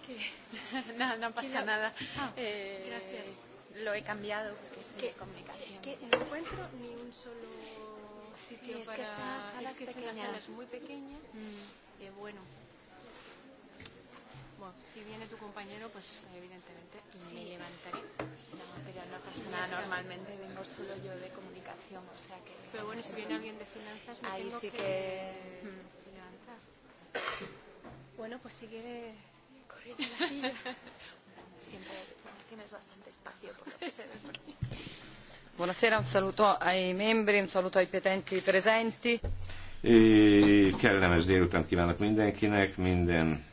Ok. no, no pasa nada. Ah, eh, gracias. Lo he cambiado porque es que, comunicación. Es que no encuentro ni un solo sitio sí, es para... Que esta sala es que es pequeña. una sala es muy pequeña. Mm. Eh, bueno. Bueno, si viene tu compañero, pues evidentemente sí. me levantaré. No, pero no pasa nada. Sí, normalmente vengo solo yo de comunicación, o sea que... Pero bueno, si viene alguien de finanzas, me Ahí tengo sí que... que... Mm. levantar. Bueno, pues si quiere aprieta la silla. Siempre tienes bastante espacio por lo que se ve. Buonasera, un saluto ai membri, un saluto ai petenti presenti. E kellemes délután kívánok mindenkinek, minden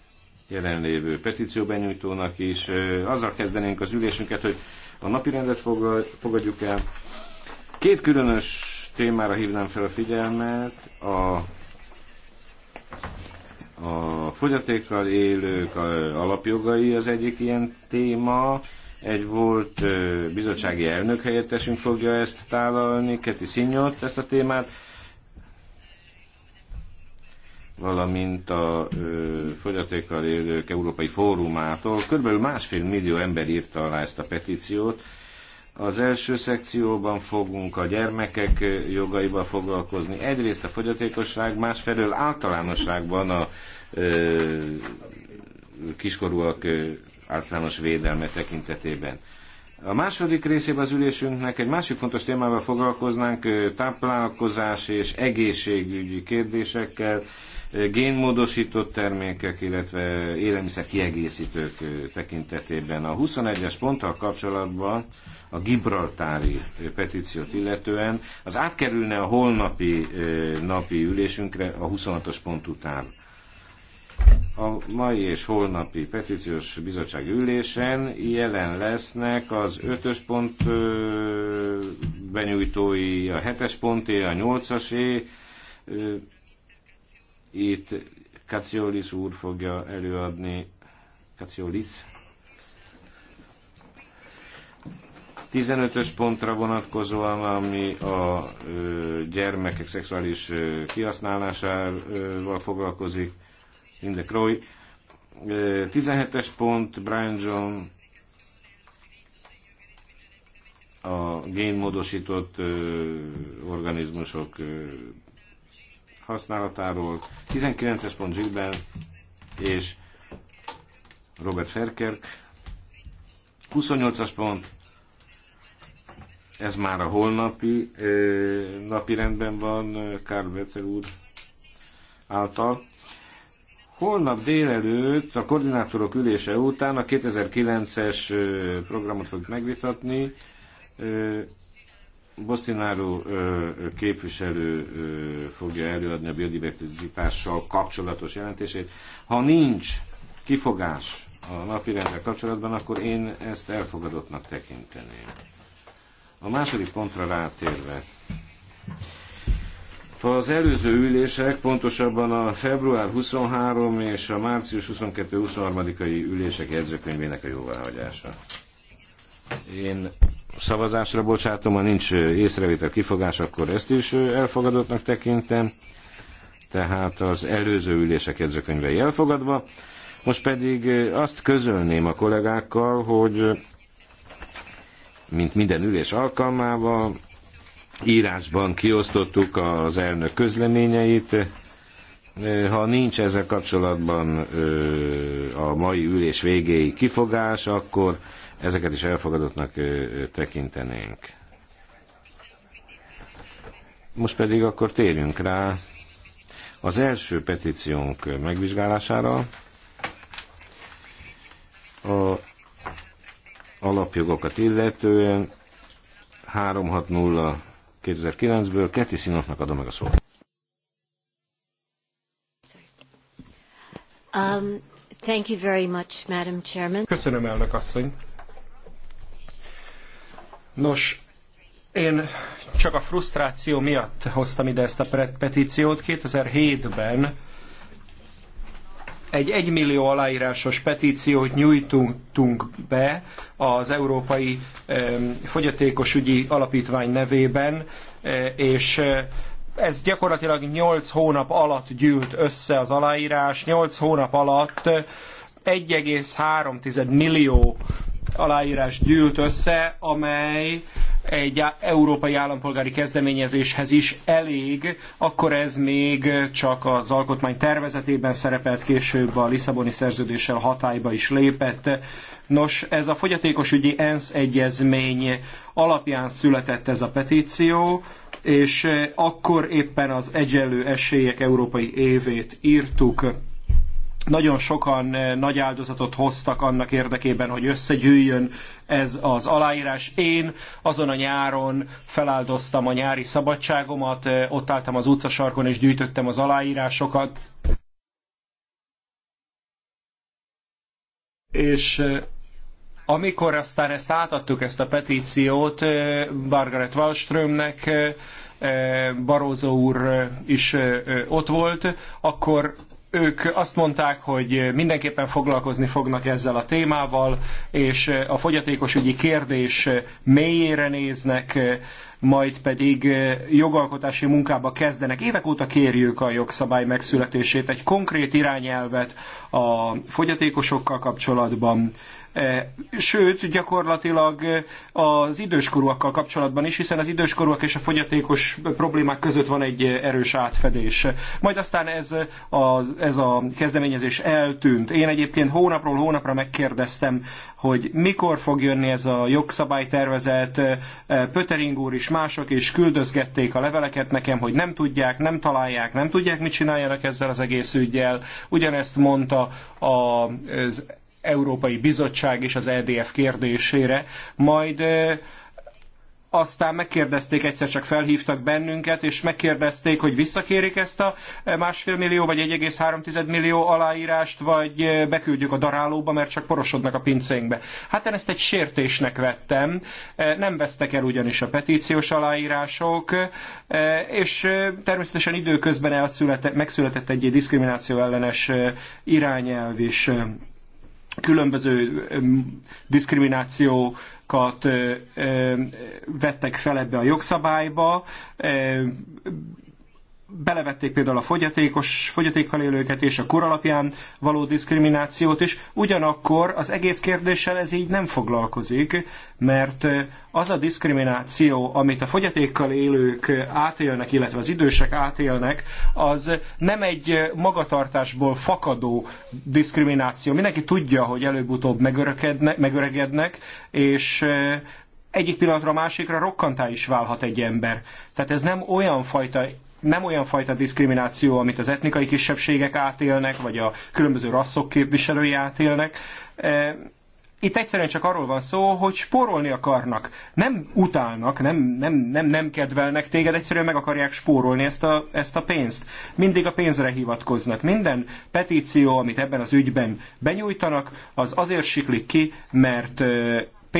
jelenlévő petícióbenyújtónak is. Azzal kezdenénk az ülésünket, hogy a napi rendet fogadjuk el. Két különös témára hívnám fel a figyelmet, a a fogyatékkal élők alapjogai az egyik ilyen téma. Egy volt bizottsági elnök helyettesünk fogja ezt tálalni, Keti Szinyot, ezt a témát valamint a ö, fogyatékkal élők Európai Fórumától. Körülbelül másfél millió ember írta alá ezt a petíciót, az első szekcióban fogunk a gyermekek jogaival foglalkozni. Egyrészt a fogyatékosság, másfelől általánosságban a ö, kiskorúak ö, általános védelme tekintetében. A második részében az ülésünknek egy másik fontos témával foglalkoznánk, táplálkozás és egészségügyi kérdésekkel, génmódosított termékek, illetve élelmiszer kiegészítők tekintetében. A 21-es ponttal kapcsolatban a Gibraltári petíciót illetően az átkerülne a holnapi napi ülésünkre a 26-os pont után. A mai és holnapi petíciós bizottság ülésen jelen lesznek az 5-ös pont benyújtói, a 7-es ponté, a 8-asé, itt Kaciolis úr fogja előadni. Kaciolis. 15-ös pontra vonatkozóan, ami a ö, gyermekek szexuális ö, kihasználásával foglalkozik, Inde Croy. 17-es pont, Brian John, a génmódosított ö, organizmusok ö, használatáról. 19-es pont Zsigben és Robert Ferkerk. 28-as pont, ez már a holnapi napi rendben van Karl Wetzel úr által. Holnap délelőtt a koordinátorok ülése után a 2009-es programot fogjuk megvitatni Bosztináró képviselő fogja előadni a biodiverzitással kapcsolatos jelentését. Ha nincs kifogás a napirendre kapcsolatban, akkor én ezt elfogadottnak tekinteném. A második pontra rátérve. Ha az előző ülések, pontosabban a február 23 és a március 22-23-ai ülések jegyzőkönyvének a jóváhagyása. Én szavazásra bocsátom, ha nincs észrevétel kifogás, akkor ezt is elfogadottnak tekintem. Tehát az előző ülések jegyzőkönyvei elfogadva. Most pedig azt közölném a kollégákkal, hogy mint minden ülés alkalmával, írásban kiosztottuk az elnök közleményeit. Ha nincs ezzel kapcsolatban a mai ülés végéi kifogás, akkor ezeket is elfogadottnak tekintenénk. Most pedig akkor térjünk rá az első petíciónk megvizsgálására. A alapjogokat illetően 360 2009-ből Keti Színoknak adom meg a szót. Um, thank you very much, Madam Chairman. Köszönöm, elnök asszony. Nos, én csak a frusztráció miatt hoztam ide ezt a petíciót. 2007-ben egy egymillió millió aláírásos petíciót nyújtunk be az Európai Fogyatékosügyi Alapítvány nevében, e, és e, ez gyakorlatilag 8 hónap alatt gyűlt össze az aláírás, 8 hónap alatt 1,3 millió aláírás gyűlt össze, amely egy európai állampolgári kezdeményezéshez is elég, akkor ez még csak az alkotmány tervezetében szerepelt, később a Lisszaboni szerződéssel hatályba is lépett. Nos, ez a fogyatékosügyi ENSZ egyezmény alapján született ez a petíció, és akkor éppen az egyenlő esélyek európai évét írtuk. Nagyon sokan eh, nagy áldozatot hoztak annak érdekében, hogy összegyűjjön ez az aláírás. Én azon a nyáron feláldoztam a nyári szabadságomat, eh, ott álltam az utcasarkon és gyűjtöttem az aláírásokat. És eh, amikor aztán ezt átadtuk, ezt a petíciót Margaret Wallströmnek, Barózó úr is ott volt, akkor ők azt mondták, hogy mindenképpen foglalkozni fognak ezzel a témával, és a fogyatékosügyi kérdés mélyére néznek, majd pedig jogalkotási munkába kezdenek. Évek óta kérjük a jogszabály megszületését, egy konkrét irányelvet a fogyatékosokkal kapcsolatban, E, sőt, gyakorlatilag az időskorúakkal kapcsolatban is, hiszen az időskorúak és a fogyatékos problémák között van egy erős átfedés. Majd aztán ez a, ez a kezdeményezés eltűnt. Én egyébként hónapról hónapra megkérdeztem, hogy mikor fog jönni ez a jogszabálytervezet. E, Pötering úr is, mások is küldözgették a leveleket nekem, hogy nem tudják, nem találják, nem tudják, mit csináljanak ezzel az egész ügyjel. Ugyanezt mondta az Európai Bizottság és az EDF kérdésére, majd aztán megkérdezték, egyszer csak felhívtak bennünket, és megkérdezték, hogy visszakérik ezt a másfél millió vagy 1,3 millió aláírást, vagy beküldjük a darálóba, mert csak porosodnak a pincénkbe. Hát én ezt egy sértésnek vettem, nem vesztek el ugyanis a petíciós aláírások, és természetesen időközben elszületett, megszületett egy diszkrimináció ellenes irányelv is különböző diszkriminációkat vettek fel ebbe a jogszabályba, belevették például a fogyatékos, fogyatékkal élőket és a kor alapján való diszkriminációt is, ugyanakkor az egész kérdéssel ez így nem foglalkozik, mert az a diszkrimináció, amit a fogyatékkal élők átélnek, illetve az idősek átélnek, az nem egy magatartásból fakadó diszkrimináció. Mindenki tudja, hogy előbb-utóbb megöregednek, és egyik pillanatra a másikra rokkantá is válhat egy ember. Tehát ez nem olyan fajta nem olyan fajta diszkrimináció, amit az etnikai kisebbségek átélnek, vagy a különböző rasszok képviselői átélnek. E, itt egyszerűen csak arról van szó, hogy spórolni akarnak. Nem utálnak, nem, nem, nem, nem kedvelnek téged, egyszerűen meg akarják spórolni ezt a, ezt a pénzt. Mindig a pénzre hivatkoznak. Minden petíció, amit ebben az ügyben benyújtanak, az azért siklik ki, mert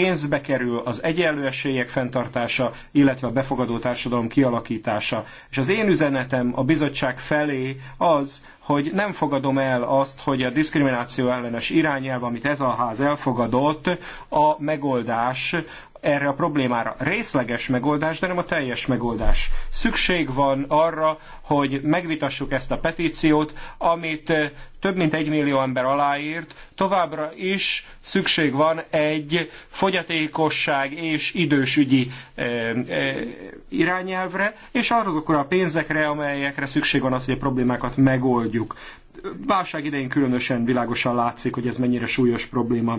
pénzbe kerül az egyenlő esélyek fenntartása, illetve a befogadó társadalom kialakítása. És az én üzenetem a bizottság felé az, hogy nem fogadom el azt, hogy a diszkrimináció ellenes irányelv, amit ez a ház elfogadott, a megoldás erre a problémára részleges megoldás, de nem a teljes megoldás. Szükség van arra, hogy megvitassuk ezt a petíciót, amit eh, több mint egy millió ember aláírt, továbbra is szükség van egy fogyatékosság és idősügyi e, e, irányelvre, és arra a pénzekre, amelyekre szükség van az, hogy a problémákat megoldjuk. Válság idején különösen világosan látszik, hogy ez mennyire súlyos probléma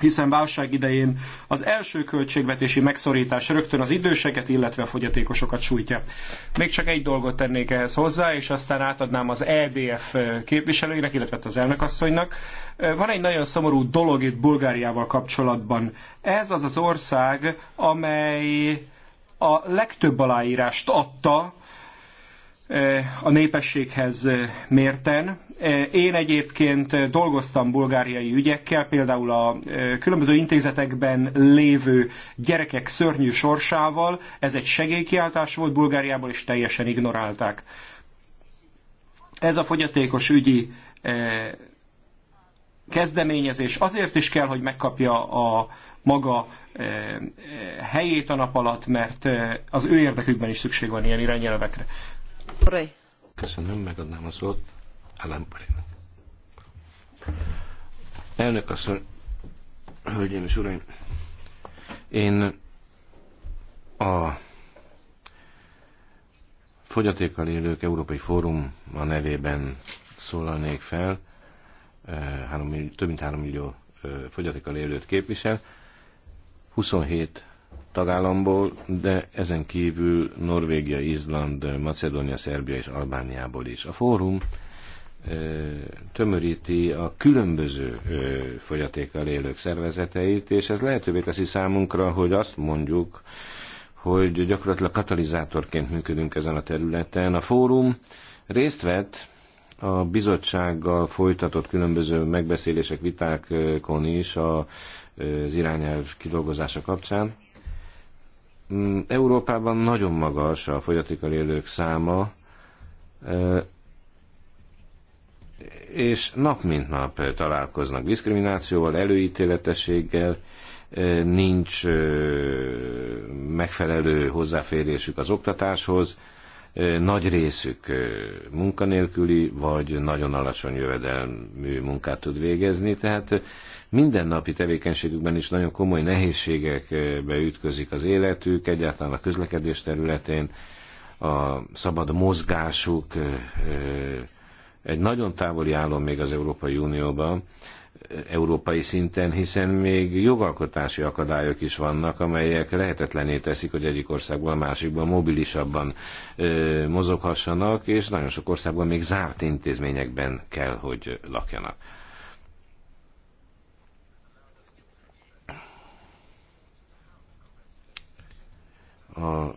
hiszen válság idején az első költségvetési megszorítás rögtön az időseket, illetve a fogyatékosokat sújtja. Még csak egy dolgot tennék ehhez hozzá, és aztán átadnám az EDF képviselőinek, illetve hát az elnökasszonynak. Van egy nagyon szomorú dolog itt Bulgáriával kapcsolatban. Ez az az ország, amely a legtöbb aláírást adta eh, a népességhez mérten, Eh, én egyébként eh, dolgoztam bulgáriai ügyekkel, például a eh, különböző intézetekben lévő gyerekek szörnyű sorsával. Ez egy segélykiáltás volt Bulgáriából, és teljesen ignorálták. Ez a fogyatékos ügyi kezdeményezés azért is kell, hogy megkapja a maga helyét a nap alatt, mert az ő érdekükben is szükség van ilyen irányelvekre. Köszönöm, megadnám a szót állampolgárnak. Elnök asszony, hölgyeim és uraim, én a Fogyatékkal élők Európai Fórum a nevében szólalnék fel, eh, három, több mint 3 millió eh, fogyatékkal élőt képvisel, 27 tagállamból, de ezen kívül Norvégia, Izland, Macedónia, Szerbia és Albániából is. A fórum tömöríti a különböző fogyatékkal élők szervezeteit, és ez lehetővé teszi számunkra, hogy azt mondjuk, hogy gyakorlatilag katalizátorként működünk ezen a területen. A fórum részt vett a bizottsággal folytatott különböző megbeszélések, vitákon is az irányelv kidolgozása kapcsán. Mm, Európában nagyon magas a fogyatékkal élők száma, és nap mint nap eh, találkoznak diszkriminációval, előítéletességgel, eh, nincs eh, megfelelő hozzáférésük az oktatáshoz, nagy részük munkanélküli, vagy nagyon alacsony jövedelmű munkát tud végezni, tehát mindennapi tevékenységükben is nagyon komoly nehézségekbe ütközik az életük, egyáltalán a közlekedés területén, a szabad mozgásuk egy nagyon távoli állom még az Európai Unióban, európai szinten, hiszen még jogalkotási akadályok is vannak, amelyek lehetetlené teszik, hogy egyik országban a másikban mobilisabban ö, mozoghassanak, és nagyon sok országban még zárt intézményekben kell, hogy lakjanak. A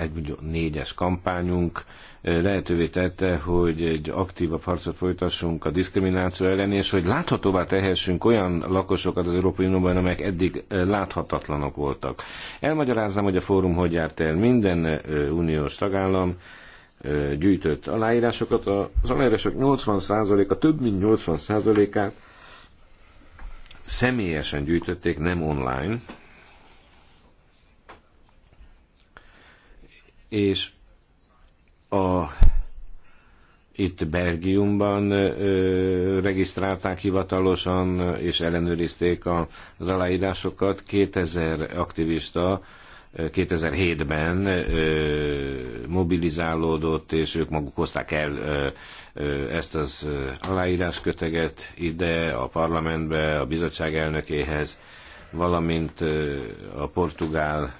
1 millió 4-es kampányunk lehetővé tette, hogy egy aktívabb harcot folytassunk a diszkrimináció ellen, és hogy láthatóvá tehessünk olyan lakosokat az Európai Unióban, amelyek eddig láthatatlanok voltak. Elmagyaráznám, hogy a fórum hogy járt el. Minden uniós tagállam gyűjtött aláírásokat. Az aláírások 80%-a, több mint 80%-át személyesen gyűjtötték, nem online, és a itt Belgiumban ö, regisztrálták hivatalosan, és ellenőrizték a, az aláírásokat. 2000 aktivista 2007-ben mobilizálódott, és ők maguk hozták el ö, ö, ezt az aláírásköteget ide a parlamentbe, a bizottság elnökéhez, valamint ö, a portugál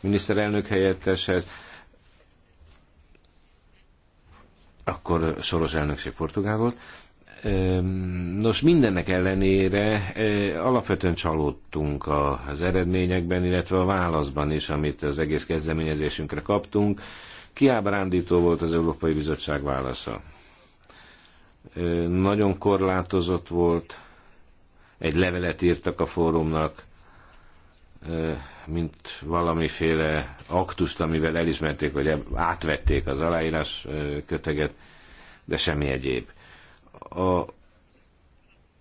miniszterelnök helyetteshez. akkor soros elnökség portugál volt. Nos, mindennek ellenére alapvetően csalódtunk az eredményekben, illetve a válaszban is, amit az egész kezdeményezésünkre kaptunk. Kiábrándító volt az Európai Bizottság válasza. Nagyon korlátozott volt, egy levelet írtak a fórumnak, mint valamiféle aktust, amivel elismerték, hogy átvették az aláírás köteget, de semmi egyéb. A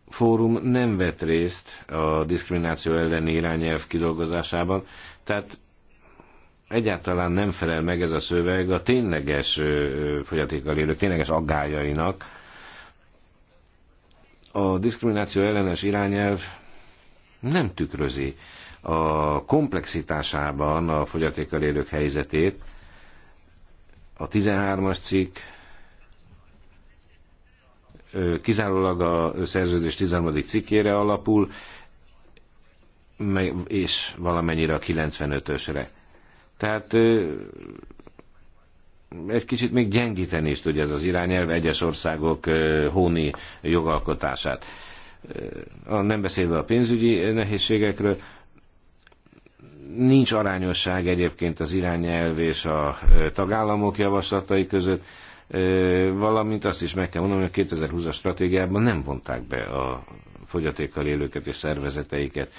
fórum nem vett részt a diszkrimináció elleni irányelv kidolgozásában, tehát egyáltalán nem felel meg ez a szöveg a tényleges fogyatékkal élők tényleges aggájainak. A diszkrimináció ellenes irányelv nem tükrözi a komplexitásában a fogyatékkal élők helyzetét. A 13-as cikk kizárólag a szerződés 13. cikkére alapul, és valamennyire a 95-ösre. Tehát egy kicsit még gyengíteni is tudja ez az irányelv egyes országok hóni jogalkotását. Nem beszélve a pénzügyi nehézségekről, Nincs arányosság egyébként az irányelv és a tagállamok javaslatai között, valamint azt is meg kell mondanom, hogy a 2020-as stratégiában nem vonták be a fogyatékkal élőket és szervezeteiket.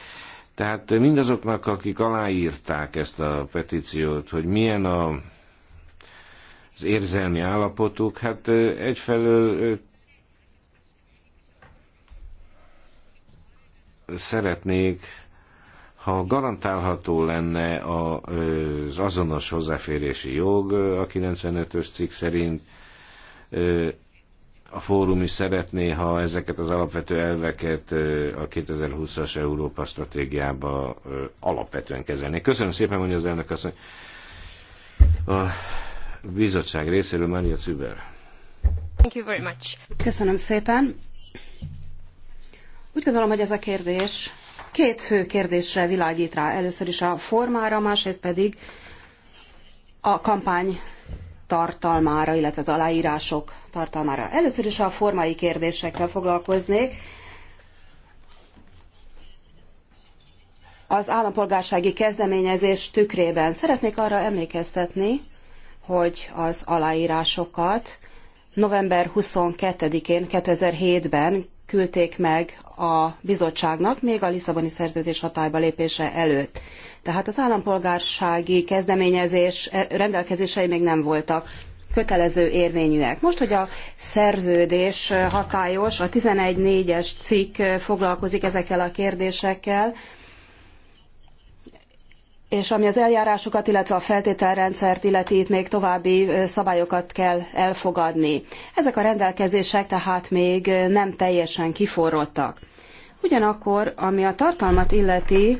Tehát mindazoknak, akik aláírták ezt a petíciót, hogy milyen a, az érzelmi állapotuk, hát egyfelől szeretnék ha garantálható lenne az azonos hozzáférési jog a 95-ös cikk szerint, a fórum is szeretné, ha ezeket az alapvető elveket a 2020-as Európa stratégiába alapvetően kezelné. Köszönöm szépen, hogy az elnök azt A bizottság részéről a Cüber. Thank you very much. Köszönöm szépen. Úgy gondolom, hogy ez a kérdés két fő kérdésre világít rá. Először is a formára, másrészt pedig a kampány tartalmára, illetve az aláírások tartalmára. Először is a formai kérdésekkel foglalkoznék. Az állampolgársági kezdeményezés tükrében szeretnék arra emlékeztetni, hogy az aláírásokat november 22-én 2007-ben küldték meg a bizottságnak még a Lisszaboni szerződés hatályba lépése előtt. Tehát az állampolgársági kezdeményezés e, rendelkezései még nem voltak kötelező érvényűek. Most, hogy a szerződés hatályos, a 11.4-es cikk foglalkozik ezekkel a kérdésekkel, és ami az eljárásokat, illetve a feltételrendszert illeti, itt még további szabályokat kell elfogadni. Ezek a rendelkezések tehát még nem teljesen kiforrottak. Ugyanakkor, ami a tartalmat illeti,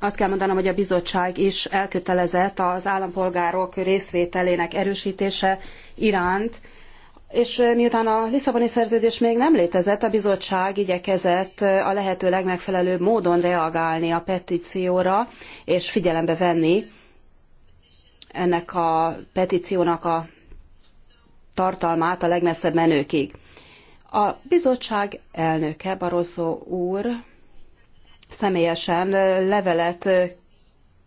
azt kell mondanom, hogy a bizottság is elkötelezett az állampolgárok részvételének erősítése iránt, és miután a Lisszaboni szerződés még nem létezett, a bizottság igyekezett a lehető legmegfelelőbb módon reagálni a petícióra, és figyelembe venni ennek a petíciónak a tartalmát a legmesszebb menőkig. A bizottság elnöke, Barroso úr, személyesen levelet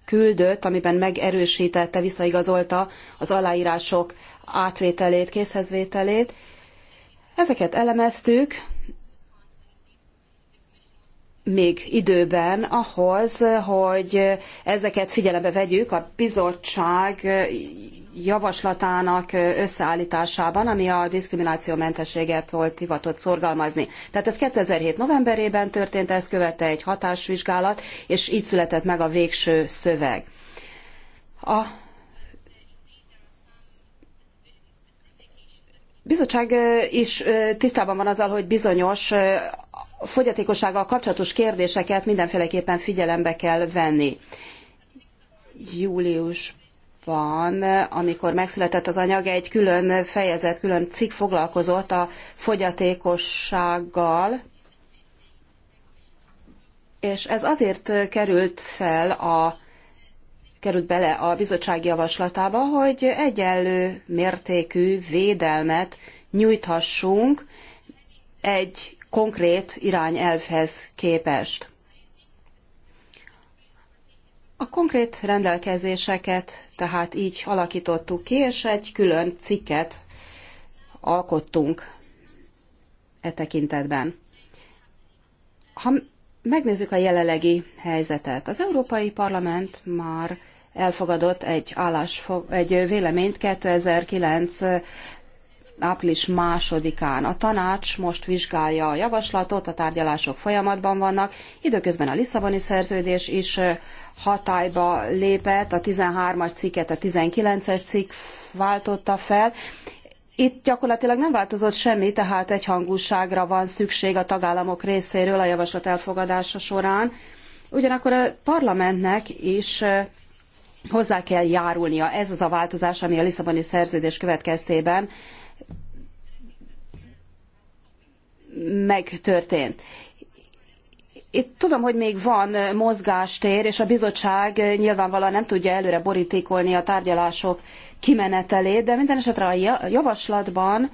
küldött, amiben megerősítette, visszaigazolta az aláírások átvételét, készhezvételét. Ezeket elemeztük még időben ahhoz, hogy ezeket figyelembe vegyük a bizottság javaslatának összeállításában, ami a diszkriminációmentességet volt hivatott szorgalmazni. Tehát ez 2007 novemberében történt, ezt követte egy hatásvizsgálat, és így született meg a végső szöveg. A bizottság is tisztában van azzal, hogy bizonyos fogyatékossággal kapcsolatos kérdéseket mindenféleképpen figyelembe kell venni. Júliusban van, amikor megszületett az anyag, egy külön fejezet, külön cikk foglalkozott a fogyatékossággal, és ez azért került fel a került bele a bizottság javaslatába, hogy egyenlő mértékű védelmet nyújthassunk egy konkrét irányelvhez képest. A konkrét rendelkezéseket tehát így alakítottuk ki, és egy külön cikket alkottunk e tekintetben. Ha megnézzük a jelenlegi helyzetet, az Európai Parlament már elfogadott egy, állásfog, egy véleményt 2009 április másodikán. A tanács most vizsgálja a javaslatot, a tárgyalások folyamatban vannak, időközben a Lisszaboni szerződés is hatályba lépett, a 13-as cikket a 19-es cikk váltotta fel, itt gyakorlatilag nem változott semmi, tehát egyhangúságra van szükség a tagállamok részéről a javaslat elfogadása során. Ugyanakkor a parlamentnek is hozzá kell járulnia. Ez az a változás, ami a Lisszaboni szerződés következtében megtörtént. Itt tudom, hogy még van mozgástér, és a bizottság nyilvánvalóan nem tudja előre borítékolni a tárgyalások kimenetelét, de minden esetre a javaslatban,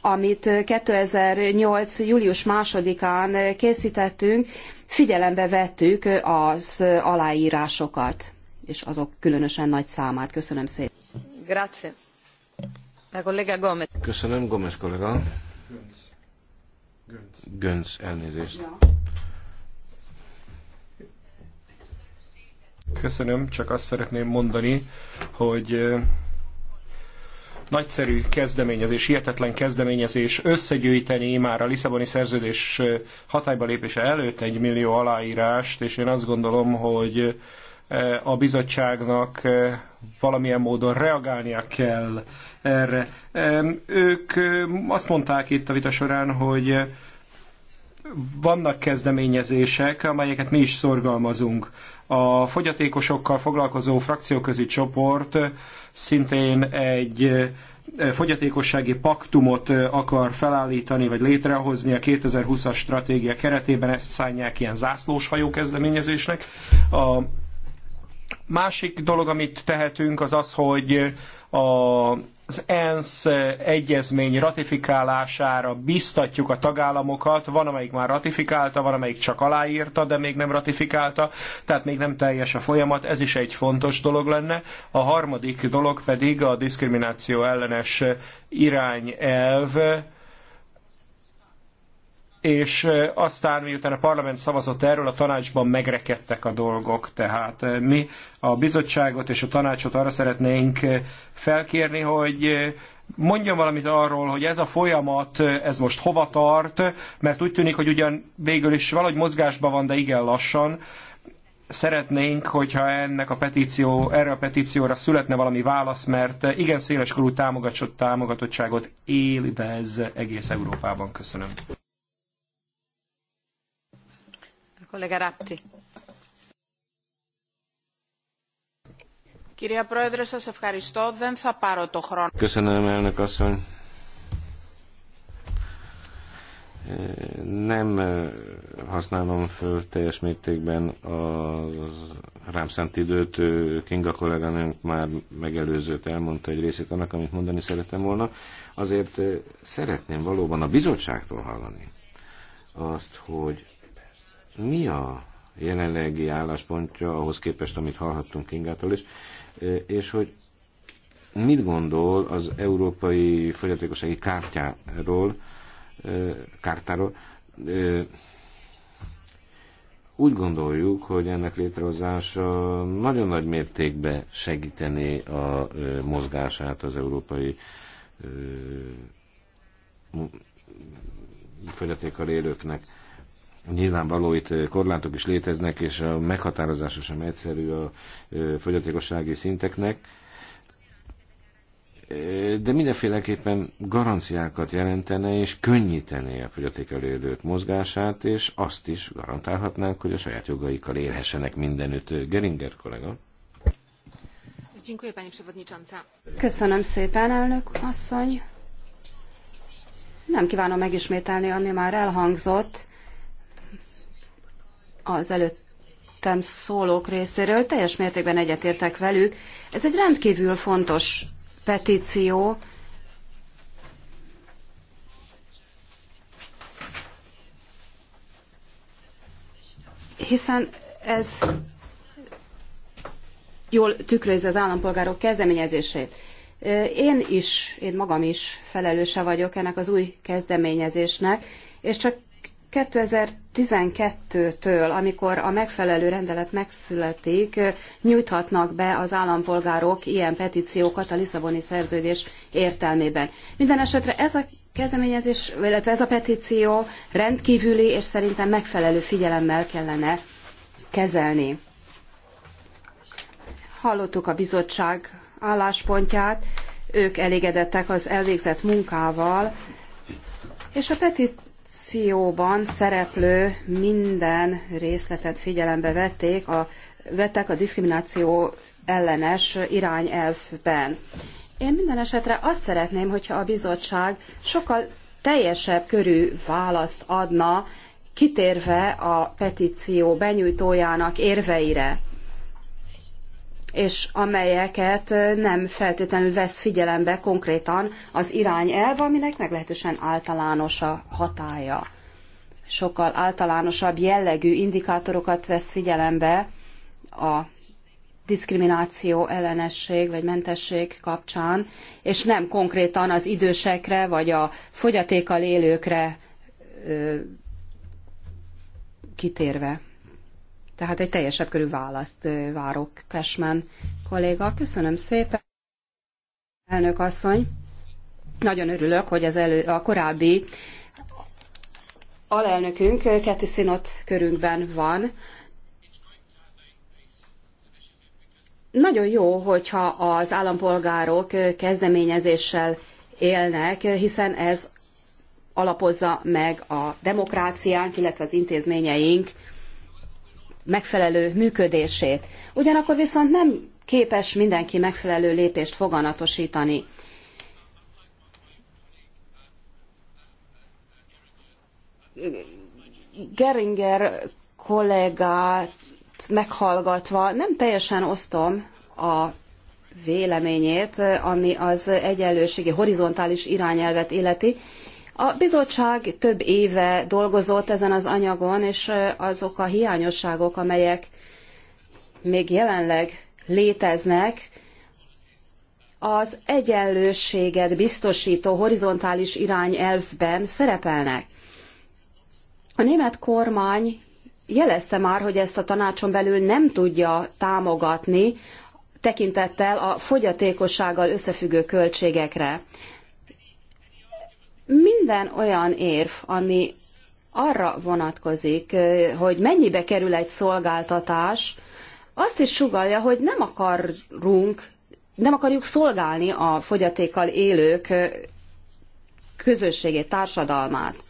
amit 2008. július másodikán készítettünk, figyelembe vettük az aláírásokat, és azok különösen nagy számát. Köszönöm szépen. Grazie. La collega Gomez. Köszönöm, Gomez kollega. Köszönöm. Gönc. Gönc, elnézést. Köszönöm, csak azt szeretném mondani, hogy nagyszerű kezdeményezés, hihetetlen kezdeményezés összegyűjteni már a Lisszaboni szerződés hatályba lépése előtt egy millió aláírást, és én azt gondolom, hogy a bizottságnak valamilyen módon reagálnia kell erre. Ők azt mondták itt a vita során, hogy vannak kezdeményezések, amelyeket mi is szorgalmazunk. A fogyatékosokkal foglalkozó frakcióközi csoport szintén egy fogyatékossági paktumot akar felállítani, vagy létrehozni a 2020-as stratégia keretében, ezt szállják ilyen zászlóshajó kezdeményezésnek. A Másik dolog, amit tehetünk, az az, hogy a, az ENSZ egyezmény ratifikálására biztatjuk a tagállamokat, van amelyik már ratifikálta, van amelyik csak aláírta, de még nem ratifikálta, tehát még nem teljes a folyamat, ez is egy fontos dolog lenne. A harmadik dolog pedig a diszkrimináció ellenes irányelv, és aztán miután a parlament szavazott erről, a tanácsban megrekedtek a dolgok. Tehát mi a bizottságot és a tanácsot arra szeretnénk felkérni, hogy mondjon valamit arról, hogy ez a folyamat, ez most hova tart, mert úgy tűnik, hogy ugyan végül is valahogy mozgásban van, de igen lassan. Szeretnénk, hogyha ennek a petíció, erre a petícióra születne valami válasz, mert igen széles széleskorú támogatottságot élvez egész Európában. Köszönöm. Κυρία Πρόεδρε, σας ευχαριστώ. Δεν θα πάρω το χρόνο. Köszönöm, elnök asszony. Nem használom föl teljes mértékben a rám szánt időt. Kinga kolléganőnk már megelőzőt elmondta egy részét annak, amit mondani szerettem volna. Azért szeretném valóban a bizottságtól hallani azt, hogy mi a jelenlegi álláspontja ahhoz képest, amit hallhattunk Ingától is, és hogy mit gondol az európai fogyatékossági kártyáról, kártáról. Úgy gondoljuk, hogy ennek létrehozása nagyon nagy mértékben segítené a mozgását az európai fogyatékkal élőknek Nyilvánvaló itt korlátok is léteznek, és a meghatározása sem egyszerű a fogyatékossági szinteknek, de mindenféleképpen garanciákat jelentene és könnyítené a fogyatékkal élők mozgását, és azt is garantálhatnánk, hogy a saját jogaikkal élhessenek mindenütt. Geringer kollega. Köszönöm szépen, elnök asszony. Nem kívánom megismételni, ami már elhangzott az előttem szólók részéről, teljes mértékben egyetértek velük. Ez egy rendkívül fontos petíció, hiszen ez jól tükrözi az állampolgárok kezdeményezését. Én is, én magam is felelőse vagyok ennek az új kezdeményezésnek, és csak 2000 12-től, amikor a megfelelő rendelet megszületik, nyújthatnak be az állampolgárok ilyen petíciókat a Lisszaboni szerződés értelmében. Minden esetre ez a kezdeményezés, illetve ez a petíció rendkívüli és szerintem megfelelő figyelemmel kellene kezelni. Hallottuk a bizottság álláspontját, ők elégedettek az elvégzett munkával, és a petíció akcióban szereplő minden részletet figyelembe vették a, vettek a diszkrimináció ellenes irányelvben. Én minden esetre azt szeretném, hogyha a bizottság sokkal teljesebb körű választ adna, kitérve a petíció benyújtójának érveire és amelyeket nem feltétlenül vesz figyelembe konkrétan az irányelv, aminek meglehetősen általános a hatája. Sokkal általánosabb jellegű indikátorokat vesz figyelembe a diszkrimináció ellenesség vagy mentesség kapcsán, és nem konkrétan az idősekre vagy a fogyatékkal élőkre ö, kitérve. Tehát egy teljesebb körű választ várok, Kesmen kolléga. Köszönöm szépen, elnök asszony. Nagyon örülök, hogy az elő, a korábbi alelnökünk Keti Színot körünkben van. Nagyon jó, hogyha az állampolgárok kezdeményezéssel élnek, hiszen ez alapozza meg a demokráciánk, illetve az intézményeink megfelelő működését. Ugyanakkor viszont nem képes mindenki megfelelő lépést foganatosítani. Geringer kollégát meghallgatva nem teljesen osztom a véleményét, ami az egyenlőségi horizontális irányelvet illeti, a bizottság több éve dolgozott ezen az anyagon, és azok a hiányosságok, amelyek még jelenleg léteznek, az egyenlőséget biztosító horizontális irányelvben szerepelnek. A német kormány jelezte már, hogy ezt a tanácson belül nem tudja támogatni, tekintettel a fogyatékossággal összefüggő költségekre. Minden olyan érv, ami arra vonatkozik, eh, hogy mennyibe kerül egy szolgáltatás, azt is sugalja, hogy nem akarunk, nem akarjuk szolgálni a fogyatékkal élők eh, közösségét, társadalmát.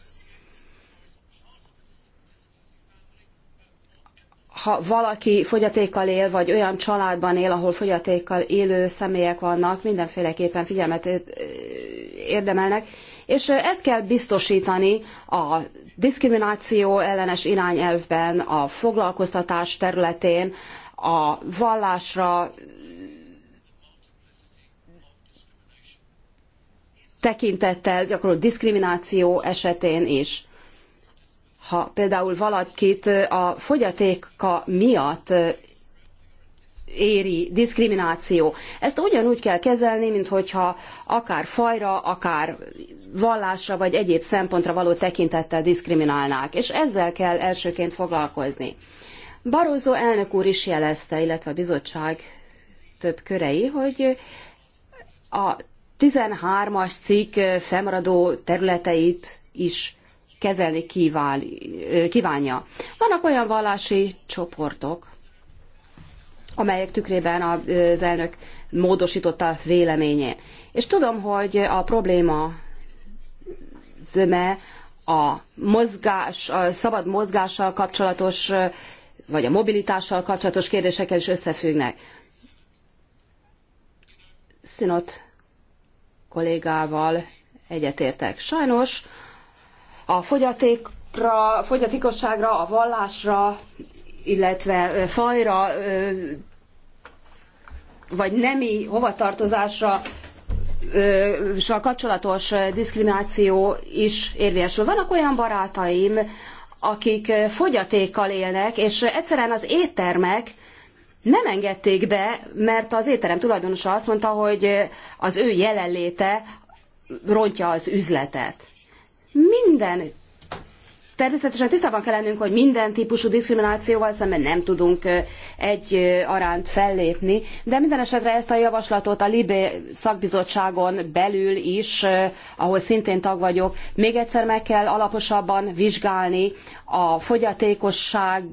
ha valaki fogyatékkal él, vagy olyan családban él, ahol fogyatékkal élő személyek vannak, mindenféleképpen figyelmet eh, érdemelnek, és ezt kell biztosítani a diszkrimináció ellenes irányelvben, a foglalkoztatás területén, a vallásra tekintettel gyakorolt diszkrimináció esetén is. Ha például valakit a fogyatéka miatt éri diszkrimináció. Ezt ugyanúgy kell kezelni, mint hogyha akár fajra, akár vallásra, vagy egyéb szempontra való tekintettel diszkriminálnák, és ezzel kell elsőként foglalkozni. Barroso elnök úr is jelezte, illetve a bizottság több körei, hogy a 13-as cikk fennmaradó területeit is kezelni kíván, kívánja. Vannak olyan vallási csoportok, amelyek tükrében az elnök módosította véleményén. És tudom, hogy a probléma zöme a mozgás, a szabad mozgással kapcsolatos, vagy a mobilitással kapcsolatos kérdésekkel is összefüggnek. Szinot, kollégával egyetértek. Sajnos a fogyatékra, fogyatékosságra, a vallásra illetve fajra vagy nemi hovatartozásra kapcsolatos diszkrimináció is érvényesül. Vannak olyan barátaim, akik fogyatékkal élnek, és egyszerűen az éttermek nem engedték be, mert az étterem tulajdonosa azt mondta, hogy az ő jelenléte rontja az üzletet. Minden Természetesen tisztában kell lennünk, hogy minden típusú diszkriminációval szemben nem tudunk egy aránt fellépni, de minden esetre ezt a javaslatot a Libé szakbizottságon belül is, ahol szintén tag vagyok, még egyszer meg kell alaposabban vizsgálni a fogyatékosság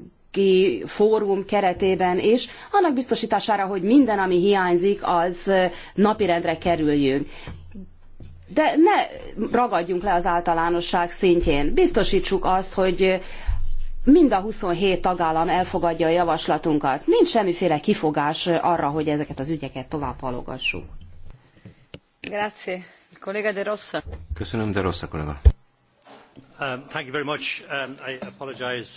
fórum keretében is, annak biztosítására, hogy minden, ami hiányzik, az napirendre kerüljön de ne ragadjunk le az általánosság szintjén. Biztosítsuk azt, hogy mind a 27 tagállam elfogadja a javaslatunkat. Nincs semmiféle kifogás arra, hogy ezeket az ügyeket tovább halogassuk. Grazie. Kollega de Rossa. Köszönöm, de Rossa kollega. Um, um,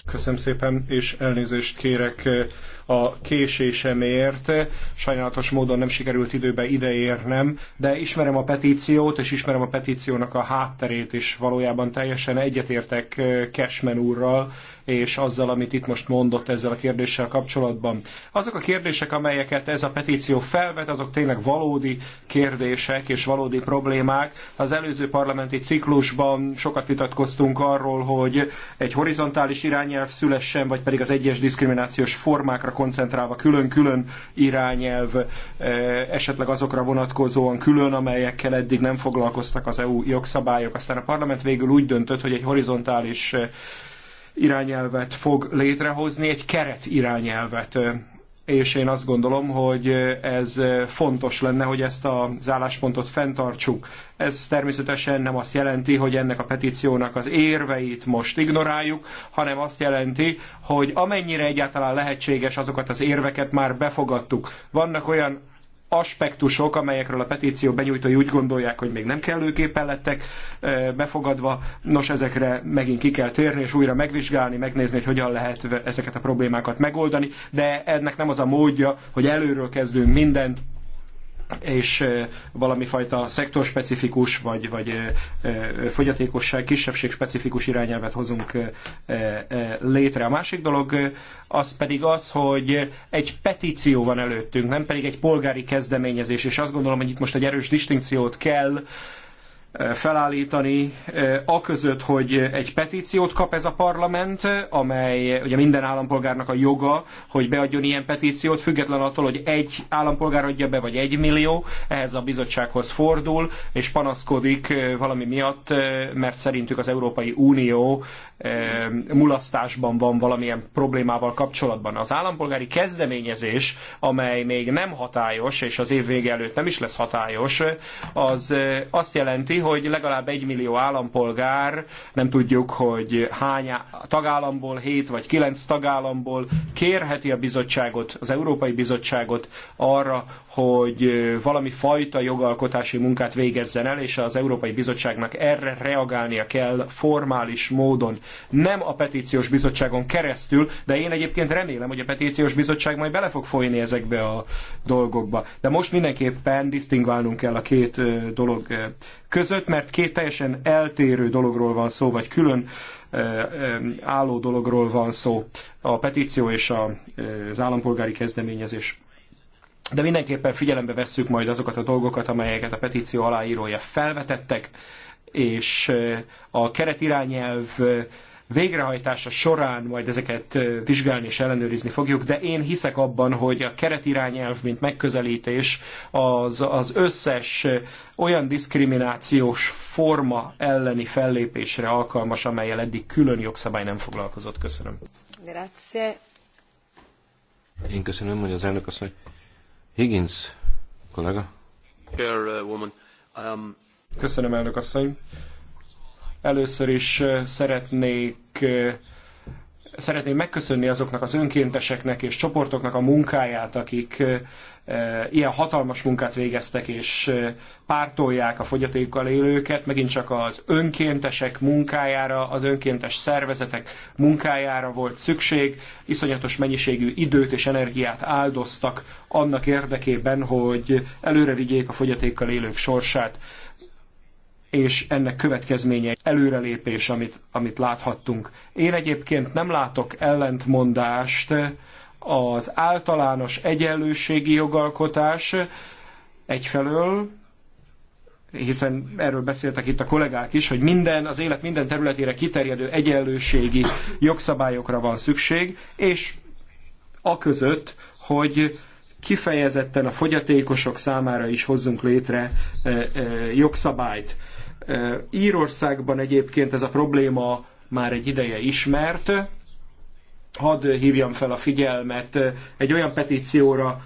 Köszönöm szépen, és elnézést kérek uh, a késésemért. Sajnálatos módon nem sikerült időbe ideérnem, de ismerem a petíciót, és ismerem a petíciónak a hátterét, és valójában teljesen egyetértek uh, Cashman úrral, és azzal, amit itt most mondott ezzel a kérdéssel kapcsolatban. Azok a kérdések, amelyeket ez a petíció felvet, azok tényleg valódi kérdések és valódi problémák. Az előző parlamenti ciklusban sokat vitatkoztunk arról, hogy egy horizontális irányelv szülessen, vagy pedig az egyes diszkriminációs formákra koncentrálva külön-külön irányelv, eh, esetleg azokra vonatkozóan külön, amelyekkel eddig nem foglalkoztak az EU jogszabályok. Aztán a parlament végül úgy döntött, hogy egy horizontális eh, irányelvet fog létrehozni, egy keret irányelvet. És én azt gondolom, hogy ez fontos lenne, hogy ezt az álláspontot fenntartsuk. Ez természetesen nem azt jelenti, hogy ennek a petíciónak az érveit most ignoráljuk, hanem azt jelenti, hogy amennyire egyáltalán lehetséges, azokat az érveket már befogadtuk. Vannak olyan aspektusok, amelyekről a petíció benyújtói úgy gondolják, hogy még nem kellőképpen lettek befogadva. Nos, ezekre megint ki kell térni, és újra megvizsgálni, megnézni, hogy hogyan lehet ezeket a problémákat megoldani, de ennek nem az a módja, hogy előről kezdünk mindent, és valami fajta szektorspecifikus, vagy, vagy fogyatékosság, kisebbség specifikus irányelvet hozunk létre. A másik dolog az pedig az, hogy egy petíció van előttünk, nem pedig egy polgári kezdeményezés, és azt gondolom, hogy itt most egy erős distinkciót kell felállítani, eh, aközött, hogy egy petíciót kap ez a parlament, amely ugye minden állampolgárnak a joga, hogy beadjon ilyen petíciót, független attól, hogy egy állampolgár adja be, vagy egy millió, ehhez a bizottsághoz fordul, és panaszkodik eh, valami miatt, eh, mert szerintük az Európai Unió mulasztásban van valamilyen problémával kapcsolatban. Az állampolgári kezdeményezés, amely még nem hatályos, és az év vége előtt nem is lesz hatályos, az azt jelenti, hogy legalább egy millió állampolgár, nem tudjuk, hogy hány tagállamból, hét vagy kilenc tagállamból kérheti a bizottságot, az Európai Bizottságot arra, hogy valami fajta jogalkotási munkát végezzen el, és az Európai Bizottságnak erre reagálnia kell formális módon. Nem a petíciós bizottságon keresztül, de én egyébként remélem, hogy a petíciós bizottság majd bele fog folyni ezekbe a dolgokba. De most mindenképpen disztingválnunk kell a két dolog között, mert két teljesen eltérő dologról van szó, vagy külön álló dologról van szó, a petíció és az állampolgári kezdeményezés. De mindenképpen figyelembe vesszük majd azokat a dolgokat, amelyeket a petíció aláírója felvetettek, és a keretirányelv végrehajtása során majd ezeket vizsgálni és ellenőrizni fogjuk, de én hiszek abban, hogy a keretirányelv, mint megközelítés az, az összes olyan diszkriminációs forma elleni fellépésre alkalmas, amelyel eddig külön jogszabály nem foglalkozott. Köszönöm. Grazie. Én köszönöm, hogy az elnök asszony. Higgins, kollega. Um, köszönöm, elnök asszony. Először is szeretnék szeretném megköszönni azoknak az önkénteseknek és csoportoknak a munkáját, akik ilyen hatalmas munkát végeztek, és pártolják a fogyatékkal élőket, megint csak az önkéntesek munkájára, az önkéntes szervezetek munkájára volt szükség, iszonyatos mennyiségű időt és energiát áldoztak annak érdekében, hogy előre vigyék a fogyatékkal élők sorsát és ennek következménye előrelépés, amit, amit láthattunk. Én egyébként nem látok ellentmondást az általános egyenlőségi jogalkotás egyfelől, hiszen erről beszéltek itt a kollégák is, hogy minden, az élet minden területére kiterjedő egyenlőségi jogszabályokra van szükség, és a között, hogy kifejezetten a fogyatékosok számára is hozzunk létre jogszabályt. Írországban egyébként ez a probléma már egy ideje ismert. Hadd hívjam fel a figyelmet egy olyan petícióra,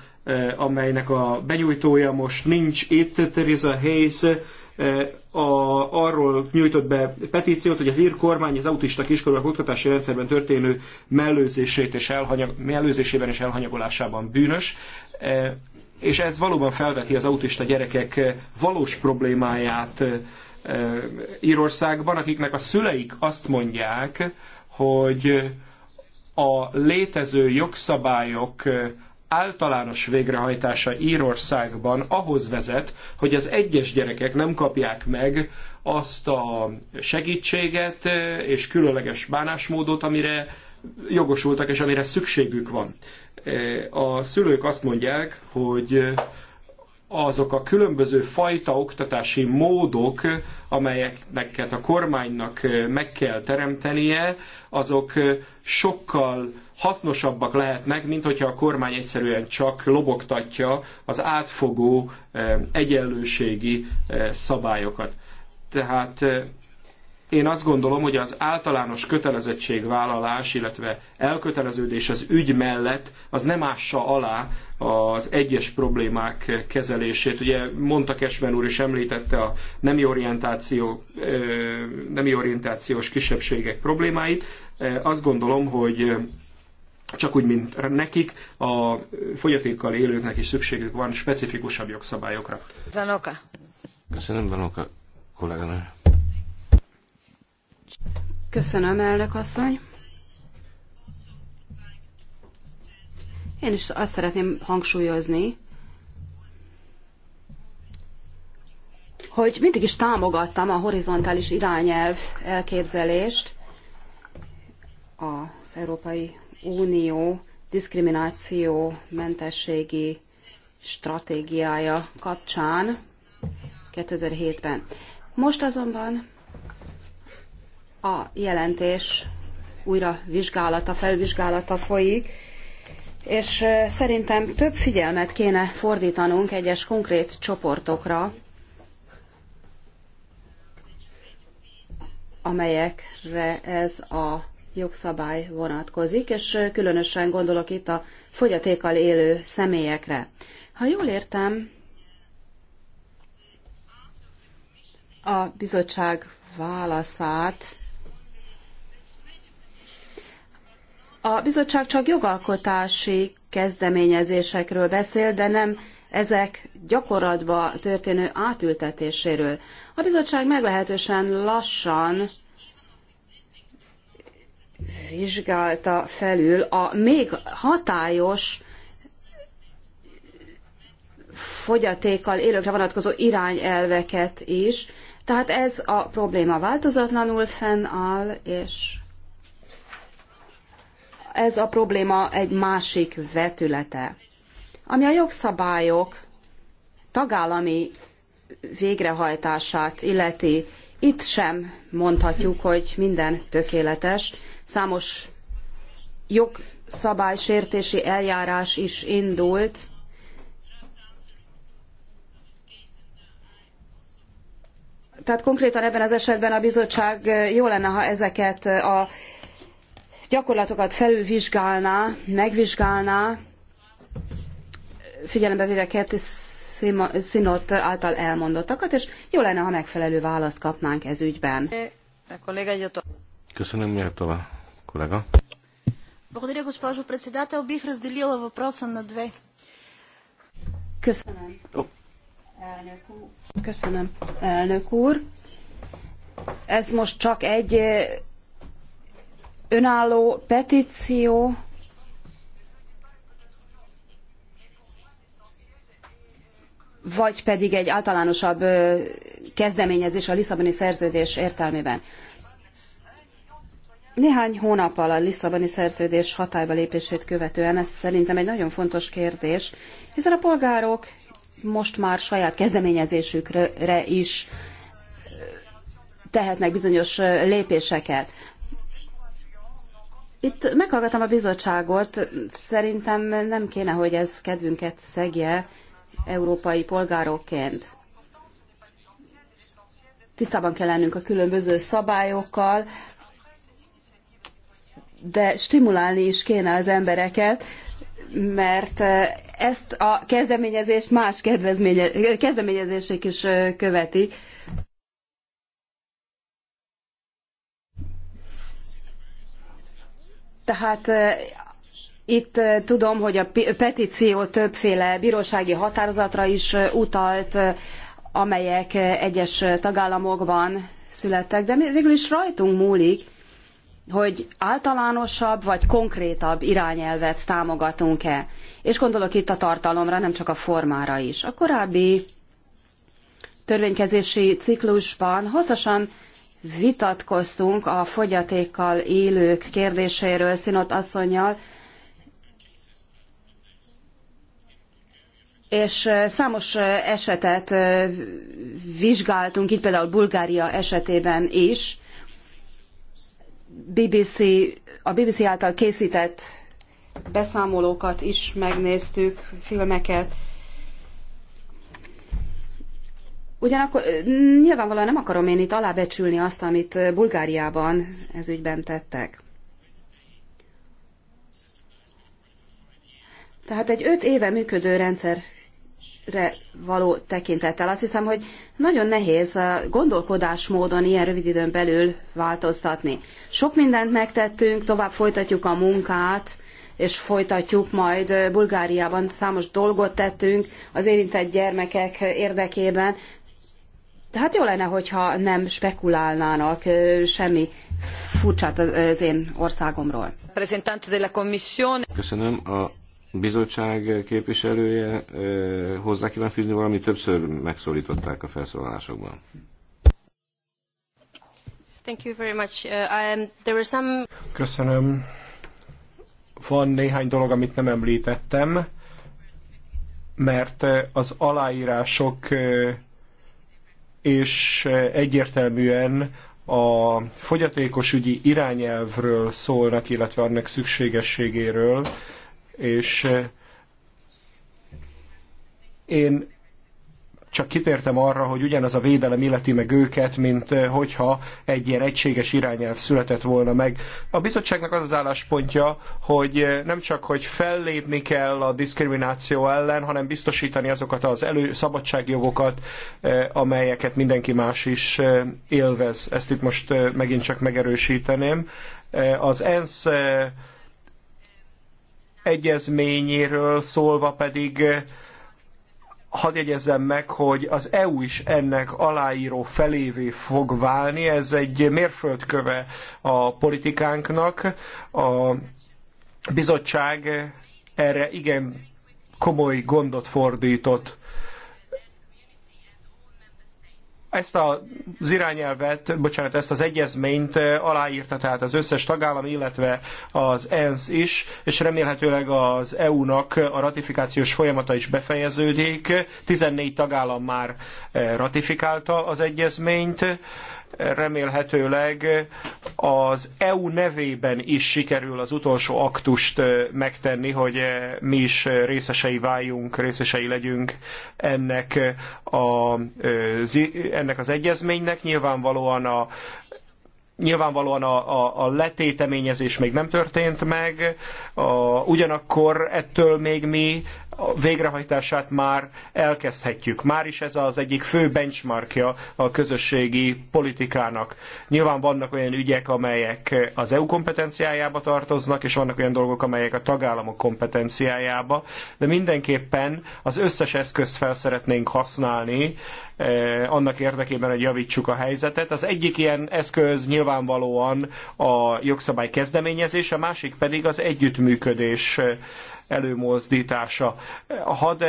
amelynek a benyújtója most nincs itt, Theresa Hayes, a, arról nyújtott be petíciót, hogy az ír kormány az autista kiskorúak oktatási rendszerben történő mellőzését és elhanyag, mellőzésében és elhanyagolásában bűnös. És ez valóban felveti az autista gyerekek valós problémáját Írországban, akiknek a szüleik azt mondják, hogy a létező jogszabályok általános végrehajtása Írországban ahhoz vezet, hogy az egyes gyerekek nem kapják meg azt a segítséget és különleges bánásmódot, amire jogosultak és amire szükségük van. A szülők azt mondják, hogy azok a különböző fajta oktatási módok, amelyeknek a kormánynak meg kell teremtenie, azok sokkal hasznosabbak lehetnek, mint hogyha a kormány egyszerűen csak lobogtatja az átfogó egyenlőségi szabályokat. Tehát én azt gondolom, hogy az általános kötelezettségvállalás, illetve elköteleződés az ügy mellett, az nem ássa alá az egyes problémák kezelését. Ugye mondta Kesmen úr is említette a nemi, orientáció, nemi orientációs kisebbségek problémáit. Azt gondolom, hogy csak úgy, mint nekik, a fogyatékkal élőknek is szükségük van specifikusabb jogszabályokra. Zanoka. Köszönöm, Zanoka kolléganő. Köszönöm, elnök asszony. Én is azt szeretném hangsúlyozni, hogy mindig is támogattam a horizontális irányelv elképzelést az Európai Unió diszkrimináció mentességi stratégiája kapcsán 2007-ben. Most azonban a jelentés újra vizsgálata, felvizsgálata folyik, és szerintem több figyelmet kéne fordítanunk egyes konkrét csoportokra, amelyekre ez a jogszabály vonatkozik, és különösen gondolok itt a fogyatékkal élő személyekre. Ha jól értem, a bizottság válaszát A bizottság csak jogalkotási kezdeményezésekről beszél, de nem ezek gyakorlatba történő átültetéséről. A bizottság meglehetősen lassan vizsgálta felül a még hatályos fogyatékkal élőkre vonatkozó irányelveket is. Tehát ez a probléma változatlanul fennáll, és ez a probléma egy másik vetülete. Ami a jogszabályok tagállami végrehajtását illeti, itt sem mondhatjuk, hogy minden tökéletes. Számos jogszabálysértési eljárás is indult, Tehát konkrétan ebben az esetben a bizottság jó lenne, ha ezeket a gyakorlatokat felülvizsgálná, megvizsgálná, figyelembe véve Kerti Színot által elmondottakat, és jó lenne, ha megfelelő választ kapnánk ez ügyben. Köszönöm, Jatova kollega. Благодаря, госпожо председател. Бих разделила въпроса на две. Köszönöm. Köszönöm, elnök úr. Ez most csak egy önálló petíció vagy pedig egy általánosabb kezdeményezés a Lisszaboni szerződés értelmében. Néhány hónappal a Lisszaboni szerződés hatályba lépését követően ez szerintem egy nagyon fontos kérdés, hiszen a polgárok most már saját kezdeményezésükre is tehetnek bizonyos lépéseket. Itt meghallgattam a bizottságot, szerintem nem kéne, hogy ez kedvünket szegje európai polgárokként. Tisztában kell lennünk a különböző szabályokkal, de stimulálni is kéne az embereket, mert ezt a kezdeményezést más kezdeményezések is követik. Tehát itt tudom, hogy a petíció többféle bírósági határozatra is utalt, amelyek egyes tagállamokban születtek, de végül is rajtunk múlik, hogy általánosabb vagy konkrétabb irányelvet támogatunk-e. És gondolok itt a tartalomra, nem csak a formára is. A korábbi törvénykezési ciklusban hosszasan vitatkoztunk a fogyatékkal élők kérdéséről Szinot asszonyjal, és számos esetet vizsgáltunk, itt például Bulgária esetében is. BBC, a BBC által készített beszámolókat is megnéztük, filmeket, Ugyanakkor nyilvánvalóan nem akarom én itt alábecsülni azt, amit Bulgáriában ez ügyben tettek. Tehát egy öt éve működő rendszerre való tekintettel azt hiszem, hogy nagyon nehéz a gondolkodásmódon ilyen rövid időn belül változtatni. Sok mindent megtettünk, tovább folytatjuk a munkát, és folytatjuk majd. Bulgáriában számos dolgot tettünk az érintett gyermekek érdekében, tehát jó lenne, hogyha nem spekulálnának semmi furcsát az én országomról. Köszönöm. A bizottság képviselője hozzá kíván fűzni valami, többször megszólították a felszólalásokban. Thank you very much. Uh, there were some... Köszönöm. Van néhány dolog, amit nem említettem, mert az aláírások és eh, egyértelműen a fogyatékosügyi irányelvről szólnak, illetve annak szükségességéről, és eh, én csak kitértem arra, hogy ugyanaz a védelem illeti meg őket, mint eh, hogyha egy ilyen egységes irányelv született volna meg. A bizottságnak az az álláspontja, hogy eh, nem csak, hogy fellépni kell a diszkrimináció ellen, hanem biztosítani azokat az elő szabadságjogokat, eh, amelyeket mindenki más is élvez. Ezt itt most megint csak megerősíteném. Az ENSZ egyezményéről szólva pedig hadd jegyezzem meg, hogy az EU is ennek aláíró felévé fog válni. Ez egy mérföldköve a politikánknak. A bizottság erre igen komoly gondot fordított. Ezt az irányelvet, bocsánat, ezt az egyezményt aláírta tehát az összes tagállam, illetve az ENSZ is, és remélhetőleg az EU-nak a ratifikációs folyamata is befejeződik. 14 tagállam már ratifikálta az egyezményt, remélhetőleg az EU nevében is sikerül az utolsó aktust megtenni, hogy mi is részesei váljunk, részesei legyünk ennek, a, ennek az egyezménynek. Nyilvánvalóan a Nyilvánvalóan a, a, a letéteményezés még nem történt meg, a, ugyanakkor ettől még mi a végrehajtását már elkezdhetjük. Már is ez az egyik fő benchmarkja a közösségi politikának. Nyilván vannak olyan ügyek, amelyek az EU kompetenciájába tartoznak, és vannak olyan dolgok, amelyek a tagállamok kompetenciájába, de mindenképpen az összes eszközt fel szeretnénk használni Eh, annak érdekében, hogy javítsuk a helyzetet. Az egyik ilyen eszköz nyilvánvalóan a jogszabály kezdeményezés, a másik pedig az együttműködés eh, előmozdítása. Hadd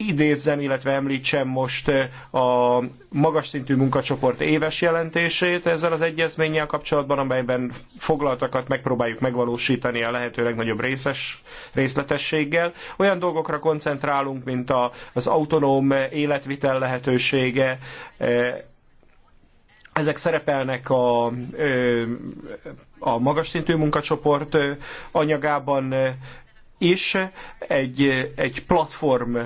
idézzem, illetve említsem most a magas szintű munkacsoport éves jelentését ezzel az egyezménnyel kapcsolatban, amelyben foglaltakat megpróbáljuk megvalósítani a lehető legnagyobb részes, részletességgel. Olyan dolgokra koncentrálunk, mint a, az autonóm életvitel lehetősége, ezek szerepelnek a, a magas szintű munkacsoport anyagában is. Egy, egy platform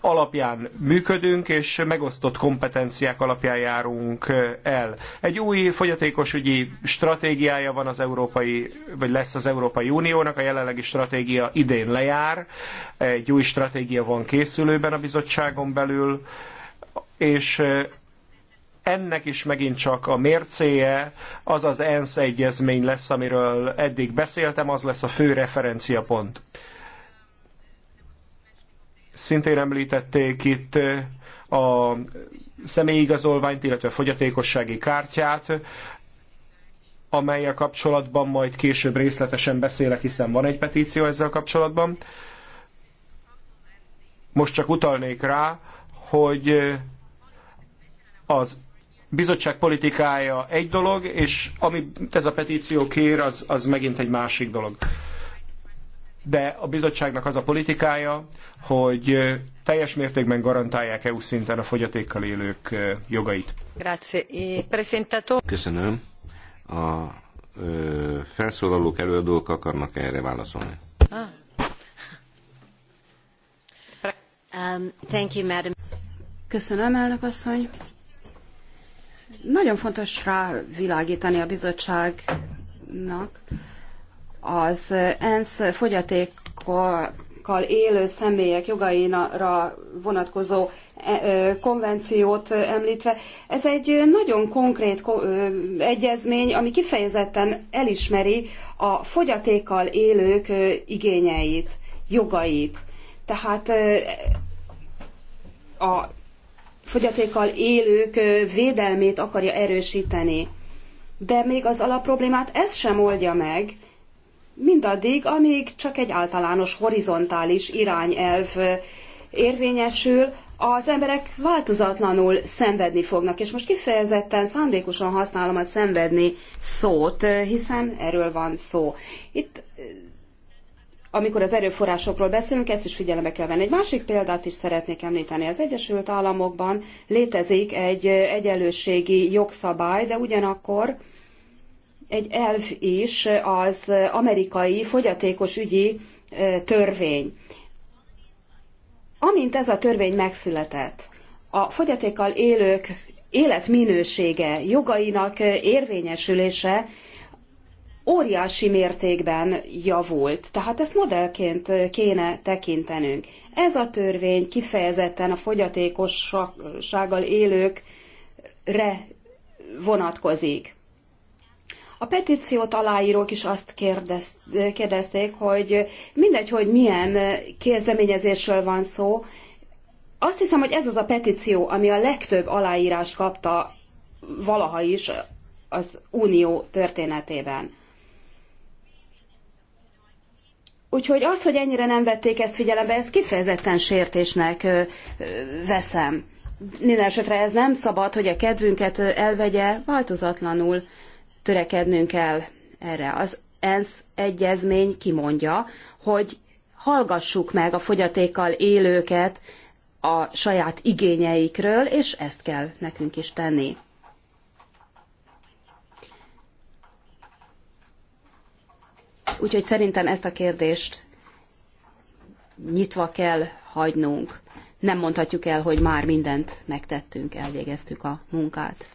alapján működünk, és megosztott kompetenciák alapján járunk el. Egy új fogyatékosügyi stratégiája van az Európai, vagy lesz az Európai Uniónak, a jelenlegi stratégia idén lejár, egy új stratégia van készülőben a bizottságon belül, és ennek is megint csak a mércéje az az ENSZ egyezmény lesz, amiről eddig beszéltem, az lesz a fő referenciapont szintén említették itt a személyigazolványt, illetve a fogyatékossági kártyát, amelyel kapcsolatban majd később részletesen beszélek, hiszen van egy petíció ezzel kapcsolatban. Most csak utalnék rá, hogy az bizottság politikája egy dolog, és amit ez a petíció kér, az, az megint egy másik dolog de a bizottságnak az a politikája, hogy teljes mértékben garantálják EU szinten a fogyatékkal élők jogait. Köszönöm. A ö, felszólalók, előadók akarnak erre válaszolni. Ah. Um, thank you, madam. Köszönöm, elnök asszony. Nagyon fontos rávilágítani a bizottságnak, az ENSZ fogyatékkal élő személyek jogainra vonatkozó e, konvenciót említve. Ez egy nagyon konkrét egyezmény, ami kifejezetten elismeri a fogyatékkal élők igényeit, jogait. Tehát a fogyatékkal élők védelmét akarja erősíteni. De még az alapproblémát ez sem oldja meg, mindaddig, amíg csak egy általános horizontális irányelv érvényesül, az emberek változatlanul szenvedni fognak, és most kifejezetten szándékosan használom a szenvedni szót, hiszen erről van szó. Itt, amikor az erőforrásokról beszélünk, ezt is figyelembe kell venni. Egy másik példát is szeretnék említeni. Az Egyesült Államokban létezik egy egyenlőségi jogszabály, de ugyanakkor egy elv is az amerikai fogyatékos ügyi törvény. Amint ez a törvény megszületett, a fogyatékkal élők életminősége, jogainak érvényesülése óriási mértékben javult. Tehát ezt modellként kéne tekintenünk. Ez a törvény kifejezetten a fogyatékossággal élőkre vonatkozik. A petíciót aláírók is azt kérdezték, hogy mindegy, hogy milyen kezdeményezésről van szó, azt hiszem, hogy ez az a petíció, ami a legtöbb aláírást kapta valaha is az Unió történetében. Úgyhogy az, hogy ennyire nem vették ezt figyelembe, ezt kifejezetten sértésnek veszem. Mindenesetre ez nem szabad, hogy a kedvünket elvegye, változatlanul törekednünk kell erre. Az ENSZ egyezmény kimondja, hogy hallgassuk meg a fogyatékkal élőket a saját igényeikről, és ezt kell nekünk is tenni. Úgyhogy szerintem ezt a kérdést nyitva kell hagynunk. Nem mondhatjuk el, hogy már mindent megtettünk, elvégeztük a munkát.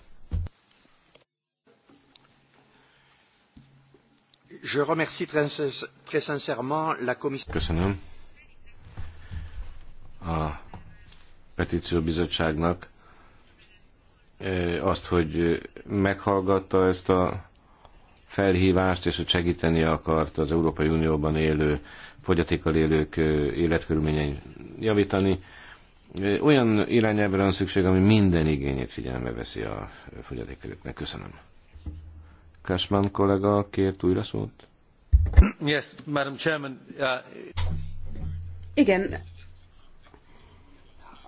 Köszönöm. A petícióbizottságnak e, azt, hogy meghallgatta ezt a felhívást, és hogy segíteni akart az Európai Unióban élő fogyatékkal élők e, életkörülményein javítani. E, olyan irányelvre van szükség, ami minden igényét figyelembe veszi a fogyatékkal élőknek. Köszönöm. Cashman kollega kért újra szót. Yes, Madam Chairman. Uh... Igen.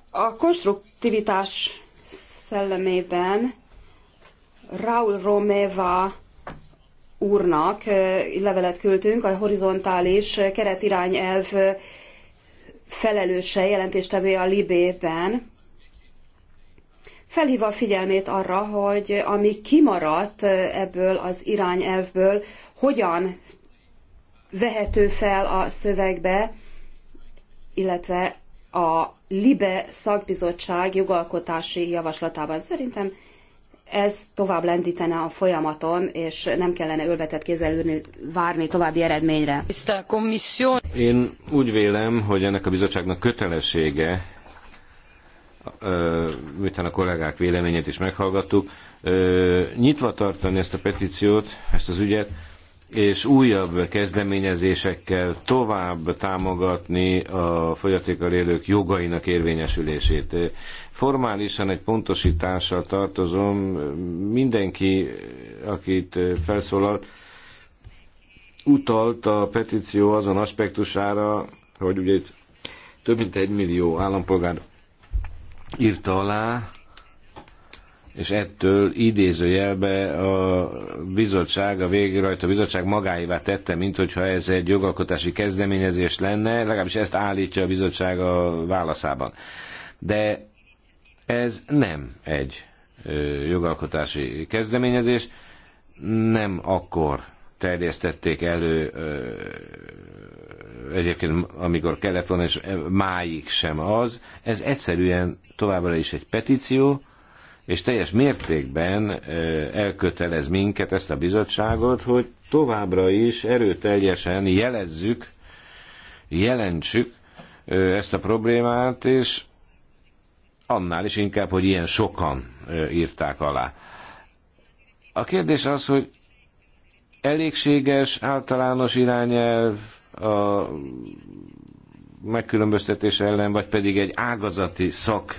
A konstruktivitás szellemében Raul Romeva úrnak uh, levelet küldtünk a horizontális keretirányelv felelőse jelentéstevője a Libében felhívva a figyelmét arra, hogy ami kimaradt ebből az irányelvből, hogyan vehető fel a szövegbe, illetve a LIBE szakbizottság jogalkotási javaslatában. Szerintem ez tovább lendítene a folyamaton, és nem kellene ölvetett kézzel ülni, várni további eredményre. Én úgy vélem, hogy ennek a bizottságnak kötelessége miután a kollégák véleményét is meghallgattuk, nyitva tartani ezt a petíciót, ezt az ügyet, és újabb kezdeményezésekkel tovább támogatni a fogyatékkal élők jogainak érvényesülését. Formálisan egy pontosítással tartozom, mindenki, akit felszólalt, utalt a petíció azon aspektusára, hogy ugye itt több mint egy millió állampolgár írta alá, és ettől idézőjelbe a bizottság, a végrehajtó bizottság magáévá tette, mint hogyha ez egy jogalkotási kezdeményezés lenne, legalábbis ezt állítja a bizottság a válaszában. De ez nem egy jogalkotási kezdeményezés, nem akkor terjesztették elő egyébként amikor kellett volna, és máig sem az, ez egyszerűen továbbra is egy petíció, és teljes mértékben elkötelez minket, ezt a bizottságot, hogy továbbra is erőteljesen jelezzük, jelentsük ezt a problémát, és annál is inkább, hogy ilyen sokan írták alá. A kérdés az, hogy elégséges általános irányelv, a megkülönböztetés ellen, vagy pedig egy ágazati szak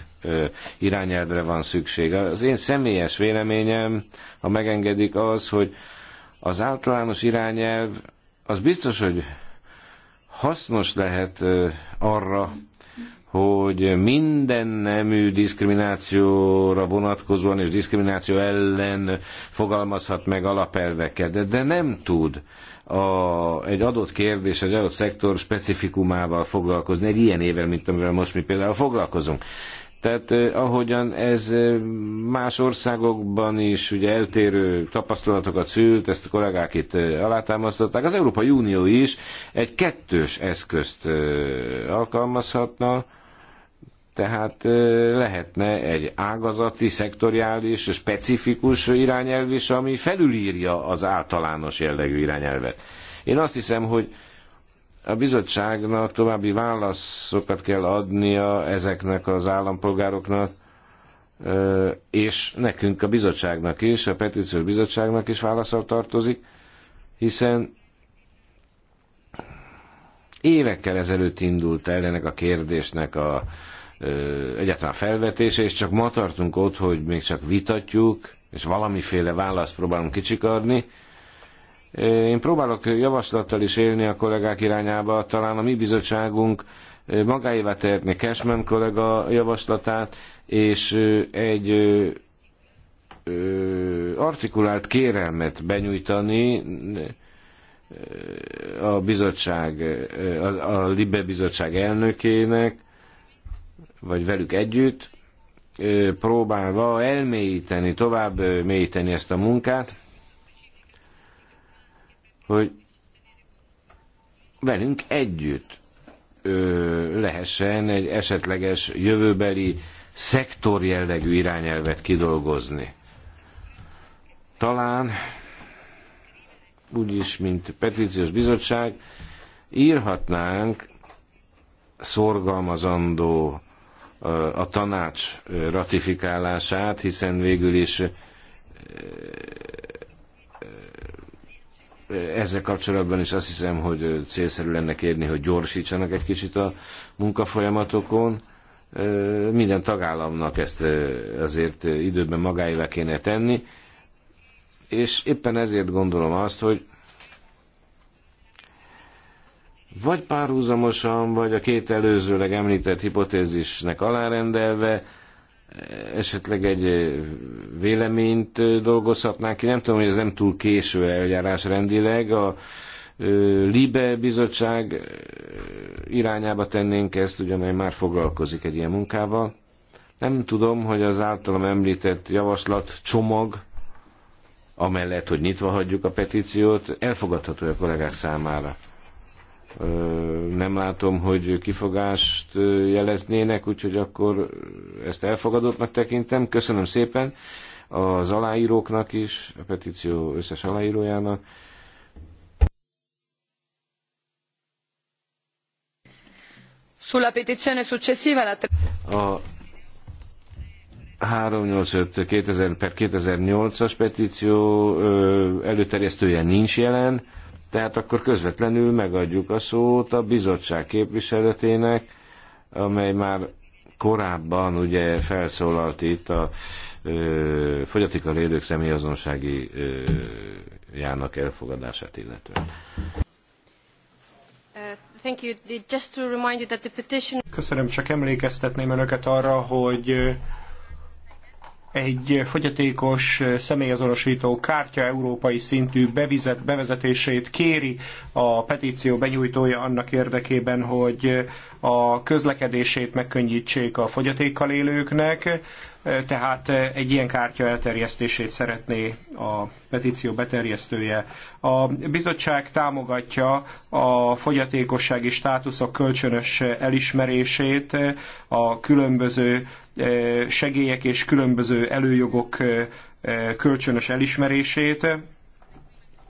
irányelvre van szükség. Az én személyes véleményem, ha megengedik, az, hogy az általános irányelv az biztos, hogy hasznos lehet arra, hogy minden nemű diszkriminációra vonatkozóan és diszkrimináció ellen fogalmazhat meg alapelveket, de, de nem tud a, egy adott kérdés, egy adott szektor specifikumával foglalkozni, egy ilyen évvel, mint amivel most mi például foglalkozunk. Tehát eh, ahogyan ez eh, más országokban is ugye eltérő tapasztalatokat szült, ezt a kollégák itt eh, alátámasztották, az Európai Unió is egy kettős eszközt alkalmazhatna, tehát lehetne egy ágazati, szektoriális, specifikus irányelv is, ami felülírja az általános jellegű irányelvet. Én azt hiszem, hogy a bizottságnak további válaszokat kell adnia ezeknek az állampolgároknak, és nekünk a bizottságnak is, a petíciós bizottságnak is válaszol tartozik, hiszen évekkel ezelőtt indult el ennek a kérdésnek a egyáltalán felvetése, és csak ma tartunk ott, hogy még csak vitatjuk, és valamiféle választ próbálunk kicsikarni. Én próbálok javaslattal is élni a kollégák irányába, talán a mi bizottságunk magáévá tehetni Cashman kollega javaslatát, és egy artikulált kérelmet benyújtani a bizottság, a, a Libe bizottság elnökének, vagy velük együtt próbálva elmélyíteni, tovább mélyíteni ezt a munkát, hogy velünk együtt lehessen egy esetleges jövőbeli szektor jellegű irányelvet kidolgozni. Talán úgyis, mint petíciós bizottság, írhatnánk szorgalmazandó a tanács ratifikálását, hiszen végül is e, e, ezzel kapcsolatban is azt hiszem, hogy célszerű lenne kérni, hogy gyorsítsanak egy kicsit a munkafolyamatokon. E, minden tagállamnak ezt azért időben magáévá kéne tenni, és éppen ezért gondolom azt, hogy vagy párhuzamosan, vagy a két előzőleg említett hipotézisnek alárendelve, esetleg egy véleményt dolgozhatnánk ki. Nem tudom, hogy ez nem túl késő eljárás rendileg. A Libe bizottság irányába tennénk ezt, ugye, amely már foglalkozik egy ilyen munkával. Nem tudom, hogy az általam említett javaslat csomag, amellett, hogy nyitva hagyjuk a petíciót, elfogadható a kollégák számára nem látom, hogy kifogást jeleznének, úgyhogy akkor ezt elfogadottnak tekintem. Köszönöm szépen az aláíróknak is, a petíció összes aláírójának. Sulla petizione successiva la... A 385 2000 per 2008-as petíció előterjesztője nincs jelen tehát akkor közvetlenül megadjuk a szót a bizottság képviseletének, amely már korábban ugye felszólalt itt a ö, fogyatikkal élők személyazonossági ö, jának elfogadását illetően. Köszönöm, csak emlékeztetném önöket arra, hogy egy fogyatékos személyazonosító kártya európai szintű bevizet, bevezetését kéri a petíció benyújtója annak érdekében, hogy a közlekedését megkönnyítsék a fogyatékkal élőknek, tehát egy ilyen kártya elterjesztését szeretné a petíció beterjesztője. A bizottság támogatja a fogyatékossági státuszok kölcsönös elismerését, a különböző segélyek és különböző előjogok kölcsönös elismerését,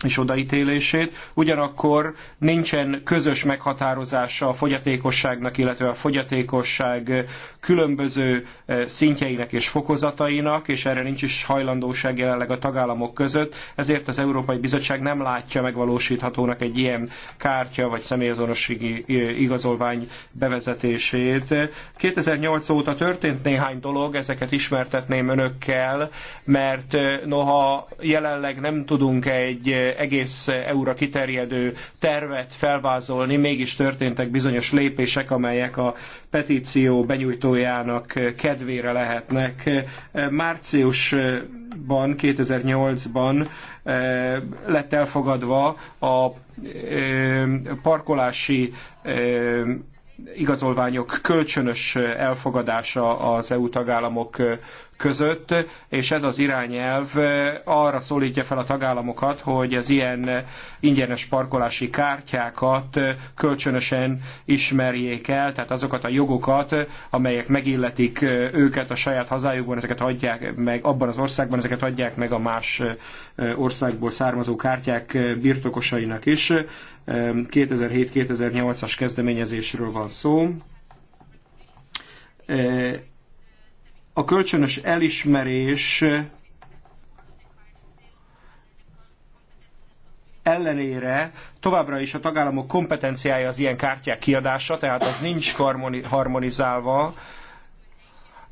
és odaítélését, ugyanakkor nincsen közös meghatározása a fogyatékosságnak, illetve a fogyatékosság különböző eh, szintjeinek és fokozatainak, és erre nincs is hajlandóság jelenleg a tagállamok között, ezért az Európai Bizottság nem látja megvalósíthatónak egy ilyen kártya vagy személyazonossági eh, igazolvány bevezetését. 2008 óta történt néhány dolog, ezeket ismertetném önökkel, mert eh, noha jelenleg nem tudunk egy egész euróra kiterjedő tervet felvázolni, mégis történtek bizonyos lépések, amelyek a petíció benyújtói alkotójának kedvére lehetnek. Márciusban, 2008-ban eh, lett elfogadva a eh, parkolási eh, igazolványok kölcsönös elfogadása az EU tagállamok között, és ez az irányelv arra szólítja fel a tagállamokat, hogy az ilyen ingyenes parkolási kártyákat kölcsönösen ismerjék el, tehát azokat a jogokat, amelyek megilletik őket a saját hazájukban, ezeket adják meg, abban az országban ezeket adják meg a más országból származó kártyák birtokosainak is. 2007-2008-as kezdeményezésről van szó a kölcsönös elismerés ellenére továbbra is a tagállamok kompetenciája az ilyen kártyák kiadása, tehát az nincs harmonizálva,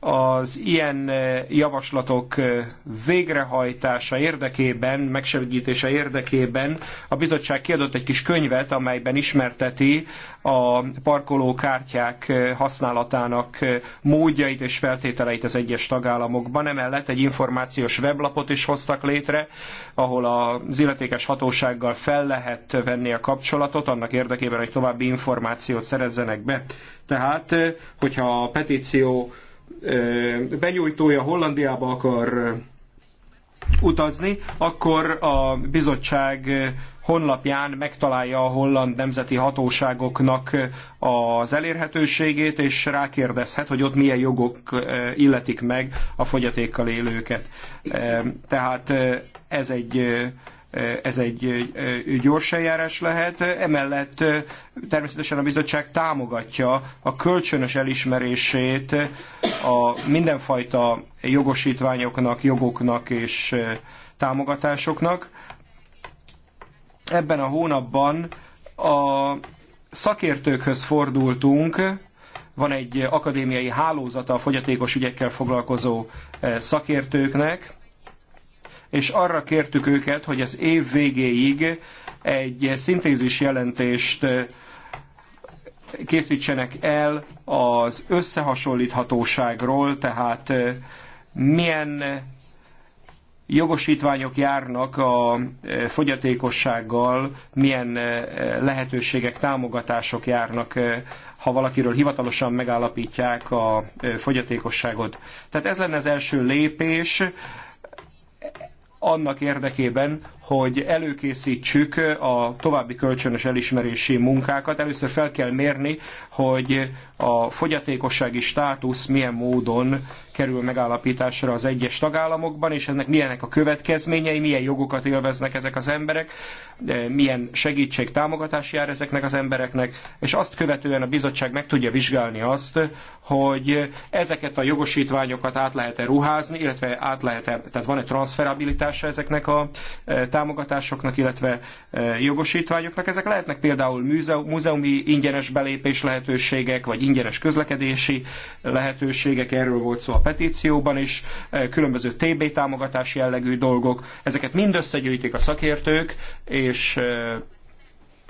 az ilyen eh, javaslatok eh, végrehajtása érdekében, megsegítése érdekében a bizottság kiadott egy kis könyvet, amelyben ismerteti a parkolókártyák eh, használatának módjait és feltételeit az egyes tagállamokban. Emellett egy információs weblapot is hoztak létre, ahol az illetékes hatósággal fel lehet venni a kapcsolatot, annak érdekében, hogy további információt szerezzenek be. Tehát, hogyha a petíció benyújtója Hollandiába akar utazni, akkor a bizottság honlapján megtalálja a holland nemzeti hatóságoknak az elérhetőségét, és rákérdezhet, hogy ott milyen jogok illetik meg a fogyatékkal élőket. Tehát ez egy ez egy gyors eljárás lehet. Emellett természetesen a bizottság támogatja a kölcsönös elismerését a mindenfajta jogosítványoknak, jogoknak és támogatásoknak. Ebben a hónapban a szakértőkhöz fordultunk, van egy akadémiai hálózata a fogyatékos ügyekkel foglalkozó szakértőknek, és arra kértük őket, hogy az év végéig egy szintézis jelentést eh, készítsenek el az összehasonlíthatóságról, tehát eh, milyen jogosítványok járnak a eh, fogyatékossággal, milyen lehetőségek, támogatások járnak, ha valakiről hivatalosan megállapítják a fogyatékosságot. Tehát ez lenne az első lépés annak érdekében, hogy előkészítsük a további kölcsönös elismerési munkákat. Először fel kell mérni, hogy a fogyatékossági státusz milyen módon kerül megállapításra az egyes tagállamokban, és ennek milyenek a következményei, milyen jogokat élveznek ezek az emberek, milyen segítség, támogatás jár ezeknek az embereknek, és azt követően a bizottság meg tudja vizsgálni azt, hogy ezeket a jogosítványokat át lehet-e ruházni, illetve át lehet-e, tehát van-e transferabilitása ezeknek a eh, támogatásoknak, illetve e, jogosítványoknak. Ezek lehetnek például múzeumi ingyenes belépés lehetőségek, vagy ingyenes közlekedési lehetőségek, erről volt szó a petícióban is, e, különböző TB támogatás jellegű dolgok. Ezeket mind összegyűjtik a szakértők, és e,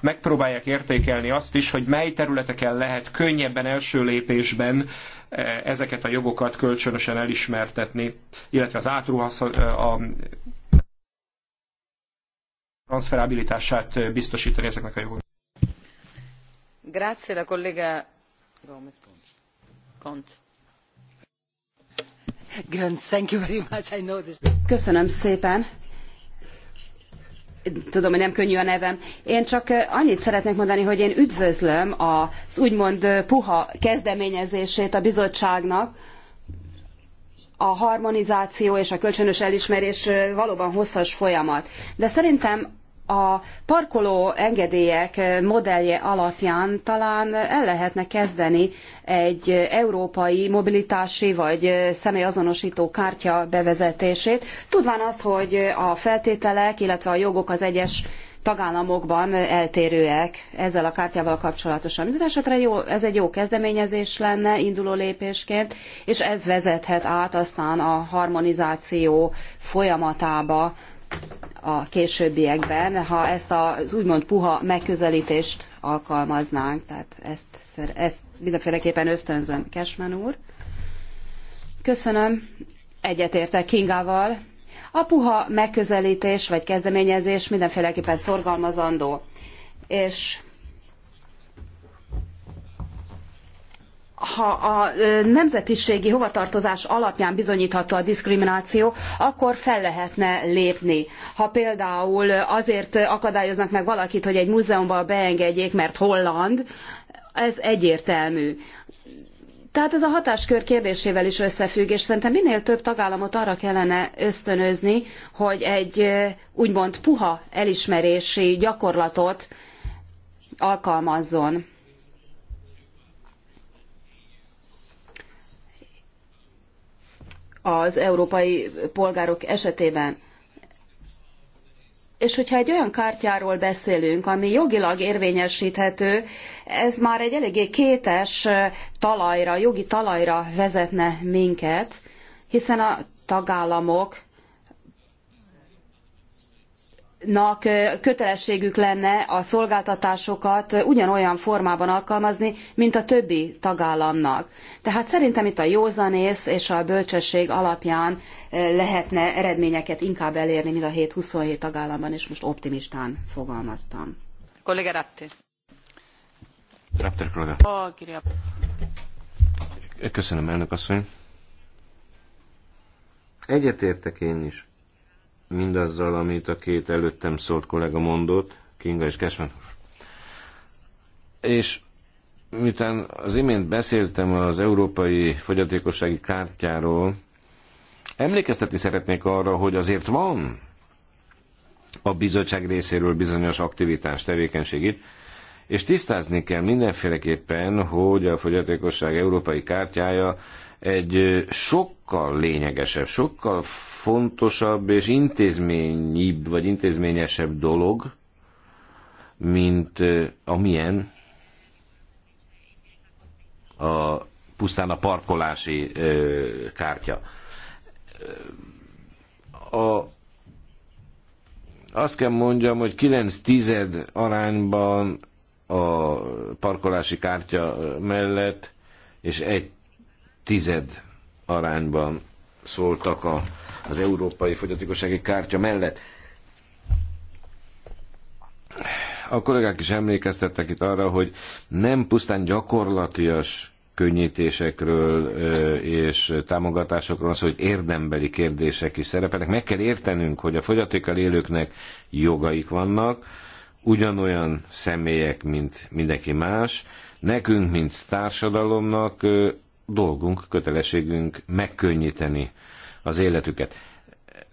megpróbálják értékelni azt is, hogy mely területeken lehet könnyebben első lépésben ezeket a jogokat kölcsönösen elismertetni, illetve az átruhasz, a transferabilitását biztosítani ezeknek a jogoknak. Grazie la collega Gomez Pont. Thank you very much. I know this. Köszönöm szépen. Tudom, hogy nem könnyű a nevem. Én csak annyit szeretnék mondani, hogy én üdvözlöm az úgymond puha kezdeményezését a bizottságnak, a harmonizáció és a kölcsönös elismerés valóban hosszas folyamat. De szerintem a parkoló engedélyek modellje alapján talán el lehetne kezdeni egy európai mobilitási vagy személyazonosító kártya bevezetését, tudván azt, hogy a feltételek, illetve a jogok az egyes tagállamokban eltérőek ezzel a kártyával kapcsolatosan. Mindenesetre jó, ez egy jó kezdeményezés lenne induló lépésként, és ez vezethet át aztán a harmonizáció folyamatába a későbbiekben, ha ezt az úgymond puha megközelítést alkalmaznánk. Tehát ezt, ezt mindenféleképpen ösztönzöm. Kesmen úr. Köszönöm. Egyetértek Kingával a puha megközelítés vagy kezdeményezés mindenféleképpen szorgalmazandó. És ha a nemzetiségi hovatartozás alapján bizonyítható a diszkrimináció, akkor fel lehetne lépni. Ha például azért akadályoznak meg valakit, hogy egy múzeumban beengedjék, mert holland, ez egyértelmű. Tehát ez a hatáskör kérdésével is összefügg, és szerintem minél több tagállamot arra kellene ösztönözni, hogy egy úgymond puha elismerési gyakorlatot alkalmazzon. az európai polgárok esetében. És hogyha egy olyan kártyáról beszélünk, ami jogilag érvényesíthető, ez már egy eléggé kétes talajra, jogi talajra vezetne minket, hiszen a tagállamok nak kötelességük lenne a szolgáltatásokat ugyanolyan formában alkalmazni, mint a többi tagállamnak. Tehát szerintem itt a józanész és a bölcsesség alapján lehetne eredményeket inkább elérni, mint a 7-27 tagállamban, és most optimistán fogalmaztam. Kollega Rapti. Rapter kollega. Köszönöm, elnök asszony. Egyetértek én is mindazzal, amit a két előttem szólt kollega mondott, Kinga és Cashman. És miután az imént beszéltem az európai fogyatékossági kártyáról, emlékeztetni szeretnék arra, hogy azért van a bizottság részéről bizonyos aktivitás, tevékenységét, és tisztázni kell mindenféleképpen, hogy a fogyatékosság európai kártyája egy sokkal lényegesebb, sokkal fontosabb és intézményibb vagy intézményesebb dolog, mint amilyen a, pusztán a parkolási kártya. A, azt kell mondjam, hogy 9 tized arányban a parkolási kártya mellett, és egy tized arányban szóltak a, az európai fogyatékossági kártya mellett. A kollégák is emlékeztettek itt arra, hogy nem pusztán gyakorlatias könnyítésekről és támogatásokról az, hogy érdembeli kérdések is szerepelnek. Meg kell értenünk, hogy a fogyatékkal élőknek jogaik vannak, ugyanolyan személyek, mint mindenki más. Nekünk, mint társadalomnak dolgunk, kötelességünk megkönnyíteni az életüket.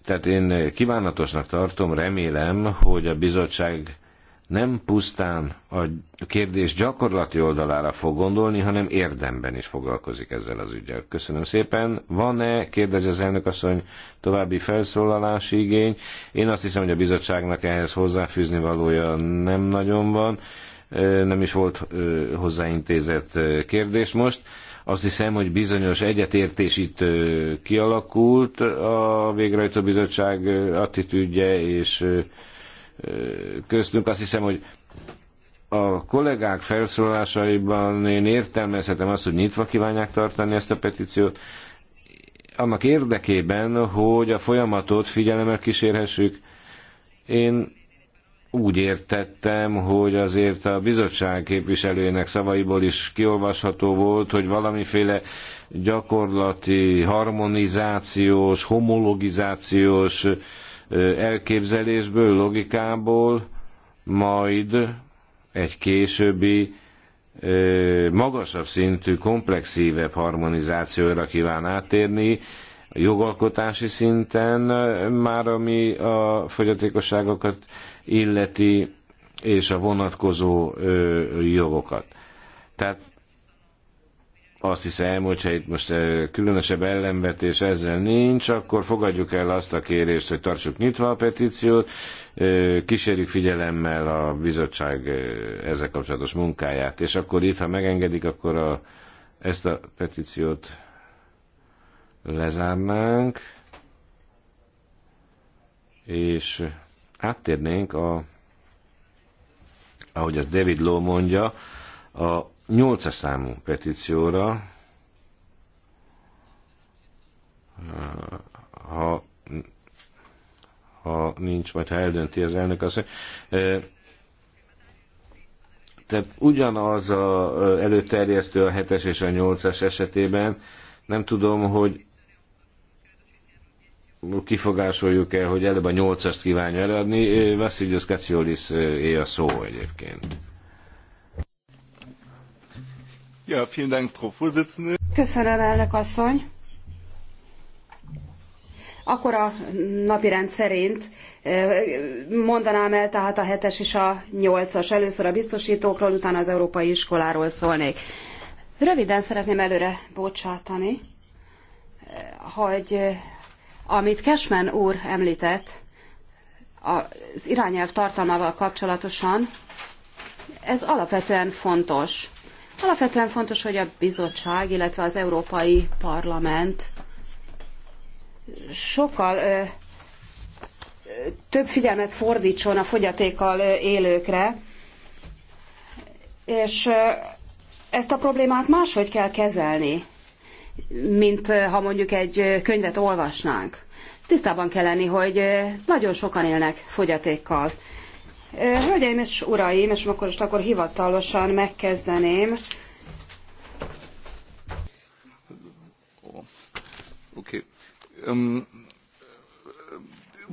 Tehát én kívánatosnak tartom, remélem, hogy a bizottság nem pusztán a kérdés gyakorlati oldalára fog gondolni, hanem érdemben is foglalkozik ezzel az ügyel. Köszönöm szépen. Van-e, kérdezi az elnökasszony, további felszólalási igény? Én azt hiszem, hogy a bizottságnak ehhez hozzáfűzni valója nem nagyon van. Nem is volt hozzáintézett kérdés most. Azt hiszem, hogy bizonyos egyetértés itt kialakult a végrehajtó bizottság attitűdje, és köztünk azt hiszem, hogy a kollégák felszólásaiban én értelmezhetem azt, hogy nyitva kívánják tartani ezt a petíciót, annak érdekében, hogy a folyamatot figyelemmel kísérhessük. Én úgy értettem, hogy azért a bizottság képviselőjének szavaiból is kiolvasható volt, hogy valamiféle gyakorlati harmonizációs, homologizációs elképzelésből, logikából, majd egy későbbi magasabb szintű, komplexívebb harmonizációra kíván a jogalkotási szinten, már ami a fogyatékosságokat illeti, és a vonatkozó jogokat. Tehát azt hiszem, hogyha itt most különösebb ellenvetés ezzel nincs, akkor fogadjuk el azt a kérést, hogy tartsuk nyitva a petíciót, kísérjük figyelemmel a bizottság ezzel kapcsolatos munkáját, és akkor itt, ha megengedik, akkor a, ezt a petíciót lezárnánk, és áttérnénk a, ahogy az David Law mondja, a 8 számú petícióra, ha, ha nincs, majd ha eldönti az elnök azt, hogy eh, tehát ugyanaz a eh, előterjesztő a 7-es és a 8-as esetében, nem tudom, hogy kifogásoljuk-e, hogy előbb a nyolcast kívánja előadni. Vassilios Kaciolis é a szó egyébként. Ja, vielen Dank, Frau Vorsitzende. Köszönöm, elnök asszony. Akkor a napirend szerint mondanám el tehát a hetes és a nyolcas. Először a biztosítókról, utána az európai iskoláról szólnék. Röviden szeretném előre bocsátani, hogy amit Cashman úr említett az irányelv tartalmával kapcsolatosan, ez alapvetően fontos. Alapvetően fontos, hogy a bizottság, illetve az Európai Parlament sokkal ö, több figyelmet fordítson a fogyatékkal élőkre, és ezt a problémát máshogy kell kezelni mint eh, ha mondjuk egy eh, könyvet olvasnánk. Tisztában kell lenni, hogy eh, nagyon sokan élnek fogyatékkal. Hölgyeim és uraim, és akkor most akkor hivatalosan megkezdeném. Oké. Um,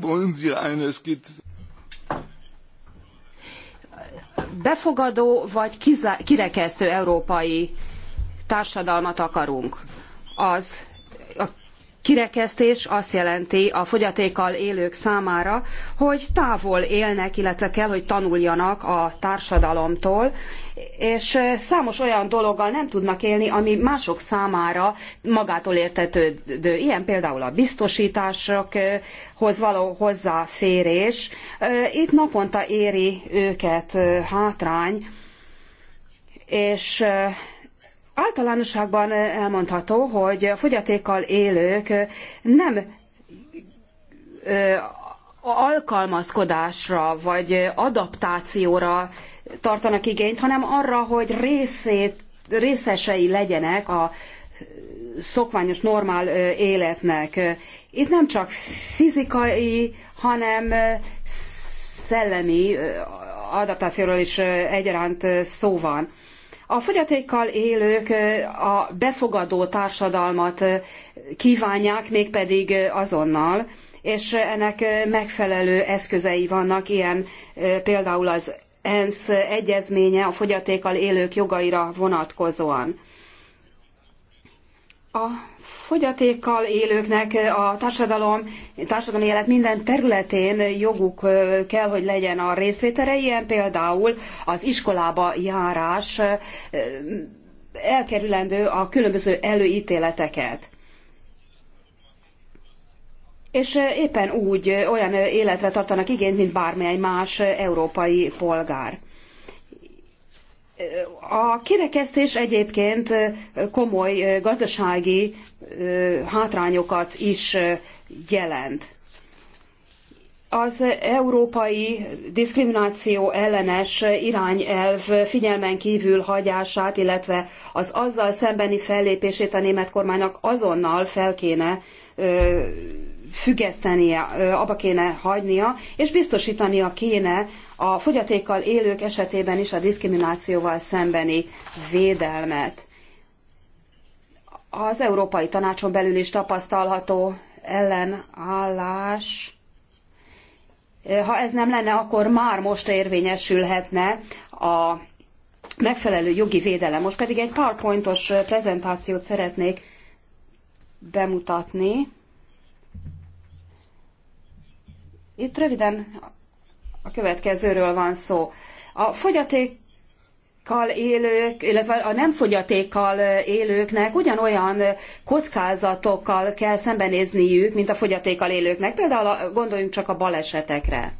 wollen Sie eine, Skizze? befogadó vagy kirekesztő európai társadalmat akarunk az a kirekesztés azt jelenti a fogyatékkal élők számára, hogy távol élnek, illetve kell, hogy tanuljanak a társadalomtól, és számos olyan dologgal nem tudnak élni, ami mások számára magától értetődő. Ilyen például a biztosításokhoz való hozzáférés. Itt naponta éri őket hátrány, és Általánosságban eh, elmondható, hogy a fogyatékkal élők eh, nem eh, alkalmazkodásra vagy adaptációra tartanak igényt, hanem arra, hogy részét, részesei legyenek a szokványos, normál életnek. Itt nem csak fizikai, hanem szellemi adaptációról is egyaránt szó van. A fogyatékkal élők a befogadó társadalmat kívánják, mégpedig azonnal, és ennek megfelelő eszközei vannak, ilyen például az ENSZ egyezménye a fogyatékkal élők jogaira vonatkozóan. A fogyatékkal élőknek a társadalom, társadalmi élet minden területén joguk kell, hogy legyen a részvétele, ilyen például az iskolába járás elkerülendő a különböző előítéleteket. És éppen úgy olyan életre tartanak igényt, mint bármely más európai polgár. A kirekesztés egyébként komoly gazdasági hátrányokat is jelent. Az európai diszkrimináció ellenes irányelv figyelmen kívül hagyását, illetve az azzal szembeni fellépését a német kormánynak azonnal fel kéne függesztenie, abba kéne hagynia, és biztosítania kéne a fogyatékkal élők esetében is a diszkriminációval szembeni védelmet. Az Európai Tanácson belül is tapasztalható ellenállás. Ha ez nem lenne, akkor már most érvényesülhetne a megfelelő jogi védelem. Most pedig egy PowerPointos prezentációt szeretnék bemutatni. Itt röviden a következőről van szó. A fogyatékkal élők, illetve a nem fogyatékkal élőknek ugyanolyan kockázatokkal kell szembenézniük, mint a fogyatékkal élőknek. Például gondoljunk csak a balesetekre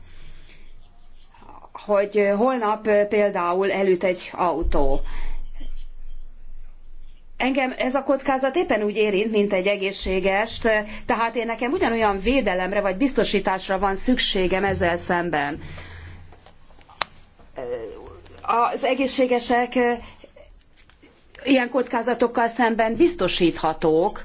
hogy holnap például elüt egy autó engem ez a kockázat éppen úgy érint, mint egy egészségest, tehát én nekem ugyanolyan védelemre vagy biztosításra van szükségem ezzel szemben. Az egészségesek ilyen kockázatokkal szemben biztosíthatók,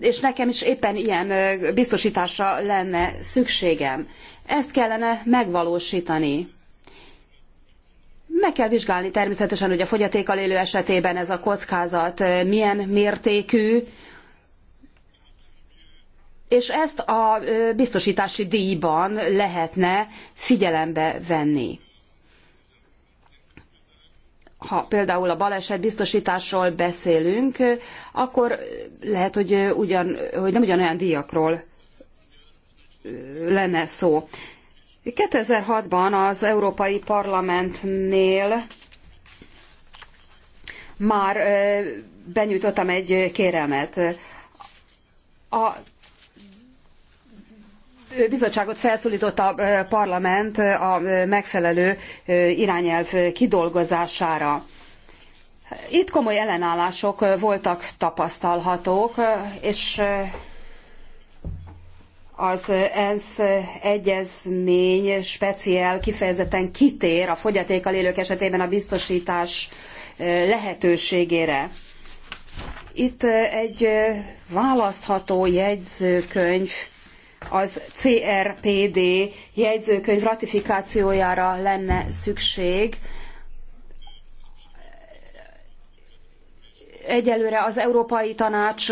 és nekem is éppen ilyen biztosításra lenne szükségem. Ezt kellene megvalósítani. Meg kell vizsgálni természetesen, hogy a fogyatékkal élő esetében ez a kockázat eh, milyen mértékű, és ezt a eh, biztosítási díjban lehetne figyelembe venni. Ha például a baleset biztosításról beszélünk, eh, akkor lehet, hogy, ugyan, hogy nem ugyanolyan díjakról lenne szó. 2006-ban az Európai Parlamentnél már benyújtottam egy kérelmet. A bizottságot felszólított a parlament a megfelelő irányelv kidolgozására. Itt komoly ellenállások voltak tapasztalhatók, és az ENSZ egyezmény speciál kifejezetten kitér a fogyatékkal élők esetében a biztosítás eh, lehetőségére. Itt eh, egy eh, választható jegyzőkönyv az CRPD jegyzőkönyv ratifikációjára lenne szükség, egyelőre az Európai Tanács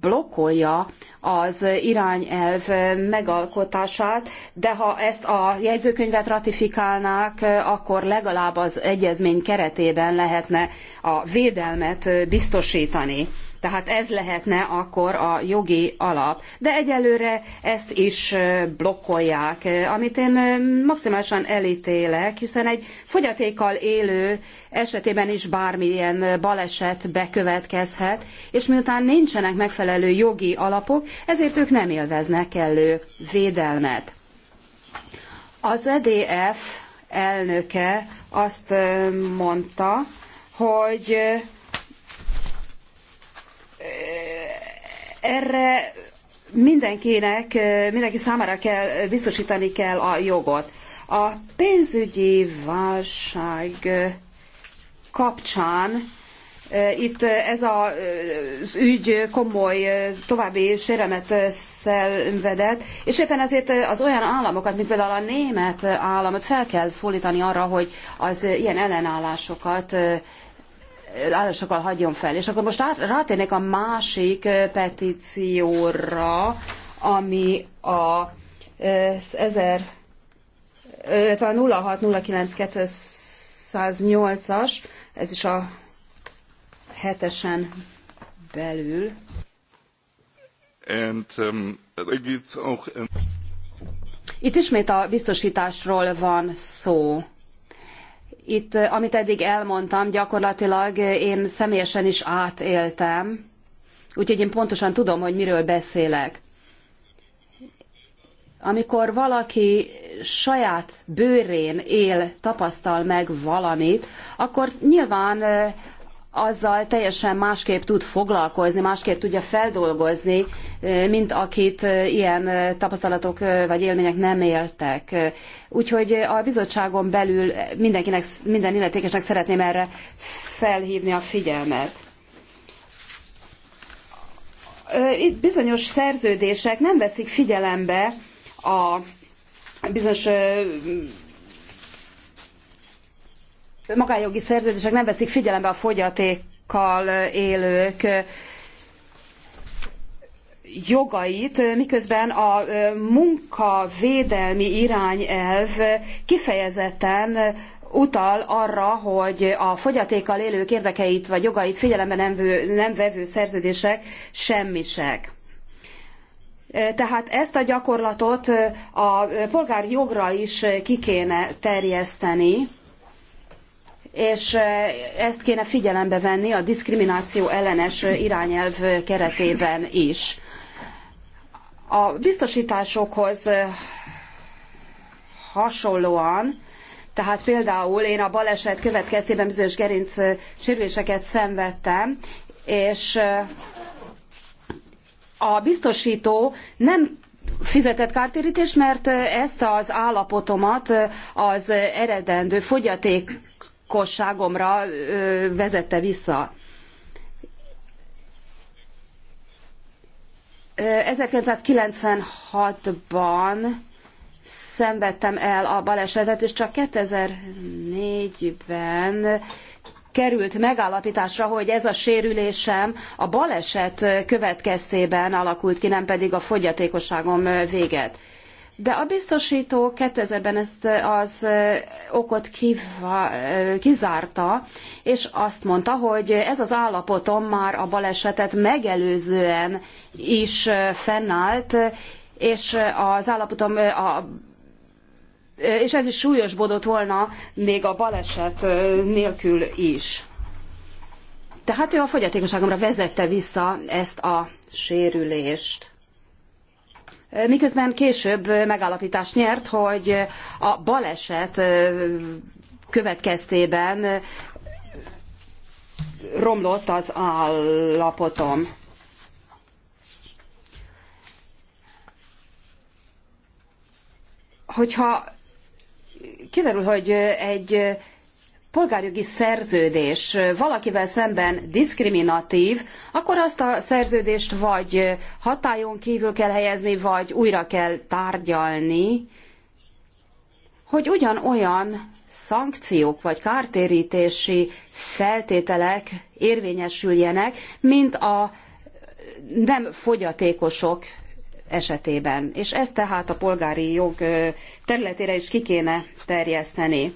blokkolja az irányelv megalkotását, de ha ezt a jegyzőkönyvet ratifikálnák, akkor legalább az egyezmény keretében lehetne a védelmet biztosítani. Tehát ez lehetne akkor a jogi alap. De egyelőre ezt is blokkolják, amit én maximálisan elítélek, hiszen egy fogyatékkal élő esetében is bármilyen baleset bekövetkezhet, és miután nincsenek megfelelő jogi alapok, ezért ők nem élveznek kellő védelmet. Az EDF elnöke azt mondta, hogy erre mindenkinek, mindenki számára kell biztosítani kell a jogot. A pénzügyi válság kapcsán itt ez az ügy komoly további sérelmet szenvedett, és éppen ezért az olyan államokat, mint például a német államot fel kell szólítani arra, hogy az ilyen ellenállásokat állásokkal hagyjon fel. És akkor most rátérnék a másik petícióra, ami a, az 1000, a 0609-208-as, ez is a hetesen belül. And, um, it's auch, um... Itt ismét a biztosításról van szó. Itt, eh, amit eddig elmondtam, gyakorlatilag eh, én személyesen is átéltem, úgyhogy én pontosan tudom, hogy miről beszélek. Amikor valaki saját bőrén él, tapasztal meg valamit, akkor nyilván eh, azzal teljesen másképp tud foglalkozni, másképp tudja feldolgozni, mint akit ilyen tapasztalatok vagy élmények nem éltek. Úgyhogy a bizottságon belül mindenkinek, minden illetékesnek szeretném erre felhívni a figyelmet. Itt bizonyos szerződések nem veszik figyelembe a bizonyos magánjogi szerződések nem veszik figyelembe a fogyatékkal élők jogait, miközben a munkavédelmi irányelv kifejezetten utal arra, hogy a fogyatékkal élők érdekeit vagy jogait figyelembe nem, vő, nem vevő szerződések semmisek. Tehát ezt a gyakorlatot a polgárjogra is ki kéne terjeszteni, és ezt kéne figyelembe venni a diszkrimináció ellenes irányelv keretében is. A biztosításokhoz hasonlóan, tehát például én a baleset következtében bizonyos gerinc sérüléseket szenvedtem, és a biztosító nem fizetett kártérítést, mert ezt az állapotomat az eredendő fogyaték gyilkosságomra vezette vissza. 1996-ban szenvedtem el a balesetet, és csak 2004-ben került megállapításra, hogy ez a sérülésem a baleset következtében alakult ki, nem pedig a fogyatékosságom véget. De a biztosító 2000-ben ezt az okot kivá, kizárta, és azt mondta, hogy ez az állapotom már a balesetet megelőzően is fennállt, és az állapotom a és ez is súlyosbodott volna még a baleset nélkül is. Tehát ő a fogyatékosságomra vezette vissza ezt a sérülést miközben később megállapítást nyert, hogy a baleset következtében romlott az állapotom. Hogyha kiderül, hogy egy polgárjogi szerződés valakivel szemben diszkriminatív, akkor azt a szerződést vagy hatályon kívül kell helyezni, vagy újra kell tárgyalni, hogy ugyanolyan szankciók vagy kártérítési feltételek érvényesüljenek, mint a nem fogyatékosok esetében. És ezt tehát a polgári jog területére is ki kéne terjeszteni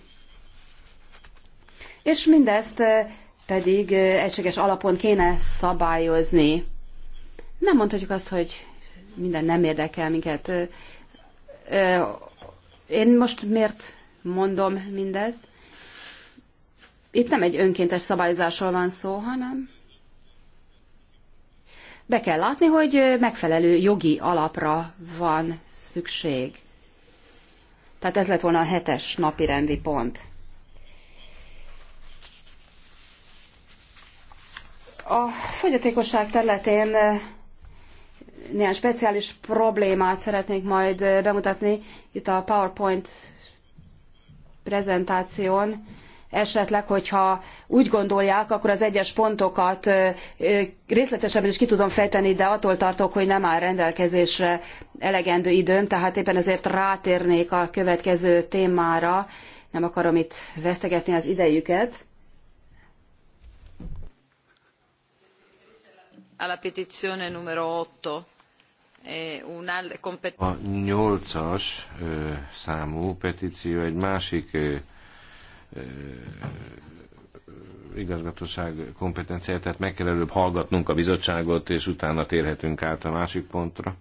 és mindezt pedig egységes alapon kéne szabályozni. Nem mondhatjuk azt, hogy minden nem érdekel minket. Én most miért mondom mindezt? Itt nem egy önkéntes szabályozásról van szó, hanem be kell látni, hogy megfelelő jogi alapra van szükség. Tehát ez lett volna a hetes napi rendi pont. A fogyatékosság területén eh, néhány speciális problémát szeretnék majd eh, bemutatni itt a PowerPoint prezentáción. Esetleg, hogyha úgy gondolják, akkor az egyes pontokat eh, részletesebben is ki tudom fejteni, de attól tartok, hogy nem áll rendelkezésre elegendő időm, tehát éppen ezért rátérnék a következő témára. Nem akarom itt vesztegetni az idejüket. alla petizione numero 8. A nyolcas számú petíció egy másik ö, igazgatóság kompetenciája, tehát meg kell előbb hallgatnunk a bizottságot, és utána térhetünk át a másik pontra.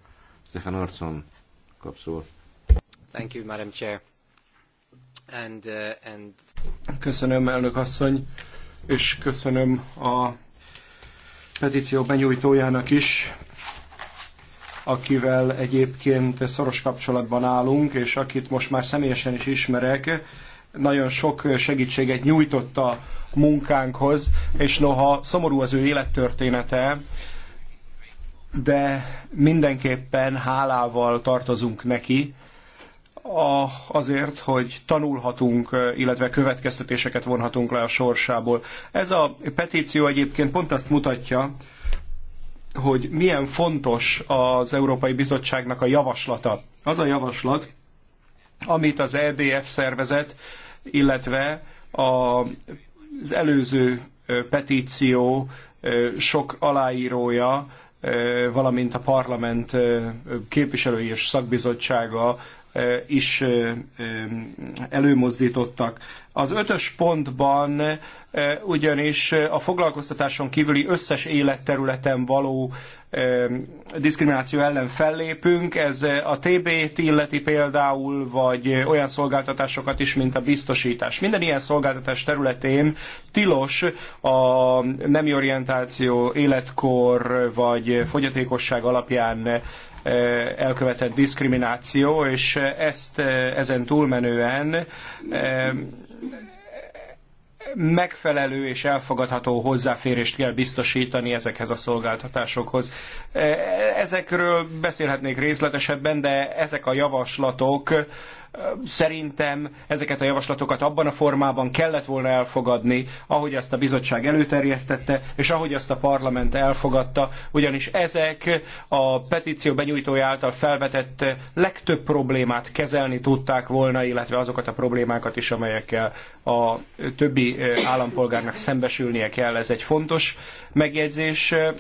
Stefan Orson kap Thank you, Madam Chair. And, uh, and... Köszönöm, elnök asszony, és köszönöm a petíció benyújtójának is, akivel egyébként szoros kapcsolatban állunk, és akit most már személyesen is ismerek, nagyon sok segítséget nyújtott a munkánkhoz, és noha szomorú az ő élettörténete, de mindenképpen hálával tartozunk neki, a, azért, hogy tanulhatunk, illetve következtetéseket vonhatunk le a sorsából. Ez a petíció egyébként pont azt mutatja, hogy milyen fontos az Európai Bizottságnak a javaslata. Az a javaslat, amit az EDF szervezet, illetve a, az előző petíció sok aláírója, valamint a parlament képviselői és szakbizottsága is előmozdítottak. Az ötös pontban ugyanis a foglalkoztatáson kívüli összes életterületen való diszkrimináció ellen fellépünk. Ez a TB-t illeti például, vagy olyan szolgáltatásokat is, mint a biztosítás. Minden ilyen szolgáltatás területén tilos a nemi orientáció, életkor vagy fogyatékosság alapján Eh, elkövetett diszkrimináció, és ezt eh, ezen túlmenően eh, megfelelő és elfogadható hozzáférést kell biztosítani ezekhez a szolgáltatásokhoz. Ezekről beszélhetnék részletesebben, de ezek a javaslatok Szerintem ezeket a javaslatokat abban a formában kellett volna elfogadni, ahogy azt a bizottság előterjesztette, és ahogy azt a parlament elfogadta, ugyanis ezek a petíció benyújtója által felvetett legtöbb problémát kezelni tudták volna, illetve azokat a problémákat is, amelyekkel a többi eh, állampolgárnak szembesülnie kell. Ez egy fontos megjegyzés eh,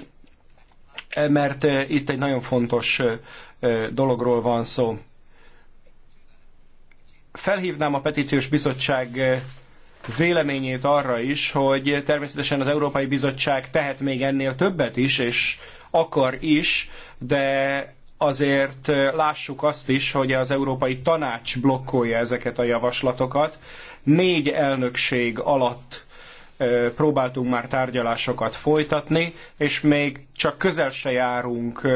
mert eh, itt egy nagyon fontos dologról van szó felhívnám a petíciós bizottság eh, véleményét arra is, hogy természetesen az Európai Bizottság tehet még ennél többet is, és akar is, de azért eh, lássuk azt is, hogy az Európai Tanács blokkolja ezeket a javaslatokat. Négy elnökség alatt próbáltunk már tárgyalásokat folytatni, és még csak közel se járunk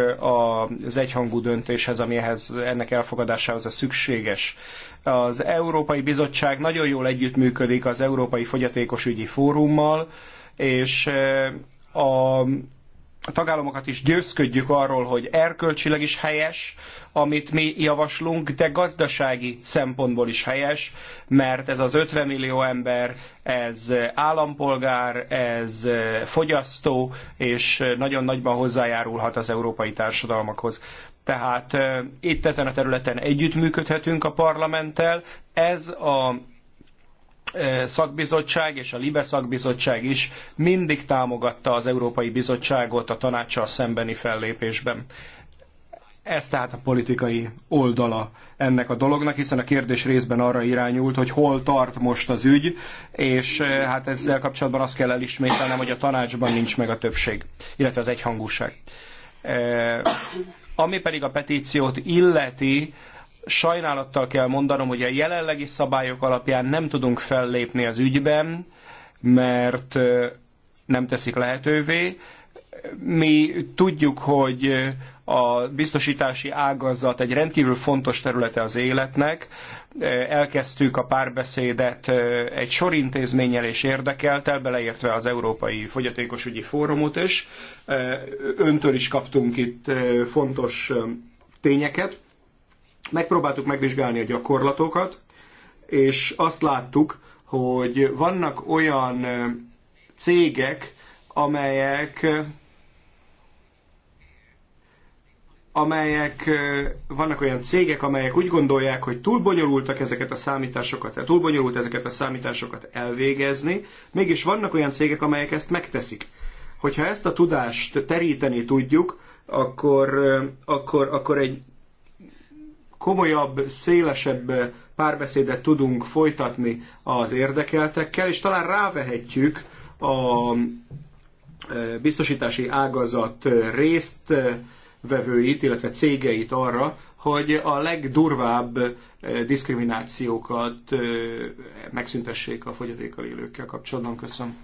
az egyhangú döntéshez, ami ehhez, ennek elfogadásához a szükséges. Az Európai Bizottság nagyon jól együttműködik az Európai Fogyatékos Ügyi Fórummal, és a a tagállamokat is győzködjük arról, hogy erkölcsileg is helyes, amit mi javaslunk, de gazdasági szempontból is helyes, mert ez az 50 millió ember, ez állampolgár, ez fogyasztó, és nagyon nagyban hozzájárulhat az európai társadalmakhoz. Tehát itt ezen a területen együttműködhetünk a parlamenttel. Ez a Eh, szakbizottság és a LIBE szakbizottság is mindig támogatta az Európai Bizottságot a tanácssal szembeni fellépésben. Ez tehát a politikai oldala ennek a dolognak, hiszen a kérdés részben arra irányult, hogy hol tart most az ügy, és eh, hát ezzel kapcsolatban azt kell elismételnem, hogy a tanácsban nincs meg a többség, illetve az egyhangúság. Eh, ami pedig a petíciót illeti, Sajnálattal kell mondanom, hogy a jelenlegi szabályok alapján nem tudunk fellépni az ügyben, mert nem teszik lehetővé. Mi tudjuk, hogy a biztosítási ágazat egy rendkívül fontos területe az életnek. Elkezdtük a párbeszédet egy sor intézménnyel és érdekeltel, beleértve az Európai Fogyatékosügyi Fórumot is. Öntől is kaptunk itt fontos tényeket. Megpróbáltuk megvizsgálni a gyakorlatokat, és azt láttuk, hogy vannak olyan cégek, amelyek amelyek, vannak olyan cégek, amelyek úgy gondolják, hogy túl bonyolultak ezeket a számításokat, túl bonyolult ezeket a számításokat elvégezni, mégis vannak olyan cégek, amelyek ezt megteszik. Hogyha ezt a tudást teríteni tudjuk, akkor, akkor, akkor egy komolyabb, szélesebb párbeszédet tudunk folytatni az érdekeltekkel, és talán rávehetjük a e, biztosítási ágazat résztvevőit, illetve cégeit arra, hogy a legdurvább e, diszkriminációkat e, megszüntessék a fogyatékkal élőkkel kapcsolatban. Köszönöm.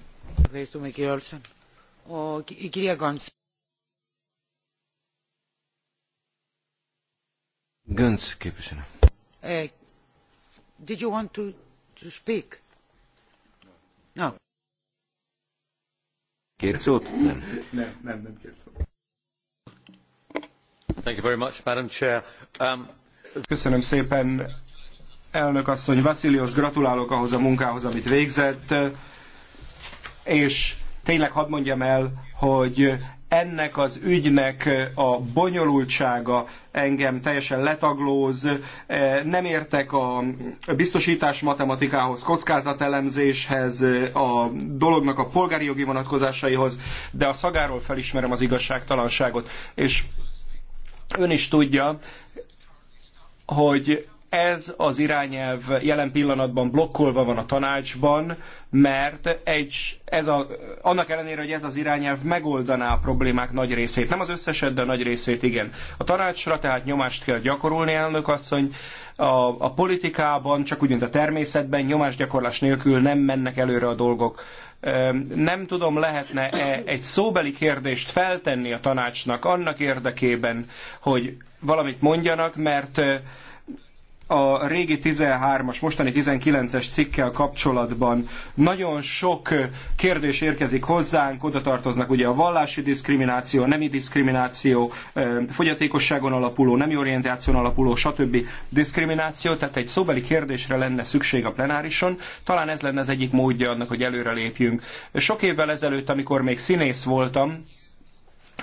Gönc képviselő. Uh, did you want to, to speak? No. Kér szót? Nem. nem, nem, nem kér szót. Thank you very much, Madam Chair. Um... Köszönöm szépen, elnök asszony Vasilios, gratulálok ahhoz a munkához, amit végzett, és tényleg hadd mondjam el, hogy ennek az ügynek eh, a bonyolultsága engem teljesen letaglóz, eh, nem értek a biztosítás matematikához, kockázatelemzéshez, eh, a dolognak a polgári jogi vonatkozásaihoz, de a szagáról felismerem az igazságtalanságot. És ön is tudja, hogy ez az irányelv jelen pillanatban blokkolva van a tanácsban, mert egy, ez a, annak ellenére, hogy ez az irányelv megoldaná a problémák nagy részét. Nem az összeset, de a nagy részét igen. A tanácsra tehát nyomást kell gyakorolni, elnök asszony. A, a politikában, csak úgy, mint a természetben, nyomásgyakorlás nélkül nem mennek előre a dolgok. Nem tudom, lehetne -e egy szóbeli kérdést feltenni a tanácsnak annak érdekében, hogy valamit mondjanak, mert a régi 13-as, mostani 19-es cikkel kapcsolatban nagyon sok kérdés érkezik hozzánk, oda tartoznak ugye a vallási diszkrimináció, a nemi diszkrimináció, fogyatékosságon alapuló, nemi orientáción alapuló, stb. diszkrimináció, tehát egy szóbeli kérdésre lenne szükség a plenárison, talán ez lenne az egyik módja annak, hogy előrelépjünk. Sok évvel ezelőtt, amikor még színész voltam,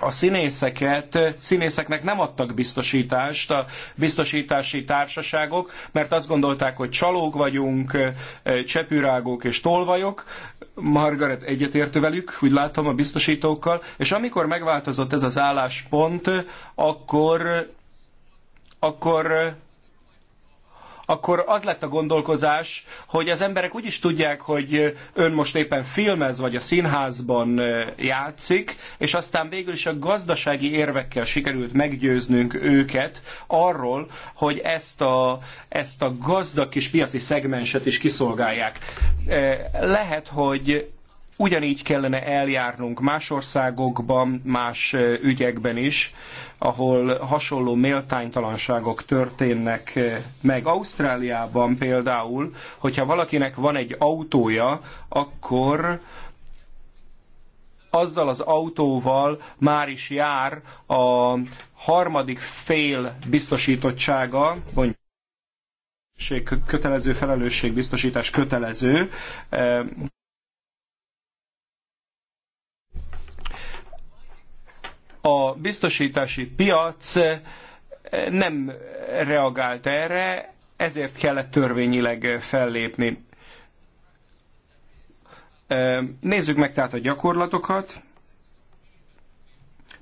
a színészeket, színészeknek nem adtak biztosítást a biztosítási társaságok, mert azt gondolták, hogy csalók vagyunk, csepürágók és tolvajok. Margaret egyetértő velük, úgy látom a biztosítókkal, és amikor megváltozott ez az álláspont, akkor akkor akkor az lett a gondolkozás, hogy az emberek úgy is tudják, hogy ön most éppen filmez, vagy a színházban játszik, és aztán végül is a gazdasági érvekkel sikerült meggyőznünk őket arról, hogy ezt a, ezt a gazdag kis piaci szegmenset is kiszolgálják. Lehet, hogy ugyanígy kellene eljárnunk más országokban, más ügyekben is, ahol hasonló méltánytalanságok történnek meg. Ausztráliában például, hogyha valakinek van egy autója, akkor azzal az autóval már is jár a harmadik fél biztosítottsága, vagy kötelező felelősség biztosítás kötelező, a biztosítási piac eh, nem reagált erre, ezért kellett törvényileg fellépni. Eh, nézzük meg tehát a gyakorlatokat.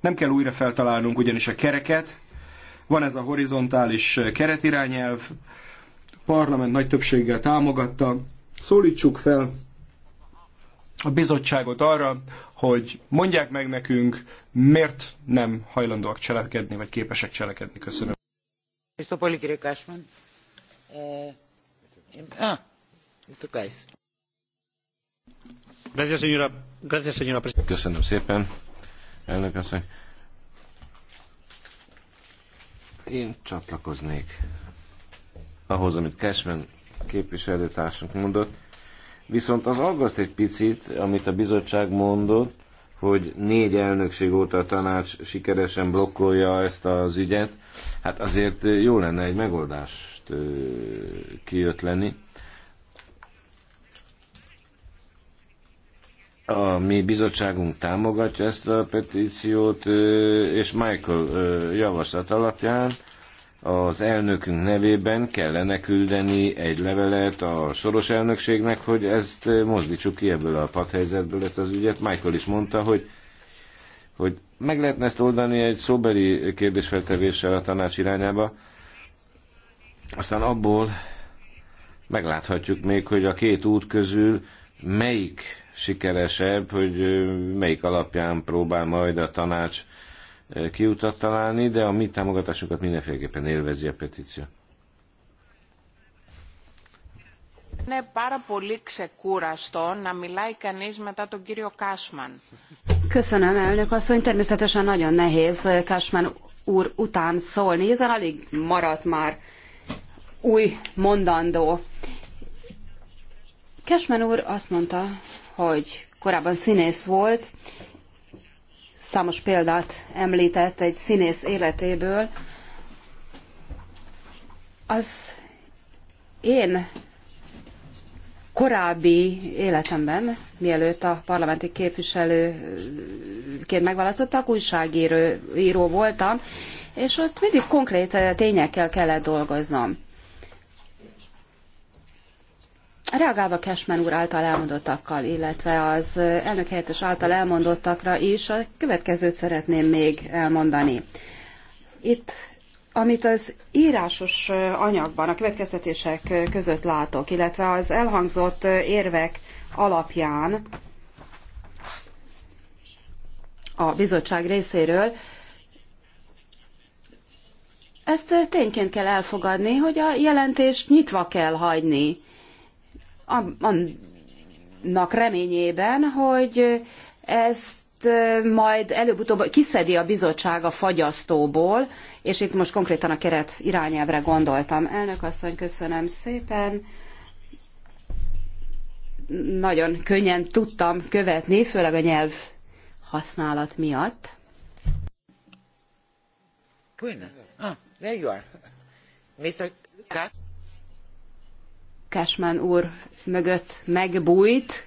Nem kell újra feltalálnunk ugyanis a kereket. Van ez a horizontális keretirányelv, parlament nagy többséggel támogatta. Szólítsuk fel a bizottságot arra, hogy mondják meg nekünk, miért nem hajlandóak cselekedni, vagy képesek cselekedni. Köszönöm. Köszönöm szépen, elnök asszony. Én csatlakoznék ahhoz, amit Cashman képviselőtársunk mondott Viszont az aggaszt egy picit, amit a bizottság mondott, hogy négy elnökség óta a tanács sikeresen blokkolja ezt az ügyet, hát azért jó lenne egy megoldást kiötleni. A mi bizottságunk támogatja ezt a petíciót, és Michael javaslat alapján az elnökünk nevében kellene küldeni egy levelet a soros elnökségnek, hogy ezt eh, mozdítsuk ki ebből a padhelyzetből, ezt az ügyet. Michael is mondta, hogy, hogy meg lehetne ezt oldani egy szóbeli kérdésfeltevéssel a tanács irányába, aztán abból megláthatjuk még, hogy a két út közül melyik sikeresebb, hogy eh, melyik alapján próbál majd a tanács kiutat találni, de a mi támogatásunkat mindenféleképpen élvezi a petíció. Είναι πάρα πολύ ξεκούραστο να μιλάει κανείς μετά τον κύριο Κάσμαν. Köszönöm, elnök asszony. Természetesen nagyon nehéz Kásmán eh, úr után szólni, hiszen alig maradt már új mondandó. Cashman úr azt mondta, hogy korábban színész volt, számos példát említett egy színész életéből. Az én korábbi életemben, mielőtt a parlamenti képviselőként megválasztottak, újságíró író voltam, és ott mindig konkrét tényekkel kellett dolgoznom. Reagálva Cashman úr által elmondottakkal, illetve az elnök helyettes által elmondottakra is a következőt szeretném még elmondani. Itt, amit az írásos anyagban a következtetések között látok, illetve az elhangzott érvek alapján a bizottság részéről, ezt tényként kell elfogadni, hogy a jelentést nyitva kell hagyni annak reményében, hogy ezt majd előbb-utóbb kiszedi a bizottság a fagyasztóból, és itt most konkrétan a keret irányelvre gondoltam. Elnök asszony, köszönöm szépen. Nagyon könnyen tudtam követni, főleg a nyelv használat miatt. Ah, there you are. Mr. Kat Cashman úr mögött megbújt.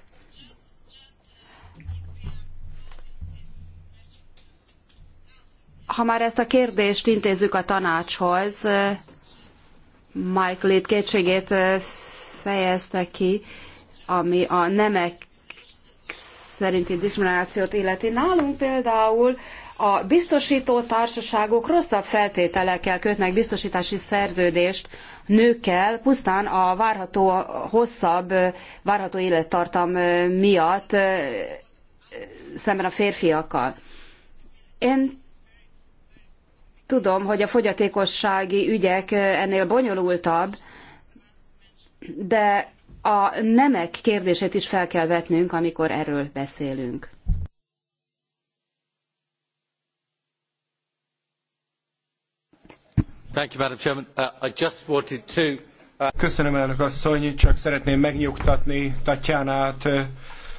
Ha már ezt a kérdést intézzük a tanácshoz, Michael itt kétségét fejezte ki, ami a nemek szerinti diszkriminációt illeti. Nálunk például a biztosító társaságok rosszabb feltételekkel kötnek biztosítási szerződést nőkkel pusztán a várható hosszabb, várható élettartam miatt szemben a férfiakkal. Én tudom, hogy a fogyatékossági ügyek ennél bonyolultabb, de a nemek kérdését is fel kell vetnünk, amikor erről beszélünk. Uh, uh, Köszönöm, elnök asszony, csak szeretném megnyugtatni tatjanát uh,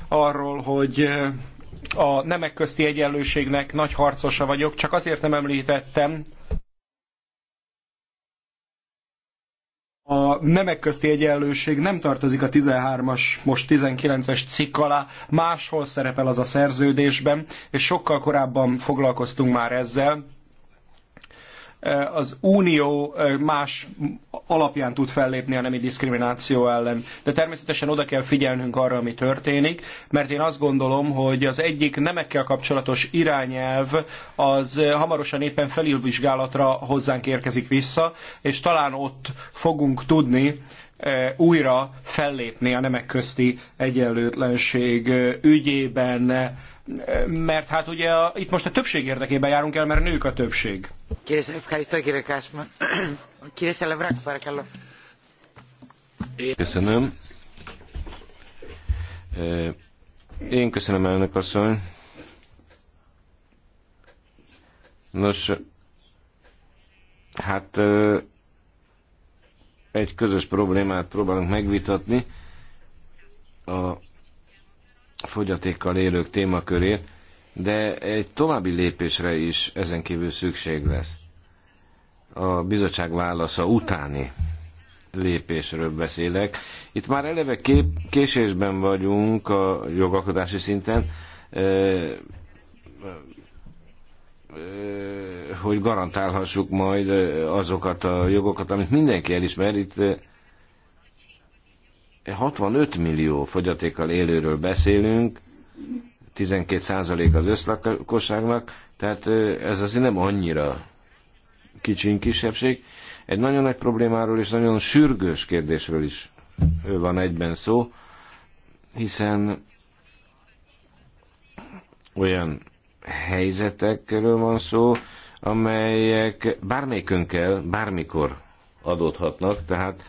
arról, hogy a nemek közti egyenlőségnek nagy harcosa vagyok, csak azért nem emltettem a nemek közti egyenlőség nem tartozik a 13-as, most 19-es cikk alá, máshol szerepel az a szerződésben, és sokkal korábban foglalkoztunk már ezzel. Eh, az Unió eh, más alapján tud fellépni a nemi diszkrimináció ellen. De természetesen oda kell figyelnünk arra, ami történik, mert én azt gondolom, hogy az egyik nemekkel kapcsolatos irányelv az eh, hamarosan éppen felülvizsgálatra hozzánk érkezik vissza, és talán ott fogunk tudni újra fellépni a nemek közti egyenlőtlenség ügyében mert hát ugye a, itt most a többség érdekében járunk el, mert nők a többség. Köszönöm. Én köszönöm, elnök asszony. Nos, hát egy közös problémát próbálunk megvitatni. A fogyatékkal élők témakörét, de egy további lépésre is ezen kívül szükség lesz. A bizottság válasza utáni lépésről beszélek. Itt már eleve kép, késésben vagyunk a jogalkotási szinten, hogy garantálhassuk majd azokat a jogokat, amit mindenki elismer. Itt 65 millió fogyatékkal élőről beszélünk, 12% az összlakosságnak, tehát ez azért nem annyira kicsin kisebbség. Egy nagyon nagy problémáról és nagyon sürgős kérdésről is van egyben szó, hiszen olyan helyzetekről van szó, amelyek bármelyikünkkel bármikor adódhatnak, tehát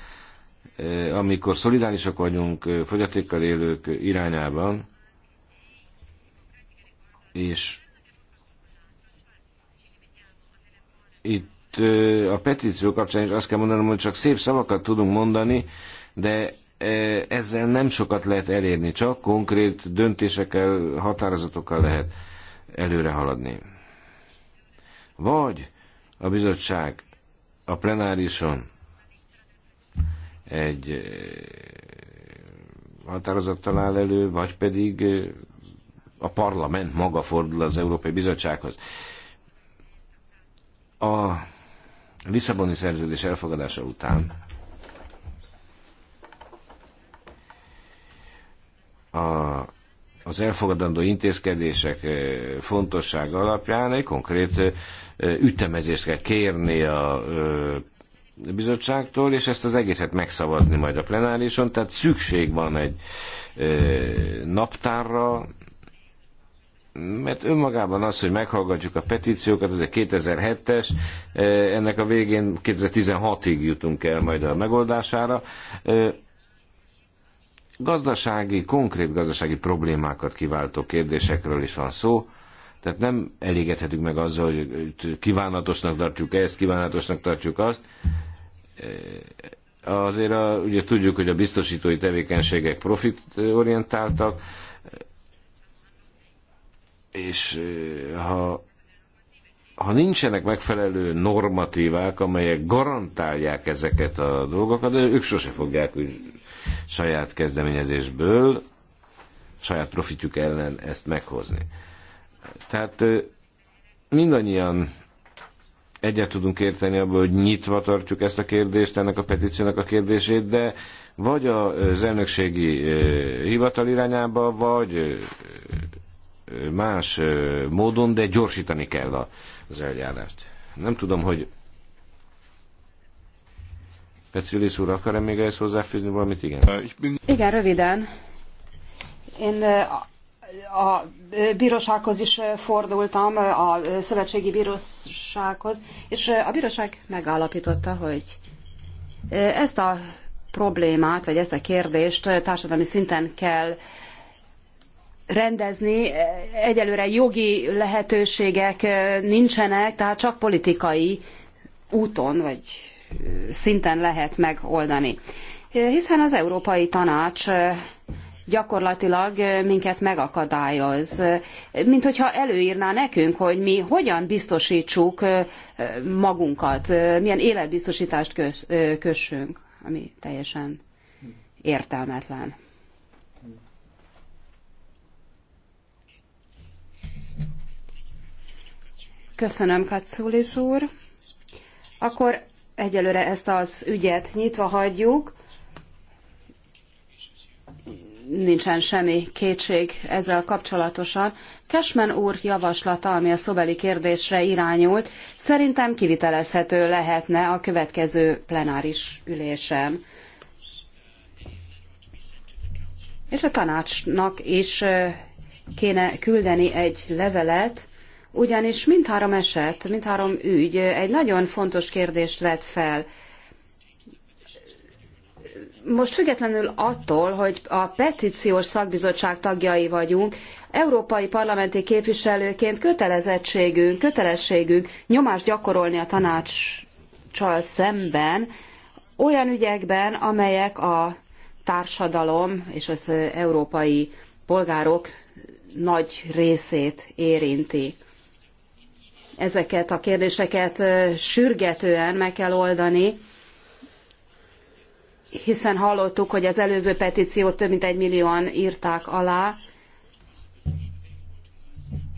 Eh, amikor szolidárisak vagyunk eh, fogyatékkal élők irányában, és itt eh, a petíció kapcsán is azt kell mondanom, hogy csak szép szavakat tudunk mondani, de ezzel nem sokat lehet elérni, csak konkrét döntésekkel, határozatokkal lehet előre haladni. Vagy a bizottság a plenárison egy eh, határozattal áll elő, vagy pedig eh, a parlament maga fordul az Európai Bizottsághoz. A Lisszaboni szerződés elfogadása után a, az elfogadandó intézkedések eh, fontossága alapján egy konkrét ütemezést kell kérni a bizottságtól, és ezt az egészet megszavazni majd a plenárison, tehát szükség van egy ö, naptárra, mert önmagában az, hogy meghallgatjuk a petíciókat, az egy 2007-es, ennek a végén 2016-ig jutunk el majd a megoldására. Gazdasági, konkrét gazdasági problémákat kiváltó kérdésekről is van szó, tehát nem elégedhetünk meg azzal, hogy kívánatosnak tartjuk ezt, kívánatosnak tartjuk azt, azért a, ugye tudjuk, hogy a biztosítói tevékenységek profitorientáltak, és ha, ha nincsenek megfelelő normatívák, amelyek garantálják ezeket a dolgokat, de ők sose fogják hogy saját kezdeményezésből, saját profitjuk ellen ezt meghozni. Tehát mindannyian egyet tudunk érteni abból, hogy nyitva tartjuk ezt a kérdést, ennek a petíciónak a kérdését, de vagy az elnökségi hivatal irányába, vagy más módon, de gyorsítani kell az eljárást. Nem tudom, hogy Petszülis úr, akar-e még ezt hozzáfűzni valamit? Igen. Igen, röviden. Én a bírósághoz is fordultam, a szövetségi bírósághoz, és a bíróság megállapította, hogy ezt a problémát, vagy ezt a kérdést társadalmi szinten kell rendezni. Egyelőre jogi lehetőségek nincsenek, tehát csak politikai úton, vagy szinten lehet megoldani. Hiszen az Európai Tanács gyakorlatilag minket megakadályoz. Mint hogyha előírná nekünk, hogy mi hogyan biztosítsuk magunkat, milyen életbiztosítást kössünk, ami teljesen értelmetlen. Köszönöm, Katszulis úr. Akkor egyelőre ezt az ügyet nyitva hagyjuk nincsen semmi kétség ezzel kapcsolatosan. Kesmen úr javaslata, ami a szobeli kérdésre irányult, szerintem kivitelezhető lehetne a következő plenáris ülésen. És a tanácsnak is kéne küldeni egy levelet, ugyanis mindhárom eset, mindhárom ügy egy nagyon fontos kérdést vet fel – most függetlenül attól, hogy a petíciós szakbizottság tagjai vagyunk, európai parlamenti képviselőként kötelezettségünk, kötelességünk nyomást gyakorolni a tanácssal szemben olyan ügyekben, amelyek a társadalom és az európai polgárok nagy részét érinti. Ezeket a kérdéseket sürgetően meg kell oldani, hiszen hallottuk, hogy az előző petíciót több mint egy millióan írták alá.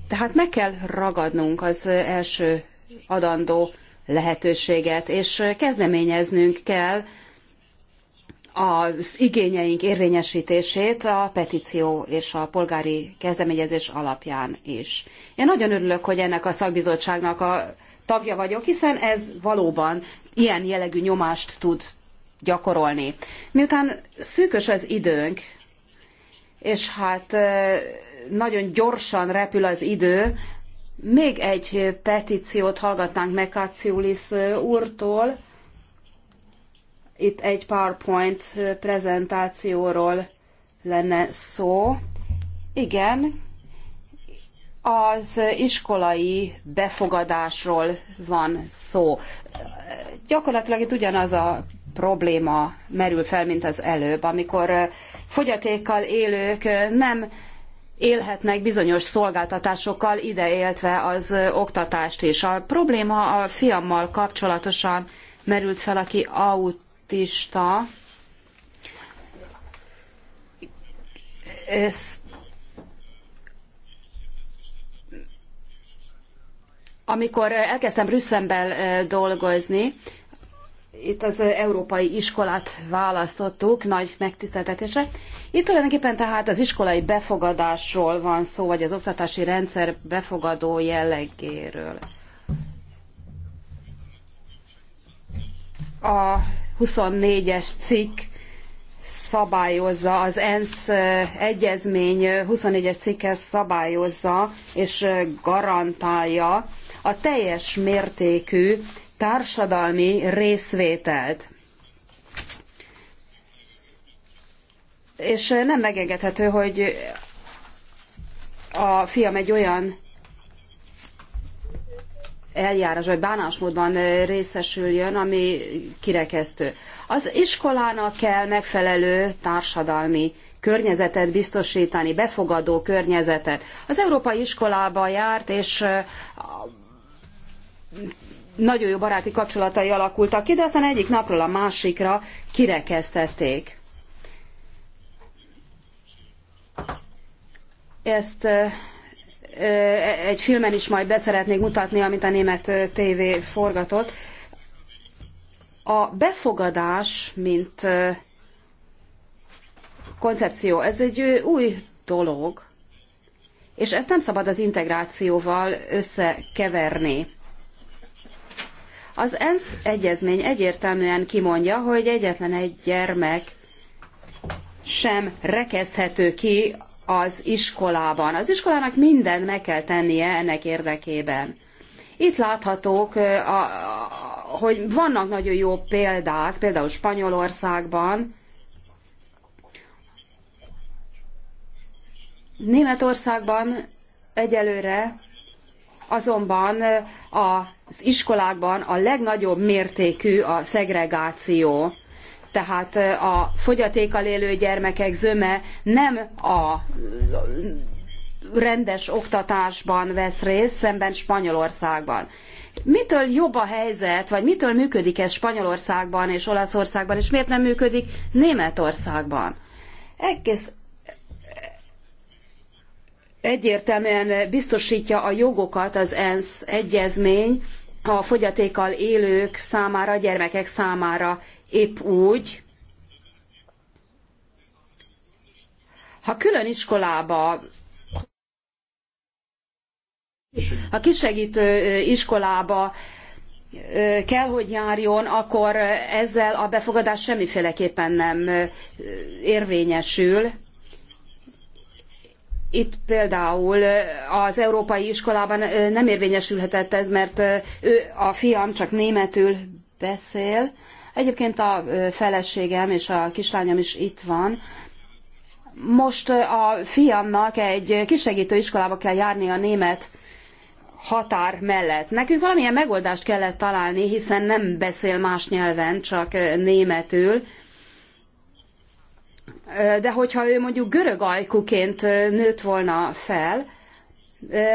Tehát meg kell ragadnunk az első adandó lehetőséget, és kezdeményeznünk kell az igényeink érvényesítését a petíció és a polgári kezdeményezés alapján is. Én nagyon örülök, hogy ennek a szakbizottságnak a tagja vagyok, hiszen ez valóban ilyen jellegű nyomást tud gyakorolni. Miután szűkös az időnk, és hát nagyon gyorsan repül az idő, még egy petíciót hallgatnánk meg úrtól. Itt egy PowerPoint prezentációról lenne szó. Igen, az iskolai befogadásról van szó. Gyakorlatilag itt ugyanaz a probléma merül fel, mint az előbb, amikor fogyatékkal élők nem élhetnek bizonyos szolgáltatásokkal, ideéltve az oktatást is. A probléma a fiammal kapcsolatosan merült fel, aki autista. amikor elkezdtem Brüsszelben dolgozni, itt az európai iskolát választottuk nagy megtiszteltetésre. Itt tulajdonképpen tehát az iskolai befogadásról van szó, vagy az oktatási rendszer befogadó jellegéről. A 24-es cikk szabályozza, az ENSZ egyezmény 24-es cikke szabályozza és garantálja a teljes mértékű társadalmi részvételt. És nem megengedhető, hogy a fiam egy olyan eljárás vagy bánásmódban részesüljön, ami kirekesztő. Az iskolának kell megfelelő társadalmi környezetet biztosítani, befogadó környezetet. Az európai iskolába járt, és nagyon jó baráti kapcsolatai alakultak ki, de aztán egyik napról a másikra kirekeztették. Ezt egy filmen is majd beszeretnék mutatni, amit a német TV forgatott. A befogadás, mint koncepció, ez egy új dolog, és ezt nem szabad az integrációval összekeverni. Az ENSZ egyezmény egyértelműen kimondja, hogy egyetlen egy gyermek sem rekezthető ki az iskolában. Az iskolának mindent meg kell tennie ennek érdekében. Itt láthatók, hogy vannak nagyon jó példák, például Spanyolországban, Németországban egyelőre azonban a az iskolákban a legnagyobb mértékű a szegregáció, tehát a fogyatékkal élő gyermekek zöme nem a rendes oktatásban vesz részt, szemben Spanyolországban. Mitől jobb a helyzet, vagy mitől működik ez Spanyolországban és Olaszországban, és miért nem működik Németországban? Egész egyértelműen biztosítja a jogokat az ENSZ egyezmény a fogyatékkal élők számára, a gyermekek számára épp úgy, ha külön iskolába ha kisegítő iskolába kell, hogy járjon, akkor ezzel a befogadás semmiféleképpen nem érvényesül. Itt például az európai iskolában nem érvényesülhetett ez, mert ő, a fiam csak németül beszél. Egyébként a feleségem és a kislányom is itt van. Most a fiamnak egy kisegítő iskolába kell járni a német határ mellett. Nekünk valamilyen megoldást kellett találni, hiszen nem beszél más nyelven, csak németül de hogyha ő mondjuk görög ajkuként nőtt volna fel,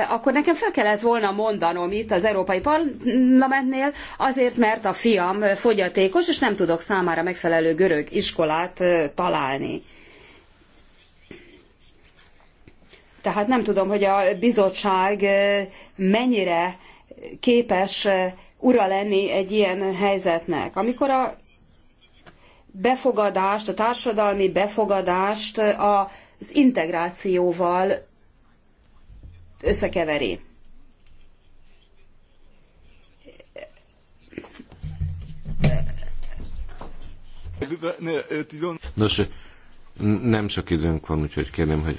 akkor nekem fel kellett volna mondanom itt az Európai Parlamentnél, azért mert a fiam fogyatékos, és nem tudok számára megfelelő görög iskolát találni. Tehát nem tudom, hogy a bizottság mennyire képes ura lenni egy ilyen helyzetnek. Amikor a befogadást, a társadalmi befogadást az integrációval összekeveri. Nos, nem sok időnk van, úgyhogy kérném, hogy...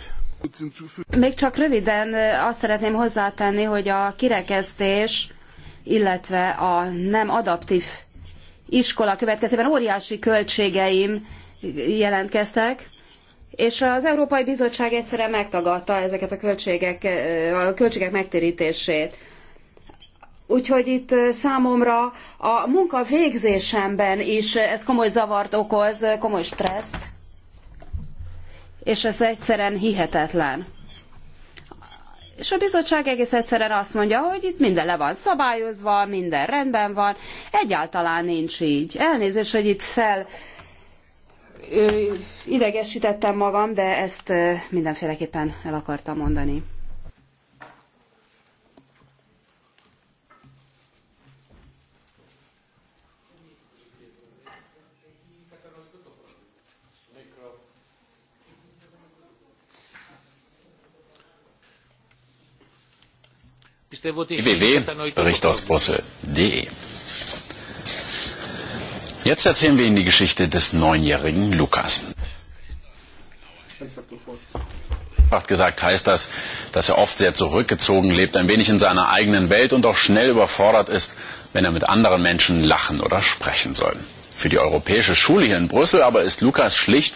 Még csak röviden azt szeretném hozzátenni, hogy a kirekesztés, illetve a nem adaptív iskola következtében óriási költségeim jelentkeztek, és az Európai Bizottság egyszerűen megtagadta ezeket a költségek, a költségek megtérítését. Úgyhogy itt számomra a munka végzésemben is ez komoly zavart okoz, komoly stresszt, és ez egyszerűen hihetetlen. És a bizottság egész egyszerűen azt mondja, hogy itt minden le van szabályozva, minden rendben van. Egyáltalán nincs így. Elnézést, hogy itt fel idegesítettem magam, de ezt mindenféleképpen el akartam mondani. Brüssel.de. Jetzt erzählen wir Ihnen die Geschichte des neunjährigen Lukas. Einfach er gesagt heißt das, dass er oft sehr zurückgezogen lebt, ein wenig in seiner eigenen Welt und auch schnell überfordert ist, wenn er mit anderen Menschen lachen oder sprechen soll. Für die europäische Schule hier in Brüssel aber ist Lukas schlicht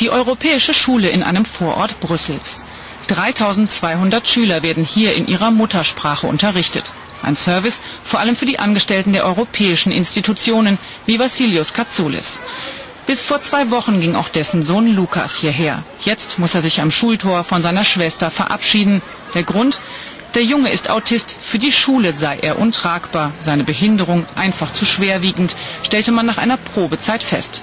die Europäische Schule in einem Vorort Brüssels. 3200 Schüler werden hier in ihrer Muttersprache unterrichtet. Ein Service vor allem für die Angestellten der europäischen Institutionen wie Vassilios Katsoulis. Bis vor zwei Wochen ging auch dessen Sohn Lukas hierher. Jetzt muss er sich am Schultor von seiner Schwester verabschieden. Der Grund? Der Junge ist Autist, für die Schule sei er untragbar, seine Behinderung einfach zu schwerwiegend, stellte man nach einer Probezeit fest.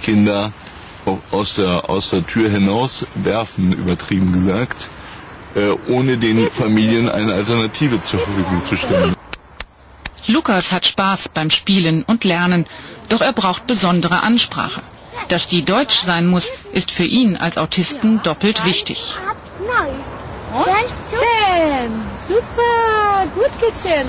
Kinder aus der, aus der Tür hinaus werfen, übertrieben gesagt, äh, ohne den Familien eine Alternative zur Verfügung zu stellen. Lukas hat Spaß beim Spielen und Lernen, doch er braucht besondere Ansprache. Dass die deutsch sein muss, ist für ihn als Autisten doppelt wichtig. Und? Super, gut gezählt.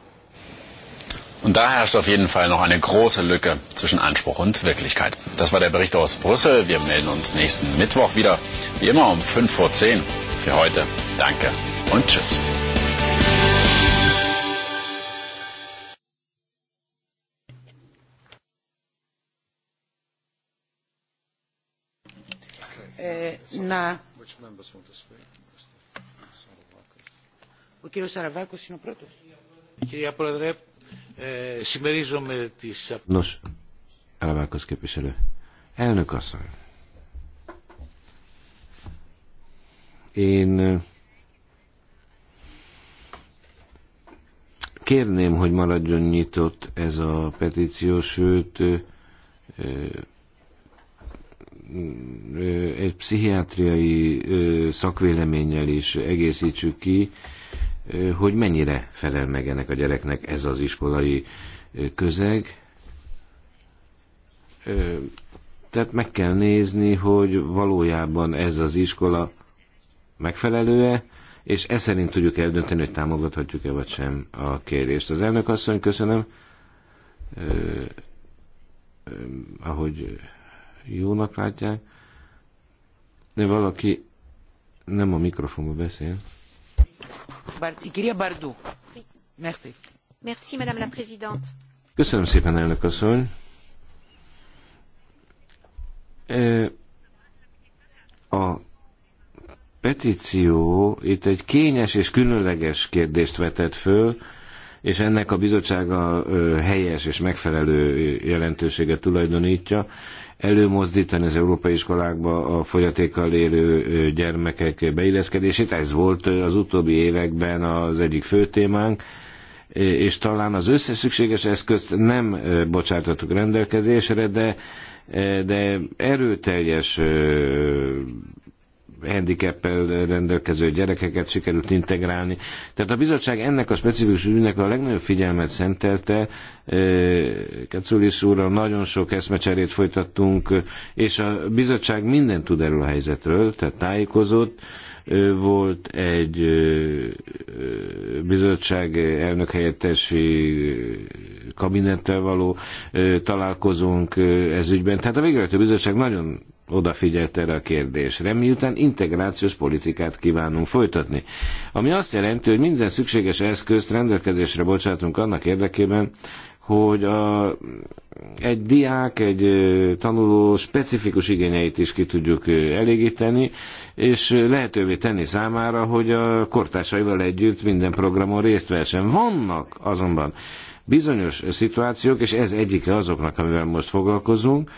Und da herrscht auf jeden Fall noch eine große Lücke zwischen Anspruch und Wirklichkeit. Das war der Bericht aus Brüssel. Wir melden uns nächsten Mittwoch wieder, wie immer um 5 vor 10. Für heute danke und tschüss. να... Eh, ο κύριος Σαραβάκος είναι ο πρώτος. Κυρία Πρόεδρε, Nos, képviselő. Elnök asszony. Én eh, kérném, hogy maradjon nyitott ez a petíció, sőt eh, eh, egy pszichiátriai szakvéleménnyel is egészítsük ki, hogy mennyire felel meg ennek a gyereknek ez az iskolai közeg. Tehát meg kell nézni, hogy valójában ez az iskola megfelelő-e, és ez szerint tudjuk eldönteni, hogy támogathatjuk-e vagy sem a kérést. Az elnök asszony, köszönöm, ahogy jónak látják, de valaki nem a mikrofonba beszél. Köszönöm szépen, elnök asszony. E, a petíció itt egy kényes és különleges kérdést vetett föl, és ennek a bizottsága helyes és megfelelő jelentőséget tulajdonítja, előmozdítani az európai iskolákba a fogyatékkal élő gyermekek beilleszkedését. Ez volt az utóbbi években az egyik fő témánk és talán az összes szükséges eszközt nem bocsátottuk rendelkezésre, de, de erőteljes handicappel rendelkező gyerekeket sikerült integrálni. Tehát a bizottság ennek a specifikus ügynek a legnagyobb figyelmet szentelte. Kaculis úrral nagyon sok eszmecserét folytattunk, és a bizottság mindent tud erről a helyzetről, tehát tájékozott volt egy bizottság elnökhelyettesi kabinettel való találkozónk ez ügyben. Tehát a végrehajtó bizottság nagyon odafigyelt erre a kérdésre, miután integrációs politikát kívánunk folytatni. Ami azt jelenti, hogy minden szükséges eszközt rendelkezésre bocsátunk annak érdekében, hogy a, egy diák, egy tanuló specifikus igényeit is ki tudjuk elégíteni, és lehetővé tenni számára, hogy a kortársaival együtt minden programon részt vehessen. Vannak azonban Bizonyos szituációk, és ez egyike azoknak, amivel most foglalkozunk,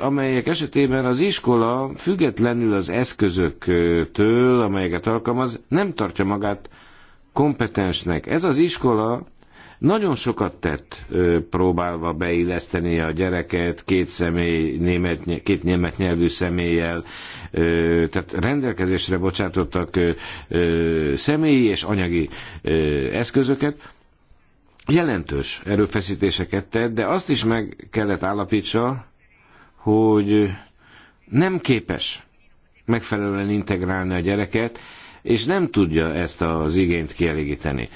amelyek esetében az iskola függetlenül az eszközöktől, amelyeket alkalmaz, nem tartja magát kompetensnek. Ez az iskola nagyon sokat tett próbálva beilleszteni a gyereket két személy, német, két német nyelvű személlyel, tehát rendelkezésre bocsátottak személyi és anyagi eszközöket, jelentős erőfeszítéseket tett, de azt is meg kellett állapítsa, hogy nem képes megfelelően integrálni a gyereket, és nem tudja ezt az igényt kielégíteni.